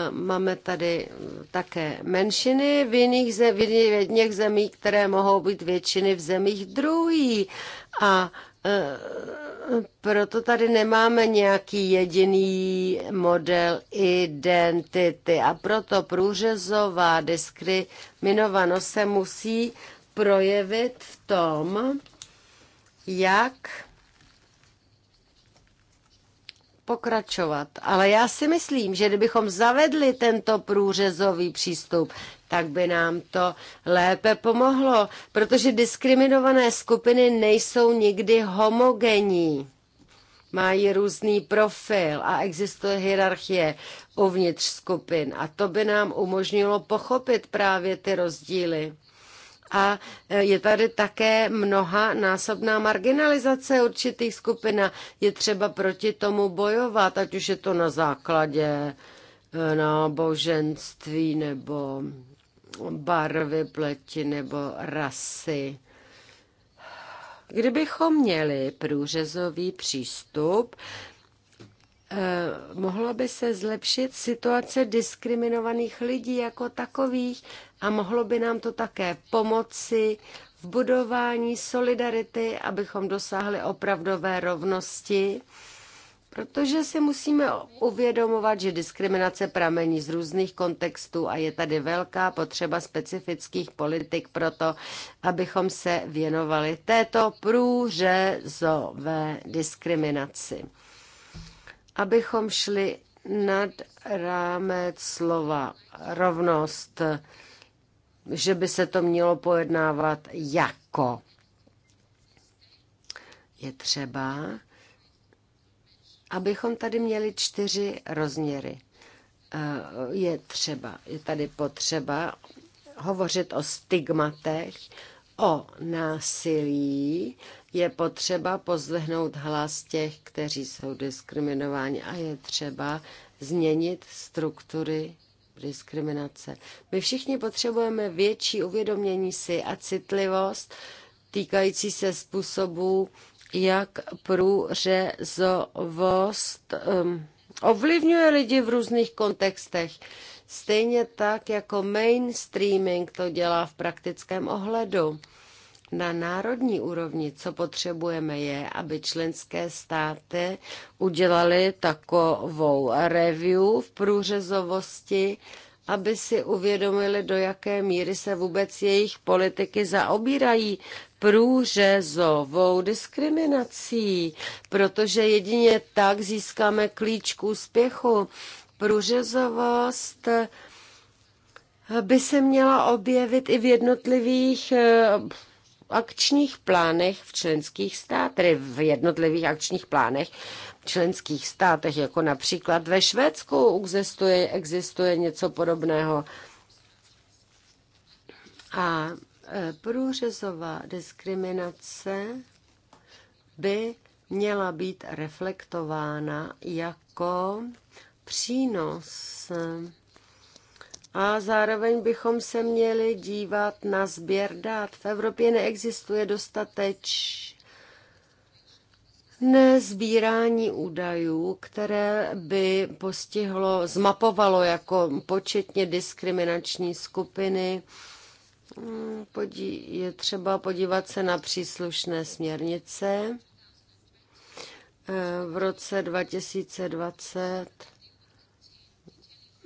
Máme tady také menšiny v jiných, v zemích, které mohou být většiny v zemích druhý. A proto tady nemáme nějaký jediný model identity a proto průřezová diskriminovanost se musí projevit v tom, jak pokračovat. Ale já si myslím, že kdybychom zavedli tento průřezový přístup, tak by nám to lépe pomohlo, protože diskriminované skupiny nejsou nikdy homogenní. Mají různý profil a existuje hierarchie uvnitř skupin a to by nám umožnilo pochopit právě ty rozdíly a e, je tady také mnoha násobná marginalizace určitých skupin a je třeba proti tomu bojovat, ať už je to na základě e, náboženství nebo barvy pleti nebo rasy. Kdybychom měli průřezový přístup, Eh, mohlo by se zlepšit situace diskriminovaných lidí jako takových a mohlo by nám to také pomoci v budování solidarity, abychom dosáhli opravdové rovnosti. Protože si musíme uvědomovat, že diskriminace pramení z různých kontextů a je tady velká potřeba specifických politik pro to, abychom se věnovali této průřezové diskriminaci abychom šli nad rámec slova rovnost, že by se to mělo pojednávat jako. Je třeba, abychom tady měli čtyři rozměry. Eh, je třeba, je tady potřeba hovořit o stigmatech, o násilí, je potřeba pozlehnout hlas těch, kteří jsou diskriminováni a je třeba změnit struktury diskriminace. My všichni potřebujeme větší uvědomění si a citlivost týkající se způsobů, jak průřezovost um, ovlivňuje lidi v různých kontextech. Stejně tak jako mainstreaming to dělá v praktickém ohledu na národní úrovni, co potřebujeme, je, aby členské státy udělali takovou review v průřezovosti, aby si uvědomili, do jaké míry se vůbec jejich politiky zaobírají průřezovou diskriminací, protože jedině tak získáme klíč k úspěchu. Průřezovost by se měla objevit i v jednotlivých eh, akčních plánech v členských státech, tedy v jednotlivých akčních plánech v členských státech, jako například ve Švédsku existuje, existuje něco podobného. A e, průřezová diskriminace by měla být reflektována jako přínos a zároveň bychom se měli dívat na sběr dát. V Evropě neexistuje dostateč nezbírání údajů, které by postihlo, zmapovalo jako početně diskriminační skupiny. Hmm, je třeba podívat se na příslušné směrnice eh, v roce 2020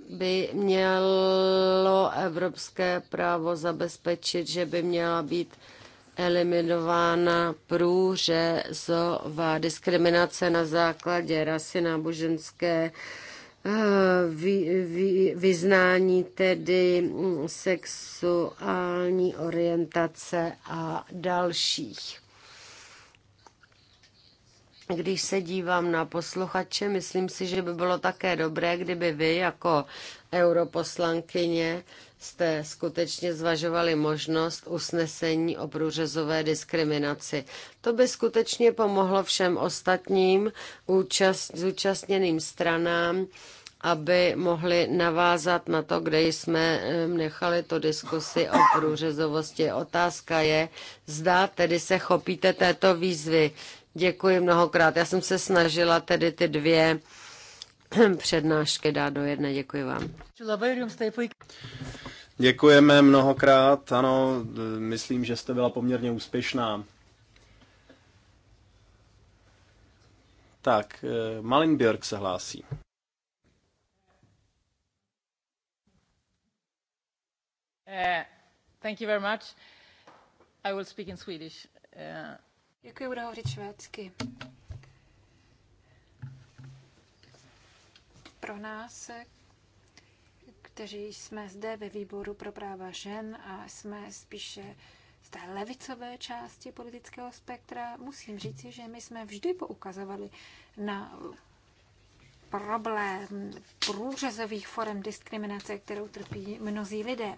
by mělo evropské právo zabezpečit, že by měla být eliminována průřezová diskriminace na základě rasy náboženské eh, vyznání, tedy mm, sexuální orientace a dalších. Když se dívám na posluchače, myslím si, že by bylo také dobré, kdyby vy jako europoslankyně jste skutečně zvažovali možnost usnesení o průřezové diskriminaci. To by skutečně pomohlo všem ostatním účast, zúčastněným stranám, aby mohli navázat na to, kde jsme nechali to diskusi o průřezovosti. Otázka je, zda tedy se chopíte této výzvy. Děkuji mnohokrát. Já jsem se snažila tedy ty dvě přednášky dát do jedné. Děkuji vám. Děkujeme mnohokrát. Ano, myslím, že jste byla poměrně úspěšná. Tak, eh, Malin Björk se hlásí. Uh, thank you very much. I will speak in Swedish. Uh... Děkuji, budu hovořit švédsky. Pro nás, kteří jsme zde ve výboru pro práva žen a jsme spíše z té levicové části politického spektra, musím říci, že my jsme vždy poukazovali na problém průřezových forem diskriminace, kterou trpí mnozí lidé.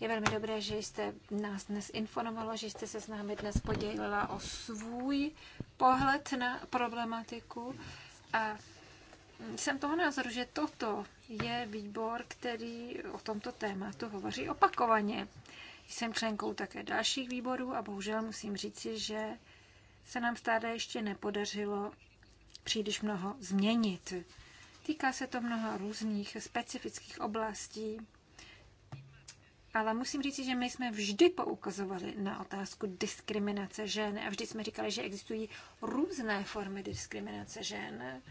Je velmi dobré, že jste nás dnes informovala, že jste se s námi dnes podělila o svůj pohled na problematiku. A jsem toho názoru, že toto je výbor, který o tomto tématu hovoří opakovaně. Jsem členkou také dalších výborů a bohužel musím říci, že se nám stále ještě nepodařilo příliš mnoho změnit. Týká se to mnoha různých specifických oblastí, ale musím říct, že my jsme vždy poukazovali na otázku diskriminace žen a vždy jsme říkali, že existují různé formy diskriminace žen,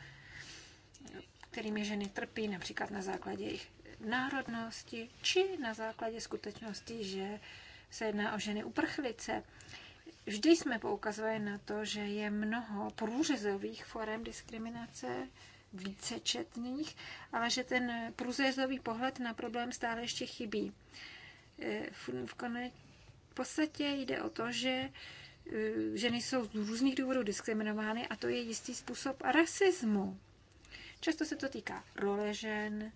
kterými ženy trpí například na základě jejich národnosti či na základě skutečnosti, že se jedná o ženy uprchlice. Vždy jsme poukazovali na to, že je mnoho průřezových forem diskriminace, vícečetných, ale že ten průřezový pohled na problém stále ještě chybí. E, v, podstatě jde o to, že e, ženy jsou z různých důvodů diskriminovány a to je jistý způsob rasismu. Často se to týká role žen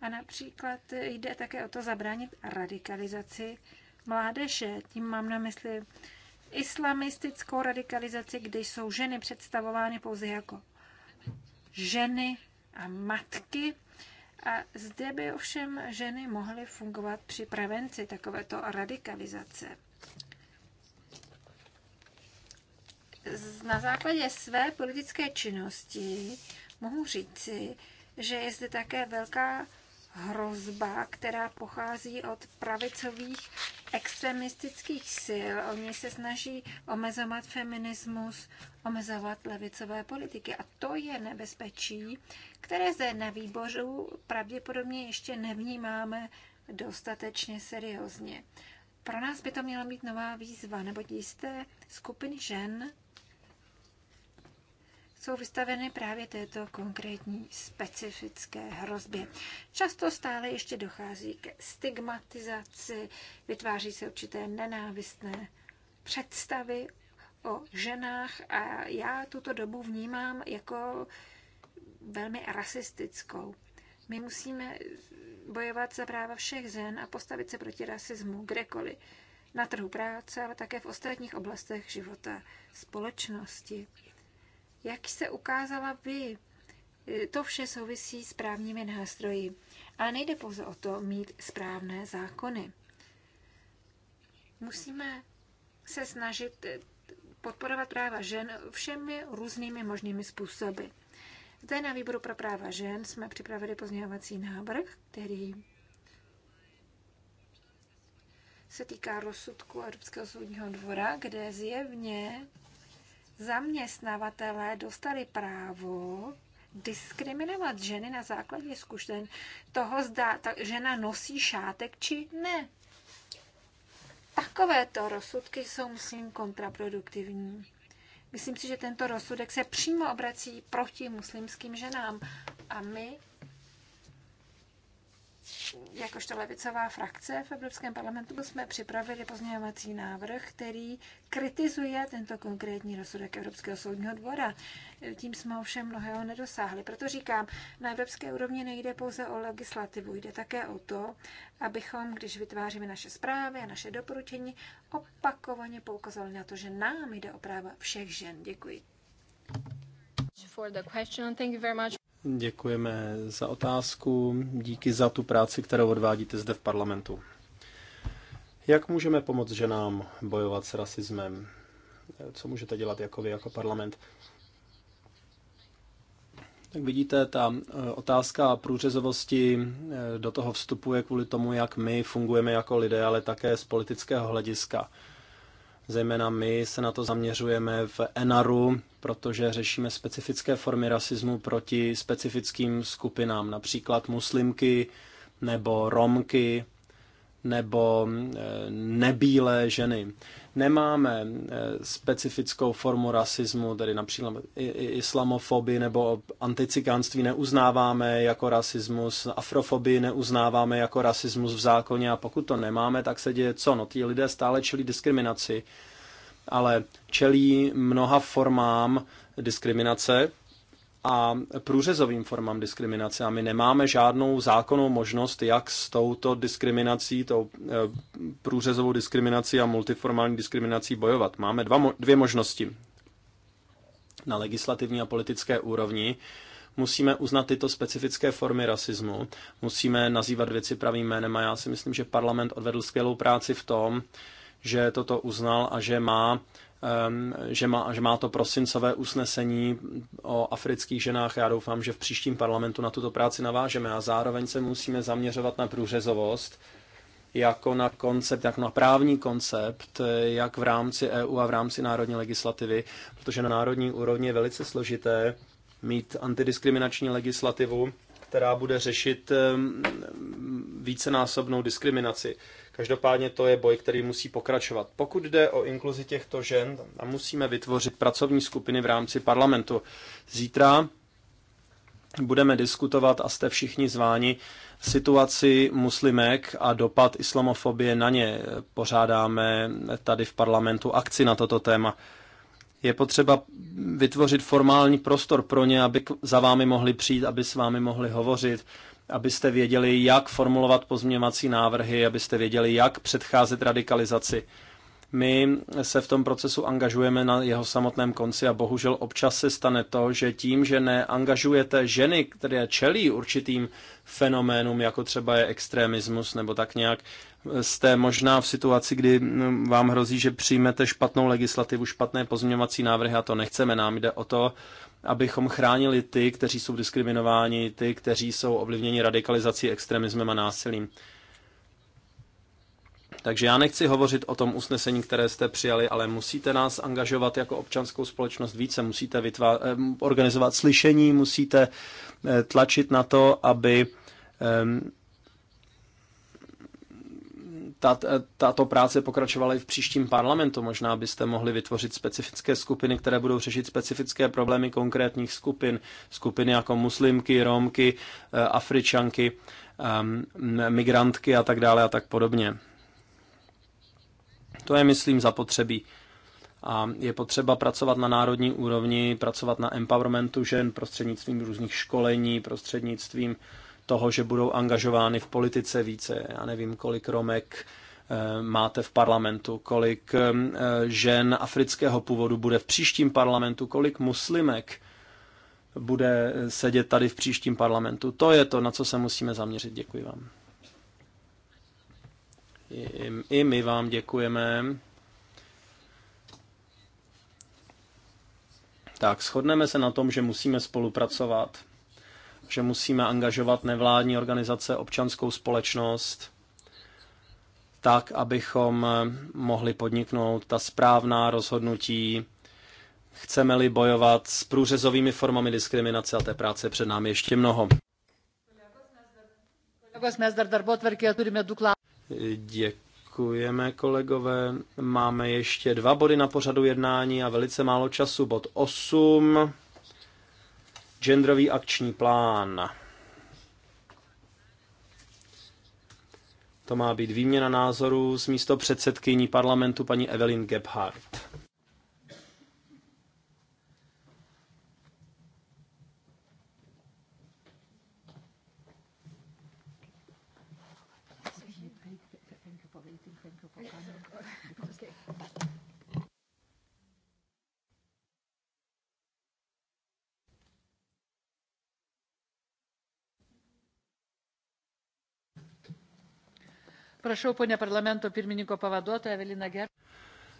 a například jde také o to zabránit radikalizaci mládeže. Tím mám na mysli islamistickou radikalizaci, kde jsou ženy představovány pouze jako ženy a matky a zde by ovšem ženy mohly fungovat při prevenci takovéto radikalizace. Na základě své politické činnosti mohu říci, že je zde také velká hrozba, která pochází od pravicových extremistických sil. Oni se snaží omezovat feminismus, omezovat levicové politiky. A to je nebezpečí, které zde na výboru pravděpodobně ještě nevnímáme dostatečně seriózně. Pro nás by to měla být nová výzva, nebo jisté skupiny žen jsou vystaveny právě této konkrétní specifické hrozbě. Často stále ještě dochází k stigmatizaci, vytváří se určité nenávistné představy o ženách a já tuto dobu vnímám jako velmi rasistickou. My musíme bojovat za práva všech žen a postavit se proti rasismu kdekoliv. Na trhu práce, ale také v ostatních oblastech života společnosti. Jak se ukázala vy, e, to vše souvisí s právními nástroji. Ale nejde pouze o to mít správné zákony. Musíme se snažit e, podporovat práva žen všemi různými možnými způsoby. Zde na výboru pro práva žen jsme připravili pozměňovací návrh, který se týká rozsudku Evropského soudního dvora, kde zjevně zaměstnavatelé dostali právo diskriminovat ženy na základě zkušen toho, zda ta žena nosí šátek či ne. Takovéto rozsudky jsou, myslím, kontraproduktivní. Myslím si, že tento rozsudek se přímo obrací proti muslimským ženám a my jakožto levicová frakce v Evropském parlamentu jsme připravili pozměňovací návrh, který kritizuje tento konkrétní rozsudek Evropského soudního dvora. Tím jsme ovšem mnohého nedosáhli. Proto říkám, na evropské úrovni nejde pouze o legislativu, jde také o to, abychom, když vytváříme naše zprávy a naše doporučení, opakovaně poukazali na to, že nám jde o práva všech žen. Děkuji. For the question. Thank you very much. Děkujeme za otázku. Díky za tu práci, kterou odvádíte zde v parlamentu. Jak můžeme pomoct ženám bojovat s rasismem? Co můžete dělat jako vy, jako parlament? Tak vidíte, ta eh, otázka průřezovosti eh, do toho vstupuje kvůli tomu, jak my fungujeme jako lidé, ale také z politického hlediska. Zejména my se na to zaměřujeme v ENARu, protože řešíme specifické formy rasismu proti specifickým skupinám, například muslimky nebo romky nebo eh, nebílé ženy. Nemáme eh, specifickou formu rasismu, tedy například islamofobii nebo anticikánství neuznáváme jako rasismus, afrofobii neuznáváme jako rasismus v zákoně a pokud to nemáme, tak se děje co? No ti lidé stále čelí diskriminaci, ale čelí mnoha formám diskriminace, a průřezovým formám diskriminace. A my nemáme žádnou zákonnou možnost, jak s touto diskriminací, tou eh, průřezovou diskriminací a multiformální diskriminací bojovat. Máme dva, dvě možnosti. Na legislativní a politické úrovni musíme uznat tyto specifické formy rasismu, musíme nazývat věci pravým jménem a já si myslím, že parlament odvedl skvělou práci v tom, že toto uznal a že má Ehm, že má, že má to prosincové usnesení o afrických ženách. Já doufám, že v příštím parlamentu na tuto práci navážeme a zároveň se musíme zaměřovat na průřezovost, jako na koncept, jako na právní koncept, jak v rámci EU a v rámci národní legislativy, protože na národní úrovni je velice složité mít antidiskriminační legislativu, která bude řešit ehm, vícenásobnou diskriminaci. Každopádně to je boj, který musí pokračovat. Pokud jde o inkluzi těchto žen, tam musíme vytvořit pracovní skupiny v rámci parlamentu. Zítra budeme diskutovat a jste všichni zváni situaci muslimek a dopad islamofobie na ně. Pořádáme tady v parlamentu akci na toto téma. Je potřeba vytvořit formální prostor pro ně, aby za vámi mohli přijít, aby s vámi mohli hovořit abyste věděli, jak formulovat pozměňovací návrhy, abyste věděli, jak předcházet radikalizaci. My se v tom procesu angažujeme na jeho samotném konci a bohužel občas se stane to, že tím, že neangažujete ženy, které čelí určitým fenoménům, jako třeba je extremismus nebo tak nějak, jste možná v situaci, kdy vám hrozí, že přijmete špatnou legislativu, špatné pozměňovací návrhy a to nechceme. Nám jde o to, abychom chránili ty, kteří jsou diskriminováni, ty, kteří jsou ovlivněni radikalizací, extremismem a násilím. Takže já nechci hovořit o tom usnesení, které jste přijali, ale musíte nás angažovat jako občanskou společnost více, musíte vytvá- eh, organizovat slyšení, musíte eh, tlačit na to, aby tato práce pokračovala i v příštím parlamentu. Možná byste mohli vytvořit specifické skupiny, které budou řešit specifické problémy konkrétních skupin. Skupiny jako muslimky, romky, eh, afričanky, ehm, migrantky a tak dále a tak podobně. To je, myslím, zapotřebí. A je potřeba pracovat na národní úrovni, pracovat na empowermentu žen prostřednictvím různých školení, prostřednictvím uh, toho, že budou angažovány v politice více. Já nevím, kolik Romek eh, máte v parlamentu, kolik eh, žen afrického původu bude v příštím parlamentu, kolik muslimek bude sedět tady v příštím parlamentu. To je to, na co se musíme zaměřit. Děkuji vám. I my vám děkujeme. Tak, shodneme se na tom, že musíme spolupracovat že musíme angažovat nevládní organizace, občanskou společnost, tak, abychom mohli podniknout ta správná rozhodnutí, chceme-li bojovat s průřezovými formami diskriminace a té práce před námi ještě mnoho. Děkujeme, kolegové. Máme ještě dva body na pořadu jednání a velice málo času. Bod 8 genderový akční plán. To má být výměna názorů s místo předsedkyní parlamentu paní Evelyn Gebhardt.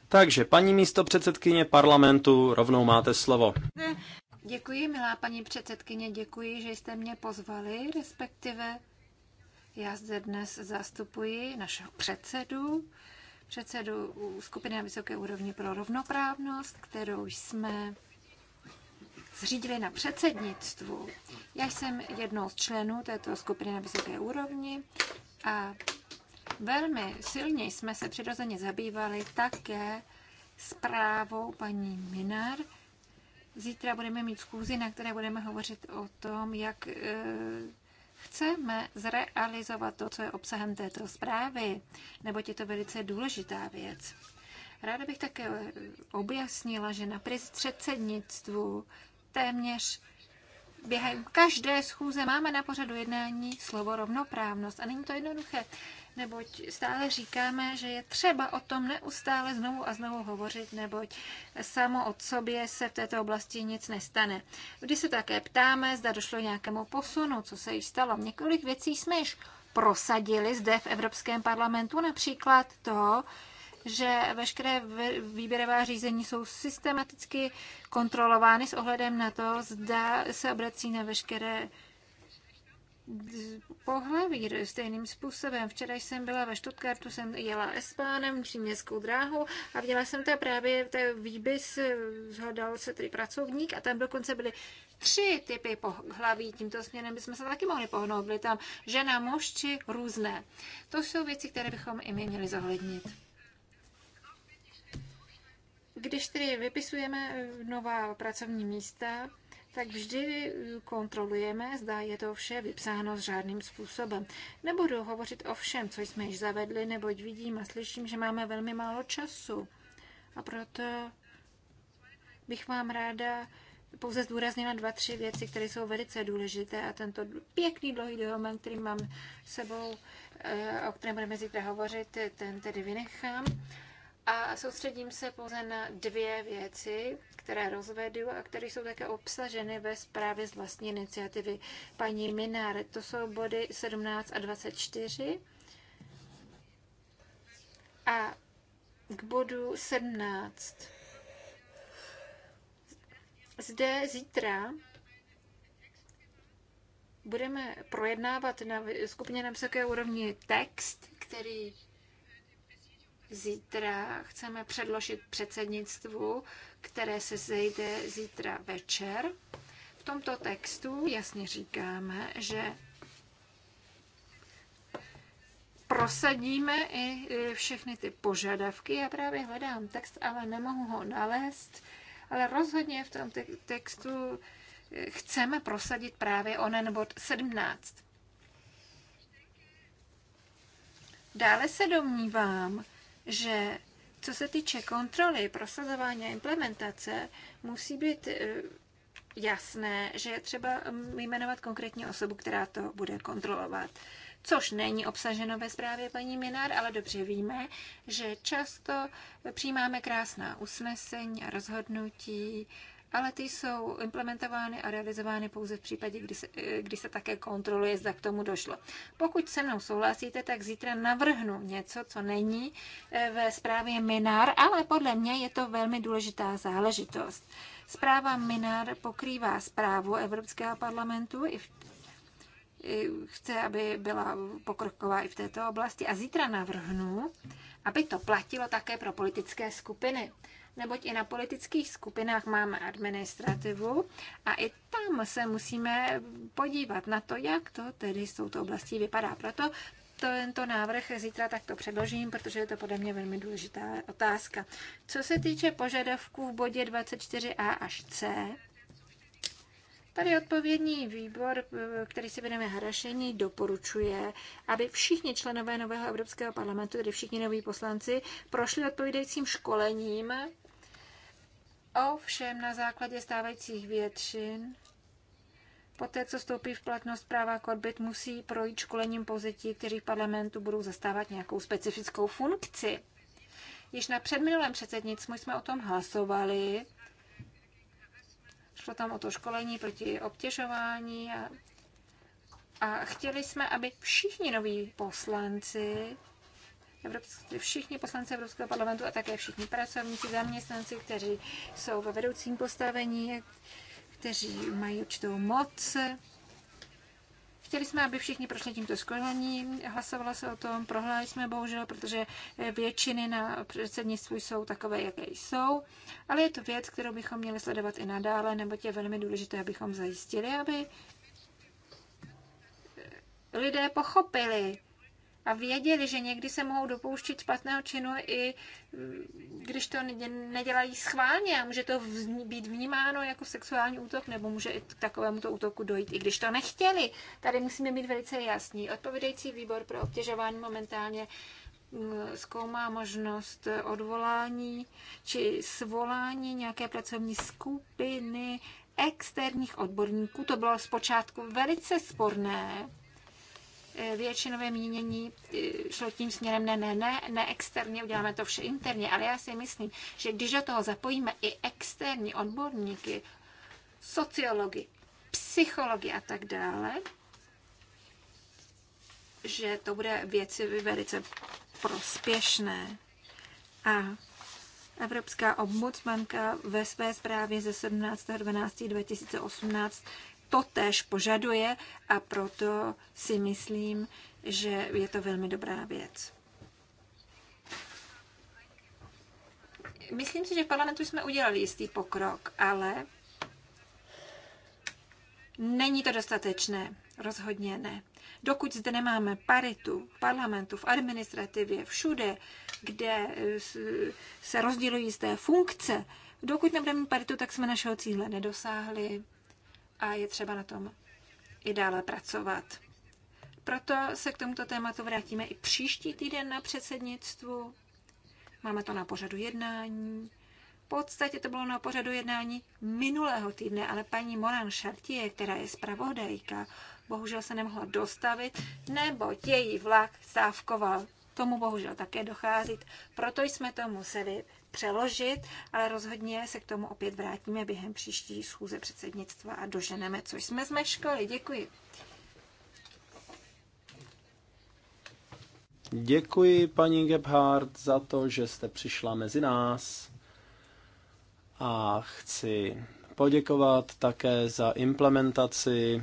Takže paní místo předsedkyně parlamentu, rovnou máte slovo. Děkuji, milá paní předsedkyně, děkuji, že jste mě pozvali, respektive já zde dnes zastupuji našeho předsedu, předsedu skupiny na vysoké úrovni pro rovnoprávnost, kterou jsme zřídili na předsednictvu. Já jsem jednou z členů této skupiny na vysoké úrovni a Velmi silně jsme se přirozeně zabývali také zprávou paní Minar. Zítra budeme mít zkůzi, na které budeme hovořit o tom, jak eh, chceme zrealizovat to, co je obsahem této zprávy, neboť je to velice důležitá věc. Ráda bych také eh, objasnila, že na předsednictvu téměř během každé schůze máme na pořadu jednání slovo rovnoprávnost. A není to jednoduché neboť stále říkáme, že je třeba o tom neustále znovu a znovu hovořit, neboť samo od sobě se v této oblasti nic nestane. Když se také ptáme, zda došlo nějakému posunu, co se již stalo, několik věcí jsme již prosadili zde v Evropském parlamentu, například to, že veškeré výběrová řízení jsou systematicky kontrolovány s ohledem na to, zda se obrací na veškeré pohlaví stejným způsobem. Včera jsem byla ve Stuttgartu, jsem jela S-pánem, příměstskou dráhu a viděla jsem tam právě ten výbis, zhodal se tedy pracovník a tam dokonce byly tři typy pohlaví. Tímto směrem bychom se taky mohli pohnout. Byly tam žena, muž či různé. To jsou věci, které bychom i my měli zohlednit. Když tedy vypisujeme nová pracovní místa, tak vždy kontrolujeme, zda je to vše vypsáno žádným způsobem. Nebudu hovořit o všem, co jsme již zavedli, neboť vidím a slyším, že máme velmi málo času. A proto bych vám ráda pouze zdůraznila dva, tři věci, které jsou velice důležité a tento pěkný dlouhý dokument, který mám sebou, eh, o kterém budeme zítra hovořit, ten tedy vynechám a soustředím se pouze na dvě věci, které rozvedu a které jsou také obsaženy ve zprávě z vlastní iniciativy paní Minár. To jsou body 17 a 24. A k bodu 17. Zde zítra budeme projednávat na skupině na vysoké úrovni text, který Zítra chceme předložit předsednictvu, které se zejde zítra večer. V tomto textu jasně říkáme, že prosadíme i všechny ty požadavky. Já právě hledám text, ale nemohu ho nalézt. Ale rozhodně v tom te textu eh, chceme prosadit právě onen bod 17. Dále se domnívám, že co se týče kontroly, prosazování a implementace, musí být eh, jasné, že je třeba mm, jmenovat konkrétní osobu, která to bude kontrolovat. Což není obsaženo ve zprávě paní Minár, ale dobře víme, že často přijímáme krásná usnesení a rozhodnutí, ale ty jsou implementovány a realizovány pouze v případě, kdy se, kdy se také kontroluje, zda k tomu došlo. Pokud se mnou souhlasíte, tak zítra navrhnu něco, co není e, ve zprávě Minár, ale podle mě je to velmi důležitá záležitost. Zpráva Minár pokrývá zprávu Evropského parlamentu i v chce, aby byla pokroková i v této oblasti. A zítra navrhnu, aby to platilo také pro politické skupiny neboť i na politických skupinách máme administrativu a i tam se musíme podívat na to, jak to tedy s touto oblastí vypadá. Proto tento návrh zítra takto předložím, protože je to podle mě velmi důležitá otázka. Co se týče požadavků v bodě 24a až c, Tady odpovědný výbor, který se věnuje hrašení, doporučuje, aby všichni členové nového Evropského parlamentu, tedy všichni noví poslanci, prošli odpovídajícím školením Ovšem na základě stávajících většin, poté co stoupí v platnost práva Korbit, musí projít školením pouze ti, kteří v parlamentu budou zastávat nějakou specifickou funkci. Již na předminulém předsednictvu jsme o tom hlasovali. Šlo tam o to školení proti obtěžování a, a chtěli jsme, aby všichni noví poslanci Evropský, všichni poslanci Evropského parlamentu a také všichni pracovníci, zaměstnanci, kteří jsou ve vedoucím postavení, kteří mají určitou moc. Chtěli jsme, aby všichni prošli tímto skloněním, hlasovala se o tom, prohláli jsme bohužel, protože většiny na předsednictvu jsou takové, jaké jsou, ale je to věc, kterou bychom měli sledovat i nadále, nebo je velmi důležité, abychom zajistili, aby lidé pochopili, a věděli, že někdy se mohou dopouštět špatného činu i mm, když to nedělají schválně a může to být vnímáno jako sexuální útok nebo může i k takovému to útoku dojít, i když to nechtěli. Tady musíme být velice jasní. Odpovědající výbor pro obtěžování momentálně mm, zkoumá možnost odvolání či svolání nějaké pracovní skupiny externích odborníků. To bylo zpočátku velice sporné, Eh, většinové mínění eh, šlo tím směrem, ne, ne, ne, ne externě, uděláme to vše interně, ale já si myslím, že když do toho zapojíme i externí odborníky, sociologi, psychologi a tak dále, že to bude věci velice prospěšné. A Evropská ombudsmanka ve své zprávě ze 17.12.2018 totéž požaduje a proto si myslím, že je to velmi dobrá věc. Myslím si, že v parlamentu jsme udělali jistý pokrok, ale není to dostatečné. Rozhodně ne. Dokud zde nemáme paritu v parlamentu, v administrativě, všude, kde se rozdělují jisté funkce, dokud nebudeme mít paritu, tak jsme našeho cíle nedosáhli a je třeba na tom i dále pracovat. Proto se k tomuto tématu vrátíme i příští týden na předsednictvu. Máme to na pořadu jednání. V podstatě to bylo na pořadu jednání minulého týdne, ale paní Moran Šartie, která je zpravodajka, bohužel se nemohla dostavit, neboť její vlak stávkoval tomu bohužel také dochází. Proto jsme to museli přeložit, ale rozhodně se k tomu opět vrátíme během příští schůze předsednictva a doženeme, což jsme zmeškali. Děkuji. Děkuji, paní Gebhardt, za to, že jste přišla mezi nás. A chci poděkovat také za implementaci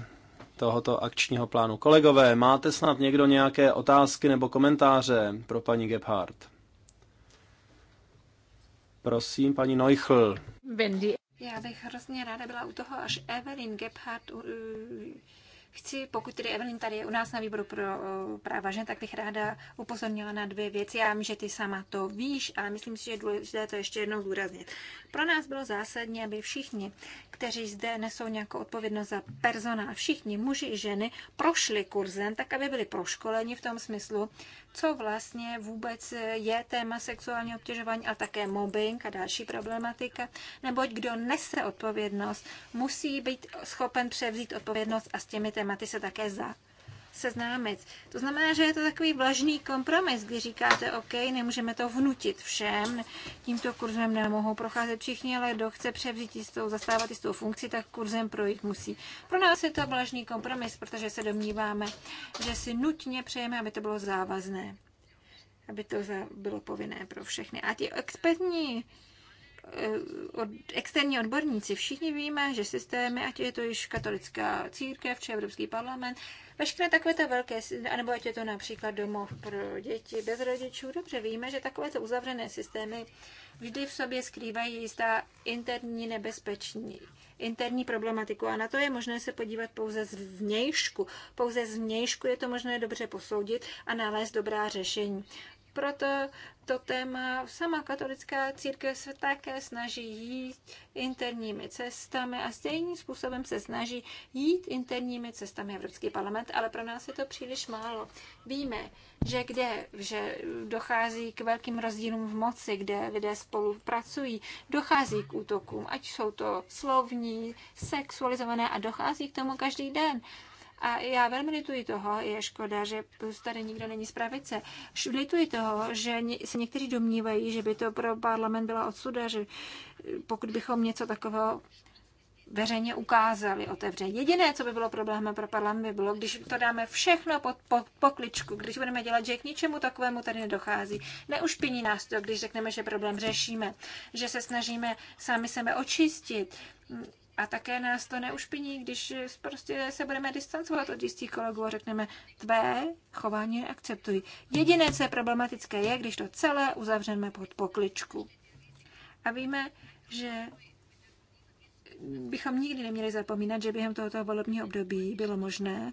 tohoto akčního plánu. Kolegové, máte snad někdo nějaké otázky nebo komentáře pro paní Gebhardt? Prosím, paní Neuchl. Wendy. Já bych hrozně ráda byla u toho, až Evelyn Gebhardt chci, pokud tedy Evelyn tady je u nás na výboru pro eh, práva žen, tak bych ráda upozornila na dvě věci. Já vím, že ty sama to víš, ale myslím si, že je důležité to ještě jednou zúraznit. Pro nás bylo zásadní, aby všichni, kteří zde nesou nějakou odpovědnost za personál, všichni muži i ženy, prošli kurzem, tak aby byli proškoleni v tom smyslu, co vlastně vůbec je téma sexuální obtěžování, a také mobbing a další problematika, neboť kdo nese odpovědnost, musí být schopen převzít odpovědnost a s těmi tématy se také za seznámit. To znamená, že je to takový vlažný kompromis, kdy říkáte, OK, nemůžeme to vnutit všem, tímto kurzem nemohou procházet všichni, ale kdo chce převzít jistou, zastávat jistou funkci, tak kurzem projít musí. Pro nás je to vlažný kompromis, protože se domníváme, že si nutně přejeme, aby to bylo závazné, aby to bylo povinné pro všechny. A ti expertní eh, od, externí odborníci. Všichni víme, že systémy, ať je to již katolická církev či Evropský parlament, Veškeré takové to velké, anebo ať je to například domov pro děti bez rodičů, dobře víme, že takovéto uzavřené systémy vždy v sobě skrývají jistá interní nebezpeční, interní problematiku a na to je možné se podívat pouze z vnějšku. Pouze z vnějšku je to možné dobře posoudit a nalézt dobrá řešení. Proto to téma. Sama katolická církev se také snaží jít interními cestami a stejným způsobem se snaží jít interními cestami Evropský parlament, ale pro nás je to příliš málo. Víme, že kde že dochází k velkým rozdílům v moci, kde lidé spolu pracují, dochází k útokům, ať jsou to slovní, sexualizované a dochází k tomu každý den. A já velmi lituji toho, je škoda, že tady nikdo není z pravice. Lituji toho, že se někteří domnívají, že by to pro parlament byla odsuda, že eh, pokud bychom něco takového veřejně ukázali otevřeně. Jediné, co by bylo problémem pro parlament, by bylo, když to dáme všechno pod po, pokličku, když budeme dělat, že k ničemu takovému tady nedochází. Neušpiní nás to, když řekneme, že problém řešíme, že se snažíme sami sebe očistit a také nás to neušpiní, když prostě se budeme distancovat od jistých kolegů a řekneme, tvé chování neakceptuji. Jediné, co je problematické, je, když to celé uzavřeme pod pokličku. A víme, že bychom nikdy neměli zapomínat, že během tohoto volebního období bylo možné,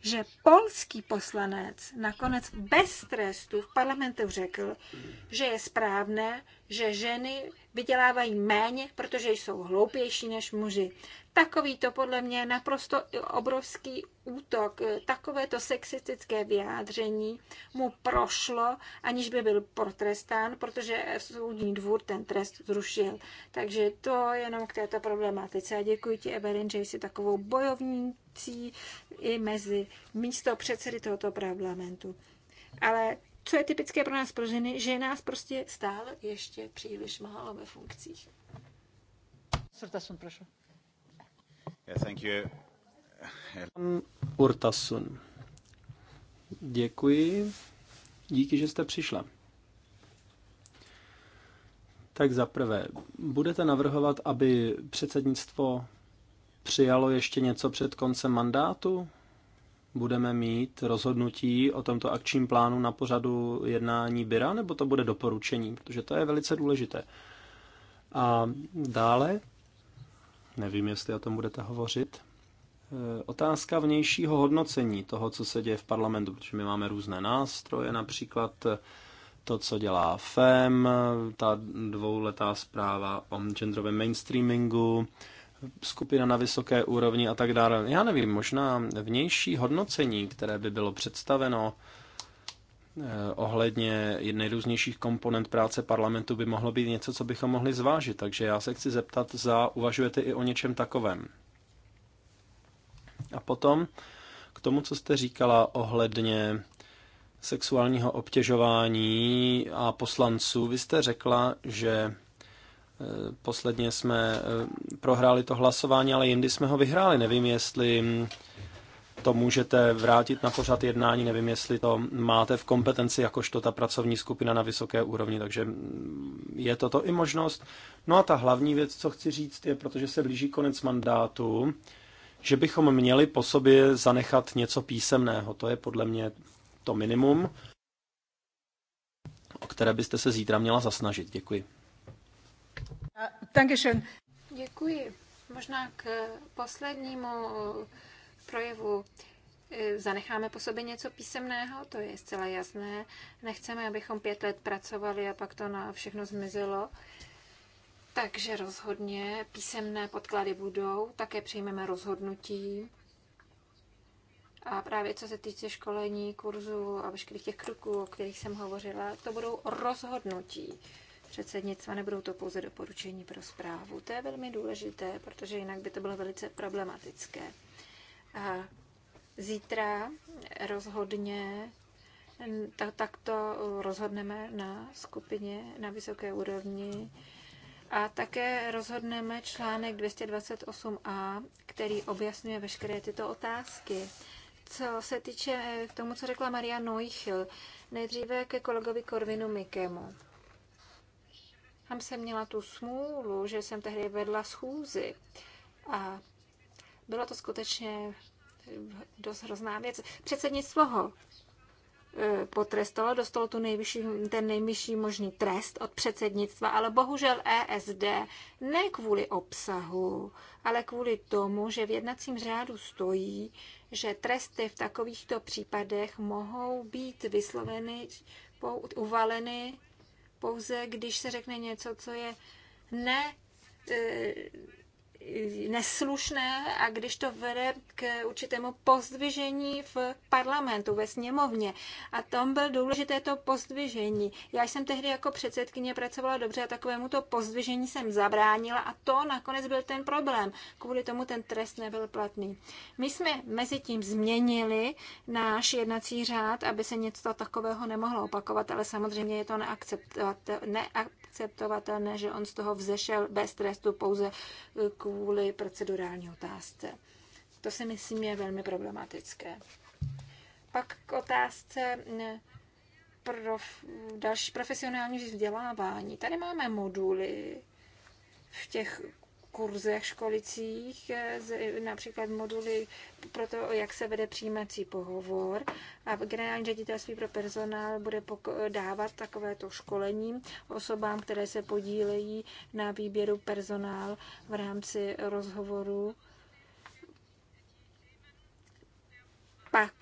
že polský poslanec nakonec bez trestu v parlamentu řekl, že je správné, že ženy vydělávají méně, protože jsou hloupější než muži. Takový to podle mě je naprosto obrovský útok. Takovéto sexistické vyjádření mu prošlo, aniž by byl potrestán, protože soudní dvůr ten trest zrušil. Takže to jenom k této problematice. A děkuji ti, Evelyn, že jsi takovou bojovnící i mezi místo předsedy tohoto parlamentu. Ale co je typické pro nás pro ženy, že nás prostě stále ještě příliš málo ve funkcích. Urtasun, prosím. Yeah, thank you. Urtasun. Děkuji. Díky, že jste přišla. Tak za prvé, budete navrhovat, aby předsednictvo přijalo ještě něco před koncem mandátu? budeme mít rozhodnutí o tomto akčním plánu na pořadu jednání Byra, nebo to bude doporučení, protože to je velice důležité. A dále, nevím, jestli o tom budete hovořit, eh, otázka vnějšího hodnocení toho, co se děje v parlamentu, protože my máme různé nástroje, například eh, to, co dělá FEM, ta dvouletá zpráva o genderovém mainstreamingu, skupina na vysoké úrovni a tak dále. Já nevím, možná vnější hodnocení, které by bylo představeno eh, ohledně nejrůznějších komponent práce parlamentu by mohlo být něco, co bychom mohli zvážit. Takže já se chci zeptat, za uvažujete i o něčem takovém. A potom k tomu, co jste říkala ohledně sexuálního obtěžování a poslanců. Vy jste řekla, že Eh, posledně jsme eh, prohráli to hlasování, ale jindy jsme ho vyhráli. Nevím, jestli hm, to můžete vrátit na pořad jednání, nevím, jestli to máte v kompetenci, jakožto ta pracovní skupina na vysoké úrovni, takže hm, je toto i možnost. No a ta hlavní věc, co chci říct, je, protože se blíží konec mandátu, že bychom měli po sobě zanechat něco písemného. To je podle mě to minimum, o které byste se zítra měla zasnažit. Děkuji. Uh, Děkuji. Možná k poslednímu projevu eh, zanecháme po sobě něco písemného, to je zcela jasné. Nechceme, abychom pět let pracovali a pak to na všechno zmizelo. Takže rozhodně písemné podklady budou, také přijmeme rozhodnutí. A právě co se týče školení, kurzu a veškerých těch kruků, o kterých jsem hovořila, to budou rozhodnutí předsednictva, nebudou to pouze doporučení pro zprávu. To je velmi důležité, protože jinak by to bylo velice problematické. A zítra rozhodně tak, tak to rozhodneme na skupině na vysoké úrovni a také rozhodneme článek 228a, který objasňuje veškeré tyto otázky. Co se týče eh, tomu, co řekla Maria Neuchil, nejdříve ke kolegovi Korvinu Mikemu tam jsem měla tu smůlu, že jsem tehdy vedla schůzy a bylo to skutečně dost hrozná věc. Předsednictvo ho e, potrestalo, dostalo tu nejvyšší, ten nejvyšší možný trest od předsednictva, ale bohužel ESD ne kvůli obsahu, ale kvůli tomu, že v jednacím řádu stojí, že tresty v takovýchto případech mohou být vysloveny, uvaleny pouze když se řekne něco, co je ne eh, neslušné a když to vede k určitému pozdvižení v parlamentu, ve sněmovně. A tom byl důležité to pozdvižení. Já jsem tehdy jako předsedkyně pracovala dobře a takovému to pozdvižení jsem zabránila a to nakonec byl ten problém. Kvůli tomu ten trest nebyl platný. My jsme mezi tím změnili náš jednací řád, aby se něco takového nemohlo opakovat, ale samozřejmě je to neakceptovatelné, neakceptovatelné, že on z toho vzešel bez trestu pouze eh, kvůli procedurální otázce. To si myslím je velmi problematické. Pak k otázce mm, prof, další profesionální vzdělávání. Tady máme moduly v těch kurzech školicích, eh, například moduly pro to, jak se vede přijímací pohovor. A generální ředitelství pro personál bude dávat takovéto školení osobám, které se podílejí na výběru personál v rámci rozhovoru. Pak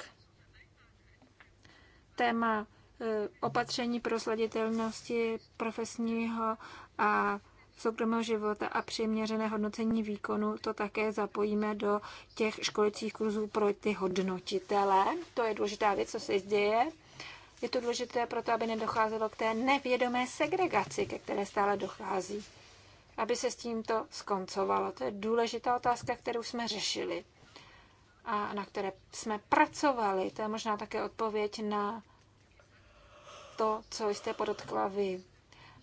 téma eh, opatření pro sladitelnosti profesního a soukromého života a přiměřené hodnocení výkonu, to také zapojíme do těch školicích kurzů pro ty hodnotitele. To je důležitá věc, co se děje. Je to důležité proto, aby nedocházelo k té nevědomé segregaci, ke které stále dochází. Aby se s tímto skoncovalo. To je důležitá otázka, kterou jsme řešili a na které jsme pracovali. To je možná také odpověď na to, co jste podotkla vy.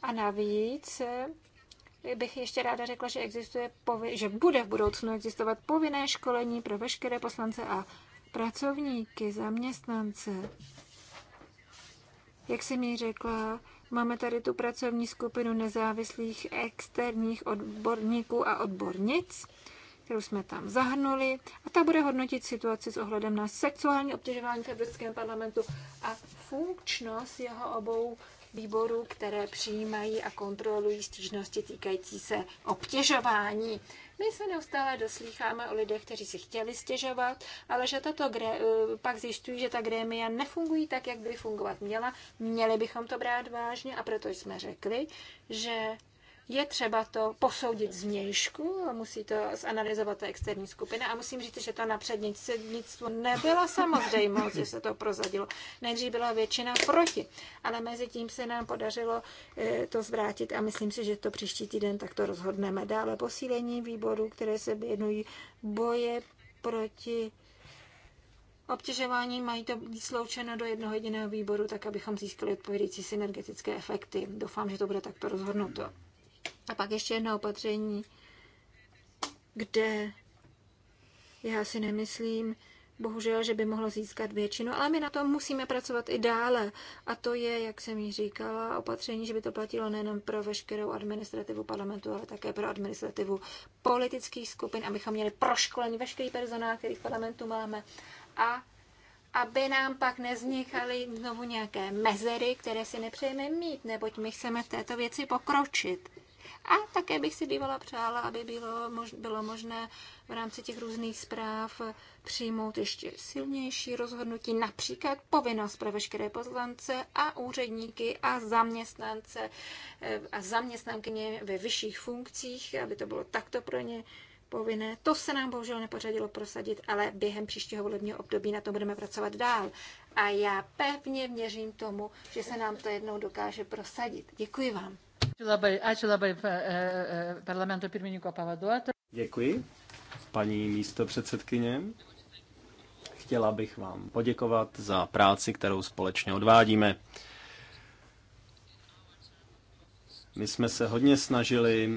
A navíc bych ještě ráda řekla, že, existuje pově- že bude v budoucnu existovat povinné školení pro veškeré poslance a pracovníky, zaměstnance. Jak jsem mi řekla, máme tady tu pracovní skupinu nezávislých externích odborníků a odbornic, kterou jsme tam zahrnuli, a ta bude hodnotit situaci s ohledem na sexuální obtěžování v Evropském parlamentu a funkčnost jeho obou výborů, které přijímají a kontrolují stížnosti týkající se obtěžování. My se neustále doslýcháme o lidech, kteří si chtěli stěžovat, ale že tato gré, eh, pak zjišťují, že ta grémia nefungují tak, jak by fungovat měla. Měli bychom to brát vážně a proto jsme řekli, že je třeba to posoudit změjšku, musí to zanalizovat ta externí skupina a musím říct, že to na přednictvu nebyla samozřejmost, že se to prozadilo. Nejdřív byla většina proti, ale mezi tím se nám podařilo eh, to zvrátit a myslím si, že to příští týden takto rozhodneme. Dále posílení výborů, které se věnují boje proti obtěžování mají to být sloučeno do jednoho jediného výboru, tak abychom získali odpovědící synergetické efekty. Doufám, že to bude takto rozhodnuto. A pak ještě jedno opatření, kde já si nemyslím, bohužel, že by mohlo získat většinu, ale my na tom musíme pracovat i dále. A to je, jak jsem ji říkala, opatření, že by to platilo nejenom pro veškerou administrativu parlamentu, ale také pro administrativu politických skupin, abychom měli proškolení veškerý personál, který v parlamentu máme. A aby nám pak nevznikaly znovu nějaké mezery, které si nepřejeme mít, neboť my chceme v této věci pokročit. A také bych si bývala přála, aby bylo, mož, bylo možné v rámci těch různých zpráv přijmout ještě silnější rozhodnutí, například povinnost pro veškeré poslance a úředníky a zaměstnance eh, a zaměstnankyně ve vyšších funkcích, aby to bylo takto pro ně povinné. To se nám bohužel nepořadilo prosadit, ale během příštího volebního období na tom budeme pracovat dál. A já pevně měřím tomu, že se nám to jednou dokáže prosadit. Děkuji vám. Eh, eh, eh, Děkuji, paní místo předsedkyně. Chtěla bych vám poděkovat za práci, kterou společně odvádíme. My jsme se hodně snažili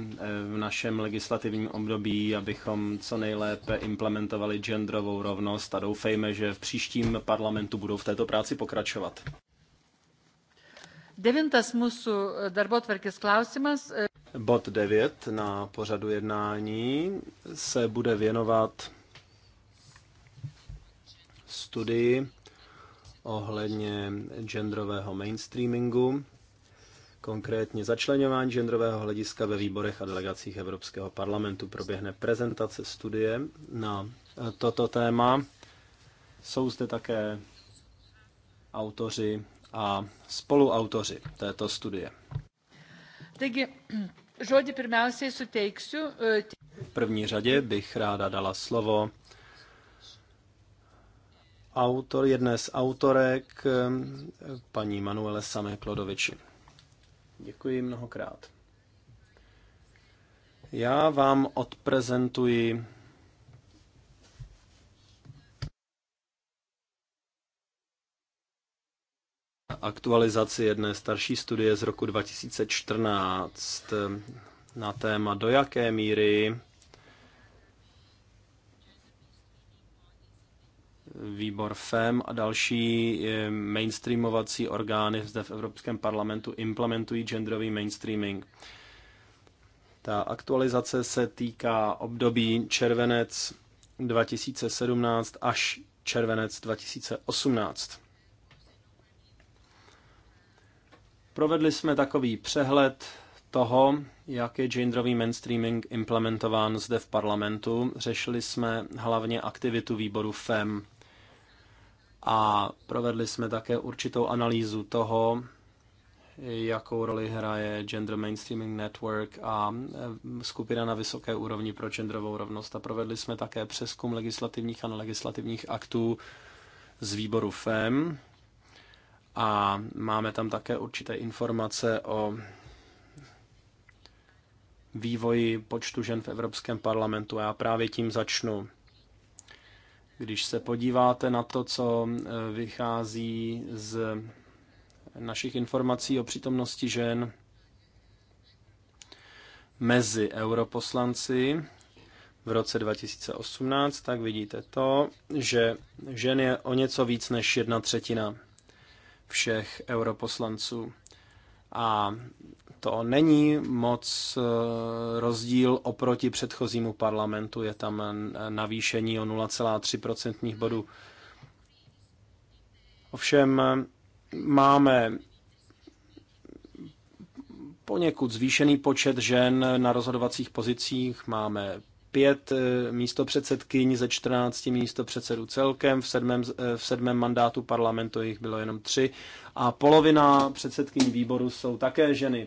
v našem legislativním období, abychom co nejlépe implementovali genderovou rovnost a doufejme, že v příštím parlamentu budou v této práci pokračovat. Devintas mūsų e, darbotvarkės klausimas. E, Bod 9 na pořadu jednání se bude věnovat studii ohledně genderového mainstreamingu, konkrétně začlenování genderového hlediska ve výborech a delegacích Evropského parlamentu. Proběhne prezentace studie na e, toto téma. Jsou zde také autoři a spoluautoři této studie. Taigi, žodį pirmiausiai suteiksiu. E, v první řadě bych ráda dala slovo autor, jedné z autorek, e, paní Manuele Klodoviči. Děkuji mnohokrát. Já vám odprezentuji aktualizaci jedné starší studie z roku 2014 na téma, do jaké míry výbor FEM a další eh, mainstreamovací orgány zde v Evropském parlamentu implementují genderový mainstreaming. Ta aktualizace se týká období červenec 2017 až červenec 2018. Provedli jsme takový přehled toho, jak je genderový mainstreaming implementován zde v parlamentu. Řešili jsme hlavně aktivitu výboru FEM a provedli jsme také určitou analýzu toho, jakou roli hraje Gender Mainstreaming Network a e, skupina na vysoké úrovni pro genderovou rovnost. A provedli jsme také přeskum legislativních a nelegislativních aktů z výboru FEM a máme tam také určité informace o vývoji počtu žen v Evropském parlamentu. Já právě tím začnu. Když se podíváte na to, co e, vychází z našich informací o přítomnosti žen mezi europoslanci v roce 2018, tak vidíte to, že žen je o něco víc než jedna třetina všech europoslanců. A to není moc eh, rozdíl oproti předchozímu parlamentu. Je tam navýšení o 0,3% bodů. Ovšem máme poněkud zvýšený počet žen na rozhodovacích pozicích, máme pět eh, místopředsedkyň ze 14 místopředsedů celkem, v sedmém, eh, v sedmém mandátu parlamentu jich bylo jenom tři a polovina předsedkyní výboru jsou také ženy.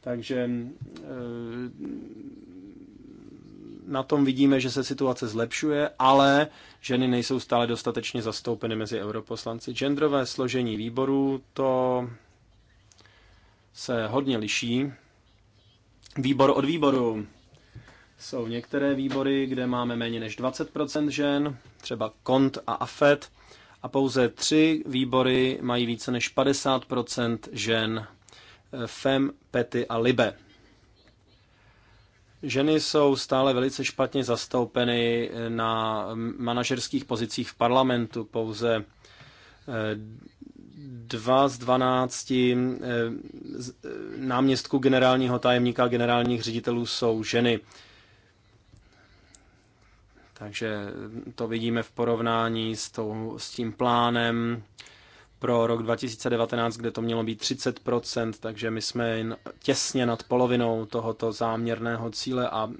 Takže eh, na tom vidíme, že se situace zlepšuje, ale ženy nejsou stále dostatečně zastoupeny mezi europoslanci. Genderové složení výboru to se hodně liší. Výbor od výboru jsou některé výbory, kde máme méně než 20% žen, třeba KONT a AFET, a pouze tři výbory mají více než 50% žen, eh, FEM, PETY a LIBE. Ženy jsou stále velice špatně zastoupeny eh, na manažerských pozicích v parlamentu. Pouze eh, dva z dvanácti náměstků generálního tajemníka a generálních ředitelů jsou ženy. Takže to vidíme v porovnání s, tou, s tím plánem pro rok 2019, kde to mělo být 30%, takže my jsme těsně nad polovinou tohoto záměrného cíle a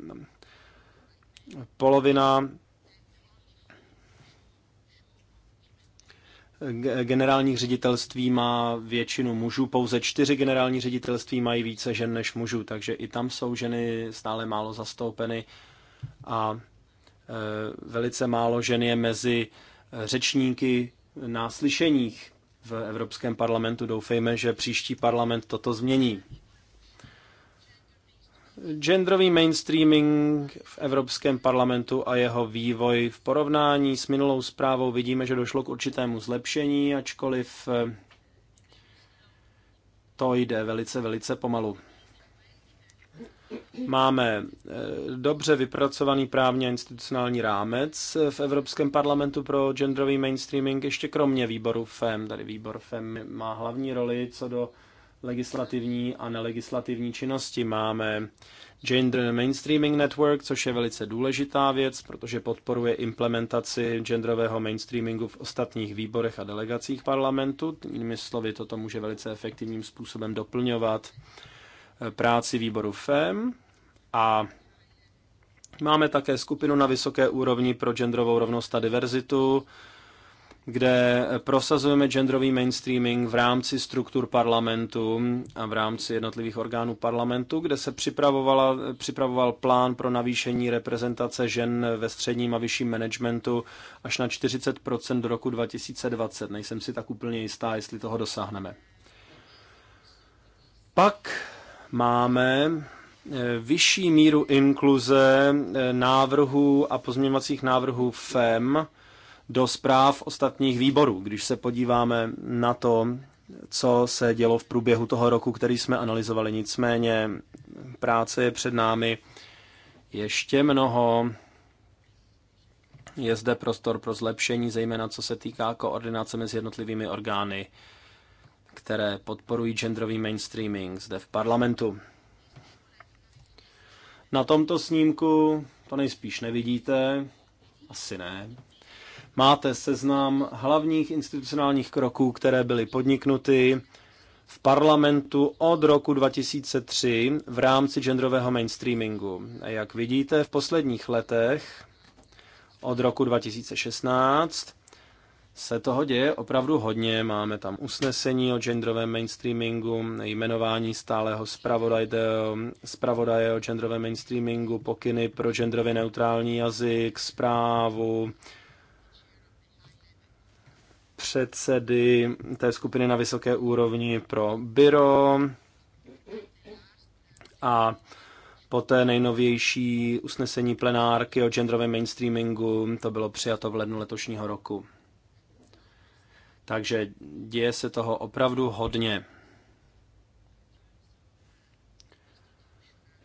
polovina generálních ředitelství má většinu mužů, pouze čtyři generální ředitelství mají více žen než mužů, takže i tam jsou ženy stále málo zastoupeny a Eh, velice málo žen je mezi eh, řečníky na slyšeních v Evropském parlamentu. Doufejme, že příští parlament toto změní. Genderový mainstreaming v Evropském parlamentu a jeho vývoj v porovnání s minulou zprávou vidíme, že došlo k určitému zlepšení, ačkoliv eh, to jde velice, velice pomalu. Máme eh, dobře vypracovaný právně a institucionální rámec v Evropském parlamentu pro genderový mainstreaming, ještě kromě výboru FEM. Tady výbor FEM má hlavní roli co do legislativní a nelegislativní činnosti. Máme Gender Mainstreaming Network, což je velice důležitá věc, protože podporuje implementaci genderového mainstreamingu v ostatních výborech a delegacích parlamentu. Jinými slovy, toto může velice efektivním způsobem doplňovat eh, práci výboru FEM. A máme také skupinu na vysoké úrovni pro genderovou rovnost a diverzitu, kde prosazujeme genderový mainstreaming v rámci struktur parlamentu a v rámci jednotlivých orgánů parlamentu, kde se připravovala, připravoval plán pro navýšení reprezentace žen ve středním a vyšším managementu až na 40% do roku 2020. Nejsem si tak úplně jistá, jestli toho dosáhneme. Pak máme vyšší míru inkluze eh, návrhů a pozměňovacích návrhů FEM do zpráv ostatních výborů, když se podíváme na to, co se dělo v průběhu toho roku, který jsme analyzovali. Nicméně práce je před námi ještě mnoho. Je zde prostor pro zlepšení, zejména co se týká koordinace mezi jednotlivými orgány, které podporují genderový mainstreaming zde v parlamentu. Na tomto snímku to nejspíš nevidíte, asi ne. Máte seznam hlavních institucionálních kroků, které byly podniknuty v parlamentu od roku 2003 v rámci genderového mainstreamingu. Jak vidíte, v posledních letech od roku 2016 se toho děje opravdu hodně. Máme tam usnesení o genderovém mainstreamingu, jmenování stálého zpravodaje o genderovém mainstreamingu, pokyny pro genderově neutrální jazyk, zprávu předsedy té skupiny na vysoké úrovni pro byro a Poté nejnovější usnesení plenárky o genderovém mainstreamingu, to bylo přijato v lednu letošního roku. Takže děje se toho opravdu hodně.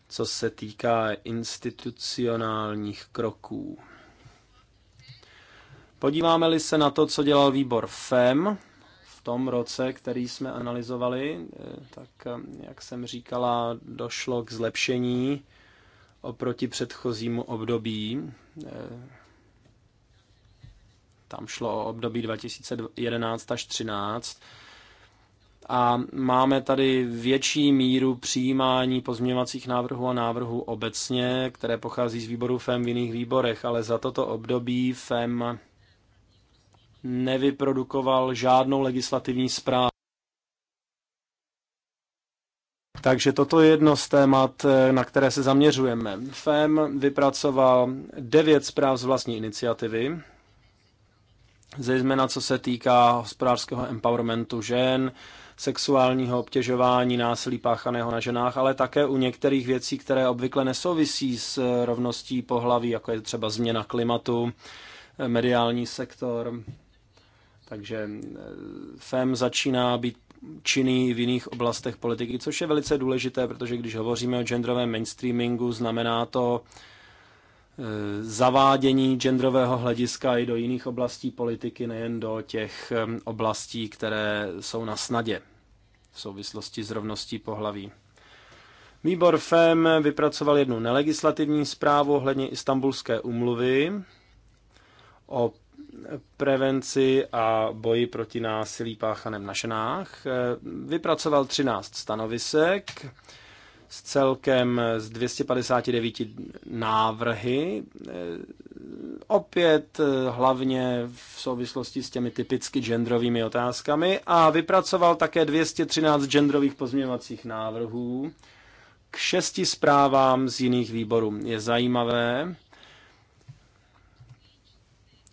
Co se týká institucionálních kroků. Podíváme-li se na to, co dělal výbor FEM v tom roce, který jsme analyzovali, tak jak jsem říkala, došlo k zlepšení oproti předchozímu období tam šlo o období 2011 až 2013. A máme tady větší míru přijímání pozměňovacích návrhů a návrhů obecně, které pochází z výboru FEM v jiných výborech, ale za toto období FEM nevyprodukoval žádnou legislativní zprávu. Takže toto je jedno z témat, na které se zaměřujeme. FEM vypracoval devět zpráv z vlastní iniciativy, zejména co se týká hospodářského empowermentu žen, sexuálního obtěžování, násilí páchaného na ženách, ale také u některých věcí, které obvykle nesouvisí s rovností pohlaví, jako je třeba změna klimatu, mediální sektor. Takže eh, FEM začíná být činný v jiných oblastech politiky, což je velice důležité, protože když hovoříme o genderovém mainstreamingu, znamená to Eh, zavádění genderového hlediska i do jiných oblastí politiky, nejen do těch eh, oblastí, které jsou na snadě v souvislosti s rovností pohlaví. Výbor FEM vypracoval jednu nelegislativní zprávu ohledně istambulské umluvy o prevenci a boji proti násilí páchaném na ženách. Eh, vypracoval 13 stanovisek, s celkem z eh, 259 návrhy. Eh, opět eh, hlavně v souvislosti s těmi typicky genderovými otázkami a vypracoval také 213 genderových pozměňovacích návrhů k šesti zprávám z jiných výborů. Je zajímavé,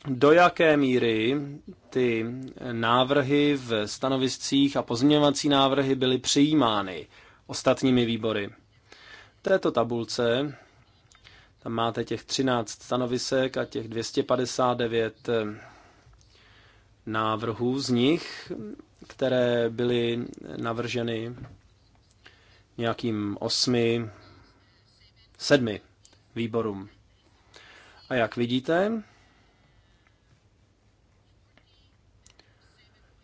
do jaké míry ty návrhy v stanoviscích a pozměňovací návrhy byly přijímány ostatními výbory. V této tabulce tam máte těch 13 stanovisek a těch 259 eh, návrhů z nich, které byly navrženy nějakým osmi, sedmi výborům. A jak vidíte,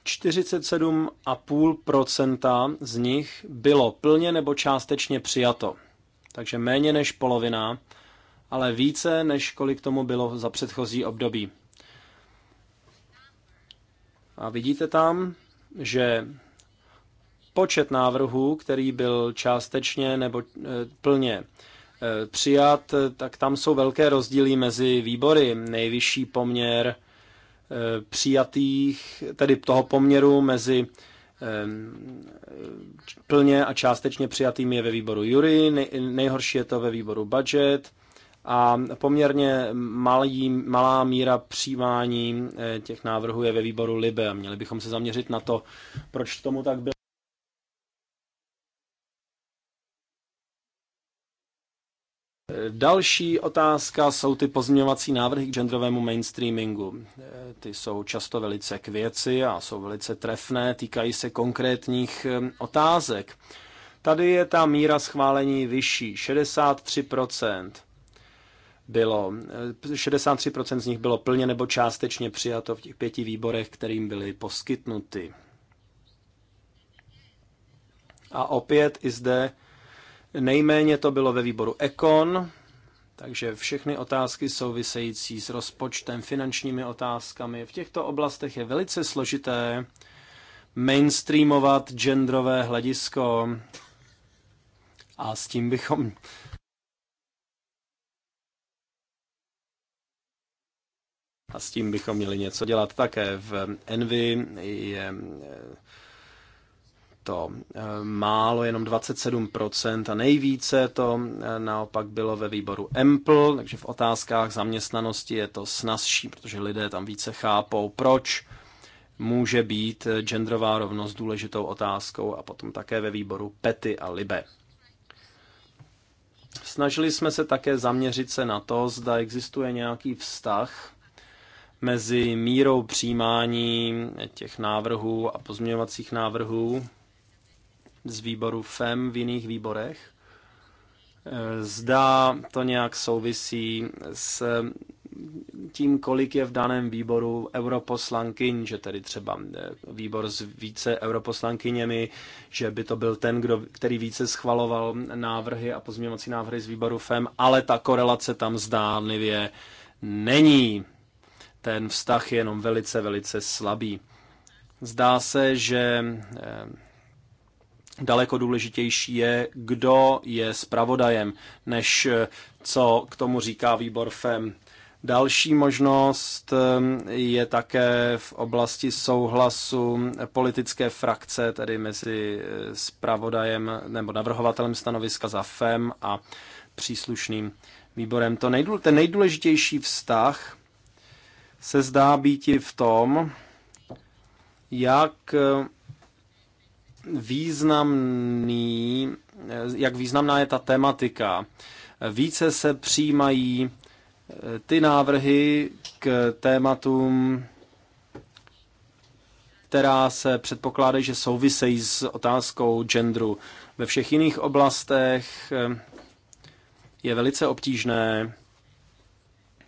47,5 z nich bylo plně nebo částečně přijato. Takže méně než polovina, ale více než kolik tomu bylo za předchozí období. A vidíte tam, že počet návrhů, který byl částečně nebo eh, plně eh, přijat, eh, tak tam jsou velké rozdíly mezi výbory. Nejvyšší poměr Eh, přijatých, tedy toho poměru mezi eh, plně a částečně přijatými je ve výboru jury, nejhorší je to ve výboru budget a poměrně malý, malá míra přijímání eh, těch návrhů je ve výboru Libe. a Měli bychom se zaměřit na to, proč tomu tak bylo. Další otázka jsou ty pozměňovací návrhy k genderovému mainstreamingu. E, ty jsou často velice k věci a jsou velice trefné, týkají se konkrétních e, otázek. Tady je ta míra schválení vyšší, 63% bylo, 63% e, z nich bylo plně nebo částečně přijato v těch pěti výborech, kterým byly poskytnuty. A opět i zde Nejméně to bylo ve výboru Ekon, takže všechny otázky související s rozpočtem, finančními otázkami. V těchto oblastech je velice složité mainstreamovat genderové hledisko a s tím bychom a s tím bychom měli něco dělat také. V Envy je to eh, málo, jenom 27% a nejvíce to eh, naopak bylo ve výboru EMPL, takže v otázkách zaměstnanosti je to snazší, protože lidé tam více chápou, proč může být eh, genderová rovnost důležitou otázkou a potom také ve výboru PETY a LIBE. Snažili jsme se také zaměřit se na to, zda existuje nějaký vztah mezi mírou přijímání těch návrhů a pozměňovacích návrhů z výboru FEM v jiných výborech. Eh, zda to nějak souvisí s tím, kolik je v daném výboru europoslankyň, že tedy třeba eh, výbor s více europoslankyněmi, že by to byl ten, kdo, který více schvaloval návrhy a pozměňovací návrhy z výboru FEM, ale ta korelace tam zdánlivě není. Ten vztah je jenom velice, velice slabý. Zdá se, že eh, daleko důležitější je, kdo je zpravodajem, než eh, co k tomu říká výbor FEM. Další možnost eh, je také v oblasti souhlasu politické frakce, tedy mezi spravodajem eh, nebo navrhovatelem stanoviska za FEM a příslušným výborem. To nejdůle, ten nejdůležitější vztah se zdá být i v tom, jak významný, eh, jak významná je ta tematika. Více se přijímají eh, ty návrhy k tématům, která se předpokládají, že souvisejí s otázkou genderu. Ve všech jiných oblastech eh, je velice obtížné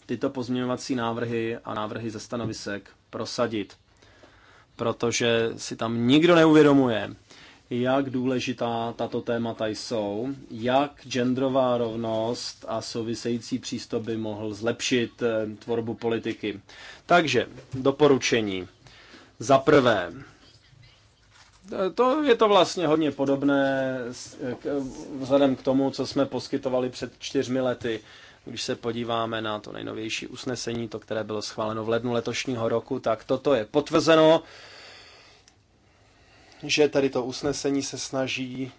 tyto pozměňovací návrhy a návrhy ze stanovisek prosadit, protože si tam nikdo neuvědomuje, jak důležitá tato témata jsou, jak genderová rovnost a související přístup by mohl zlepšit eh, tvorbu politiky. Takže doporučení. Za prvé, eh, to je to vlastně hodně podobné eh, vzhledem k tomu, co jsme poskytovali před čtyřmi lety. Když se podíváme na to nejnovější usnesení, to, které bylo schváleno v lednu letošního roku, tak toto je potvrzeno že tady to usnesení se snaží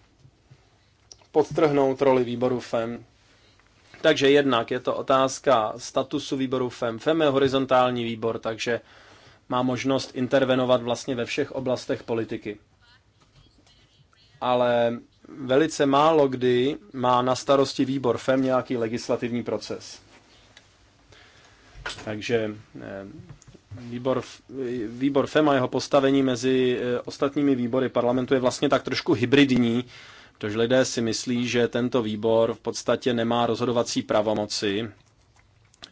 podtrhnout roli výboru FEM. Takže jednak je to otázka statusu výboru FEM. FEM je horizontální výbor, takže má možnost intervenovat vlastně ve všech oblastech politiky. Ale velice málo kdy má na starosti výbor FEM nějaký legislativní proces. Takže eh, výbor, výbor FEM a jeho postavení mezi eh, ostatními výbory parlamentu je vlastně tak trošku hybridní, protože lidé si myslí, že tento výbor v podstatě nemá rozhodovací pravomoci,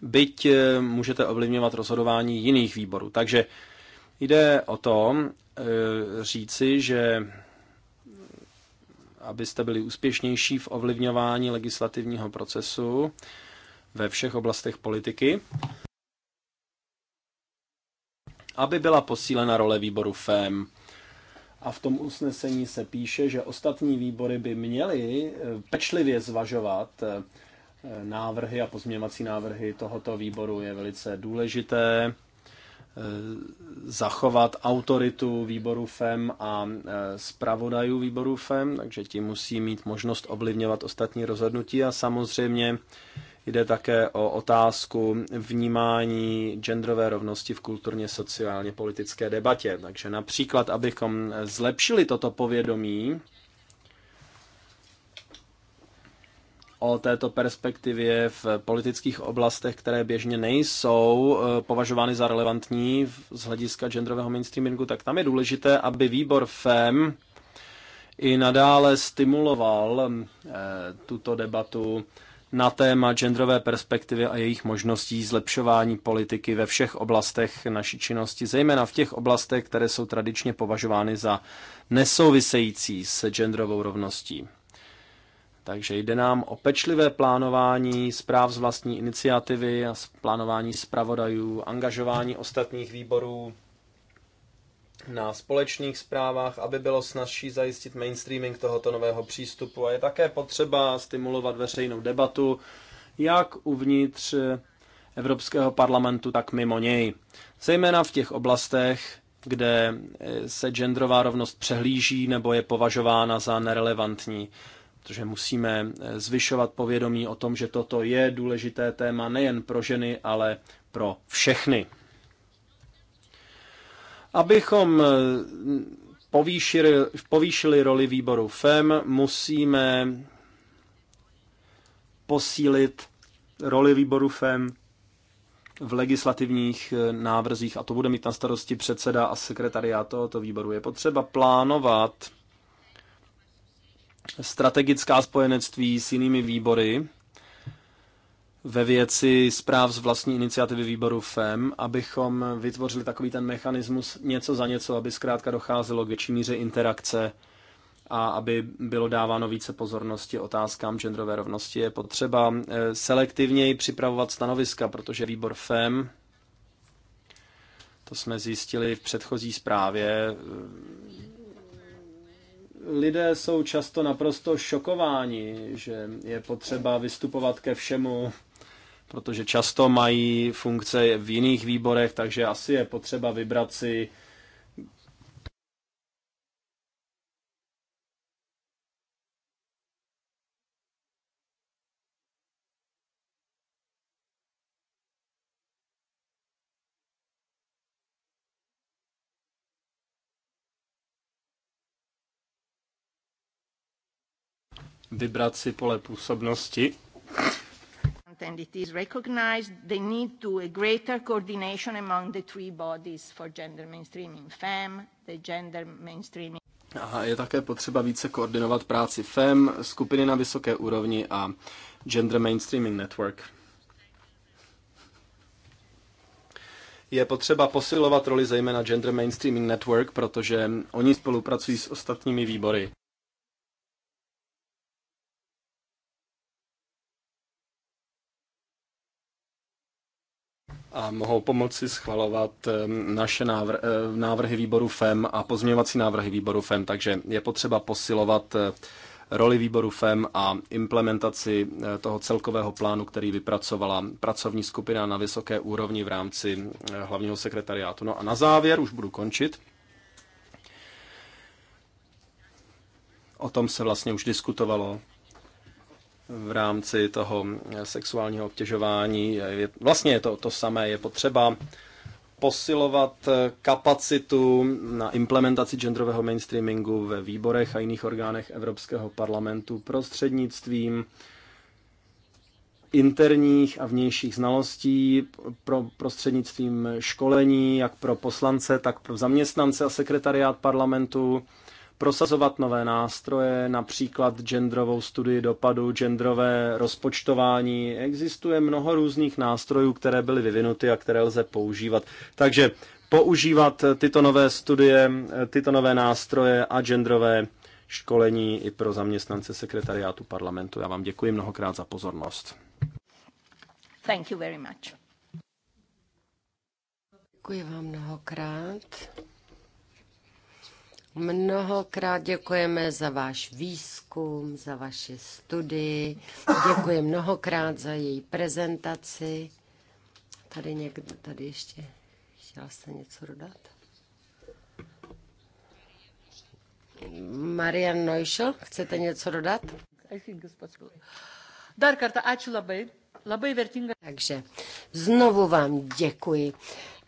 byť eh, můžete ovlivňovat rozhodování jiných výborů. Takže jde o to eh, říci, že abyste byli úspěšnější v ovlivňování legislativního procesu ve všech oblastech politiky, aby byla posílena role výboru FEM. A v tom usnesení se píše, že ostatní výbory by měly eh, pečlivě zvažovat eh, návrhy a pozměňovací návrhy tohoto výboru. Je velice důležité eh, zachovat autoritu výboru FEM a zpravodajů výboru FEM, takže ti musí mít možnost ovlivňovat ostatní rozhodnutí a samozřejmě Jde také o otázku vnímání genderové rovnosti v kulturně sociálně politické debatě. Takže například, abychom zlepšili toto povědomí o této perspektivě v politických oblastech, které běžně nejsou eh, považovány za relevantní z hlediska genderového mainstreamingu, tak tam je důležité, aby výbor FEM i nadále stimuloval eh, tuto debatu na téma genderové perspektivy a jejich možností zlepšování politiky ve všech oblastech naší činnosti, zejména v těch oblastech, které jsou tradičně považovány za nesouvisející s genderovou rovností. Takže jde nám o pečlivé plánování zpráv z vlastní iniciativy a plánování zpravodajů, angažování ostatních výborů, na společných zprávách, aby bylo snazší zajistit mainstreaming tohoto nového přístupu. A je také potřeba stimulovat veřejnou debatu, jak uvnitř Evropského parlamentu, tak mimo něj. Zejména v těch oblastech, kde se genderová rovnost přehlíží nebo je považována za nerelevantní, protože musíme zvyšovat povědomí o tom, že toto je důležité téma nejen pro ženy, ale pro všechny. Abychom eh, povýšili, povýšili roli výboru FEM, musíme posílit roli výboru FEM v legislativních eh, návrzích, a to bude mít na starosti předseda a sekretariát tohoto výboru. Je potřeba plánovat strategická spojenectví s jinými výbory, ve věci zpráv z vlastní iniciativy výboru FEM, abychom vytvořili takový ten mechanismus něco za něco, aby zkrátka docházelo k větší míře interakce a aby bylo dáváno více pozornosti otázkám genderové rovnosti. Je potřeba eh, selektivněji připravovat stanoviska, protože výbor FEM, to jsme zjistili v předchozí zprávě, eh, lidé jsou často naprosto šokováni, že je potřeba vystupovat ke všemu, protože často mají funkce v jiných výborech, takže asi je potřeba vybrat si vybrat si pole působnosti important and it is recognized the need to a greater coordination among the three bodies for gender mainstreaming FEM, the gender mainstreaming a je také potřeba více koordinovat práci FEM, skupiny na vysoké úrovni a Gender Mainstreaming Network. Je potřeba posilovat roli zejména Gender Mainstreaming Network, protože oni spolupracují s ostatními výbory. a mohou pomoci schvalovat eh, naše návr- eh, návrhy výboru FEM a pozměňovací návrhy výboru FEM, takže je potřeba posilovat eh, roli výboru FEM a implementaci toho celkového plánu, který vypracovala pracovní skupina na vysoké úrovni v rámci hlavního sekretariátu. No a na závěr už budu končit. O tom se vlastně už diskutovalo v rámci toho sexuálního obtěžování. Vlastně je to to samé, je potřeba posilovat kapacitu na implementaci genderového mainstreamingu ve výborech a jiných orgánech Evropského parlamentu prostřednictvím interních a vnějších znalostí, pro prostřednictvím školení, jak pro poslance, tak pro zaměstnance a sekretariát parlamentu, prosazovat nové nástroje, například genderovou studii dopadu, genderové rozpočtování. Existuje mnoho různých nástrojů, které byly vyvinuty a které lze používat. Takže používat tyto nové studie, tyto nové nástroje a genderové školení i pro zaměstnance sekretariátu parlamentu. Já vám děkuji mnohokrát za pozornost. Thank you very much. Děkuji vám mnohokrát. Mnohokrát děkujeme za váš výzkum, za vaši studii. Děkuji mnohokrát za její prezentaci. Tady někdo, tady ještě chtěla jste něco dodat? Marian Neuschel, chcete něco dodat? Dar ačiū labai. Labai vertinga. Takže znovu vám děkuji.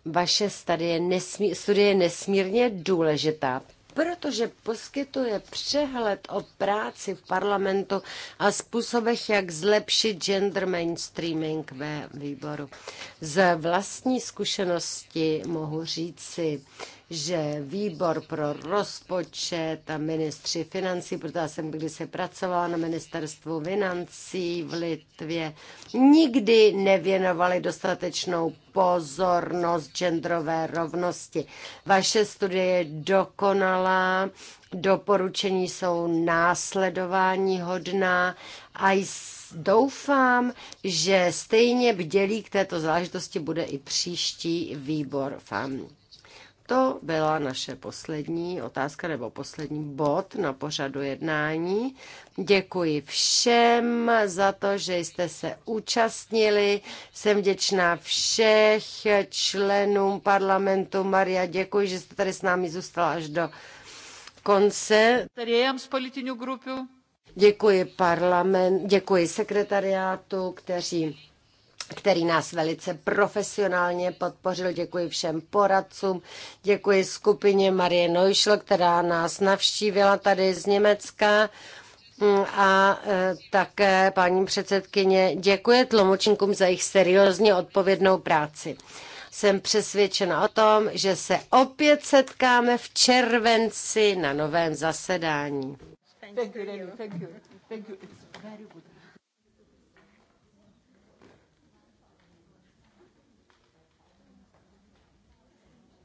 Vaše studie je, studie je nesmírně důležitá protože poskytuje přehled o práci v parlamentu a způsobech, jak zlepšit gender mainstreaming ve výboru. Z vlastní zkušenosti mohu říci, že výbor pro rozpočet a ministři financí, protože já jsem když se pracovala na ministerstvu financí v Litvě, nikdy nevěnovali dostatečnou pozornost genderové rovnosti. Vaše studie je dokonalá, doporučení jsou následování hodná a doufám, že stejně bdělí k této záležitosti bude i příští výbor FAM. To byla naše poslední otázka nebo poslední bod na pořadu jednání. Děkuji všem za to, že jste se účastnili. Jsem vděčná všech členům parlamentu. Maria, děkuji, že jste tady s námi zůstala až do konce. Tarėjams politinių grupių. Děkuji parlament, děkuji sekretariátu, kteří který nás velice profesionálně podpořil. Děkuji všem poradcům, děkuji skupině Marie Neuschl, která nás navštívila tady z Německa. Mm, a e, také paní předsedkyně děkuje tlumočníkům za jejich seriózně odpovědnou práci. Jsem přesvědčena o tom, že se opět setkáme v červenci na novém zasedání. Thank you. Thank you. Thank you. It's very good.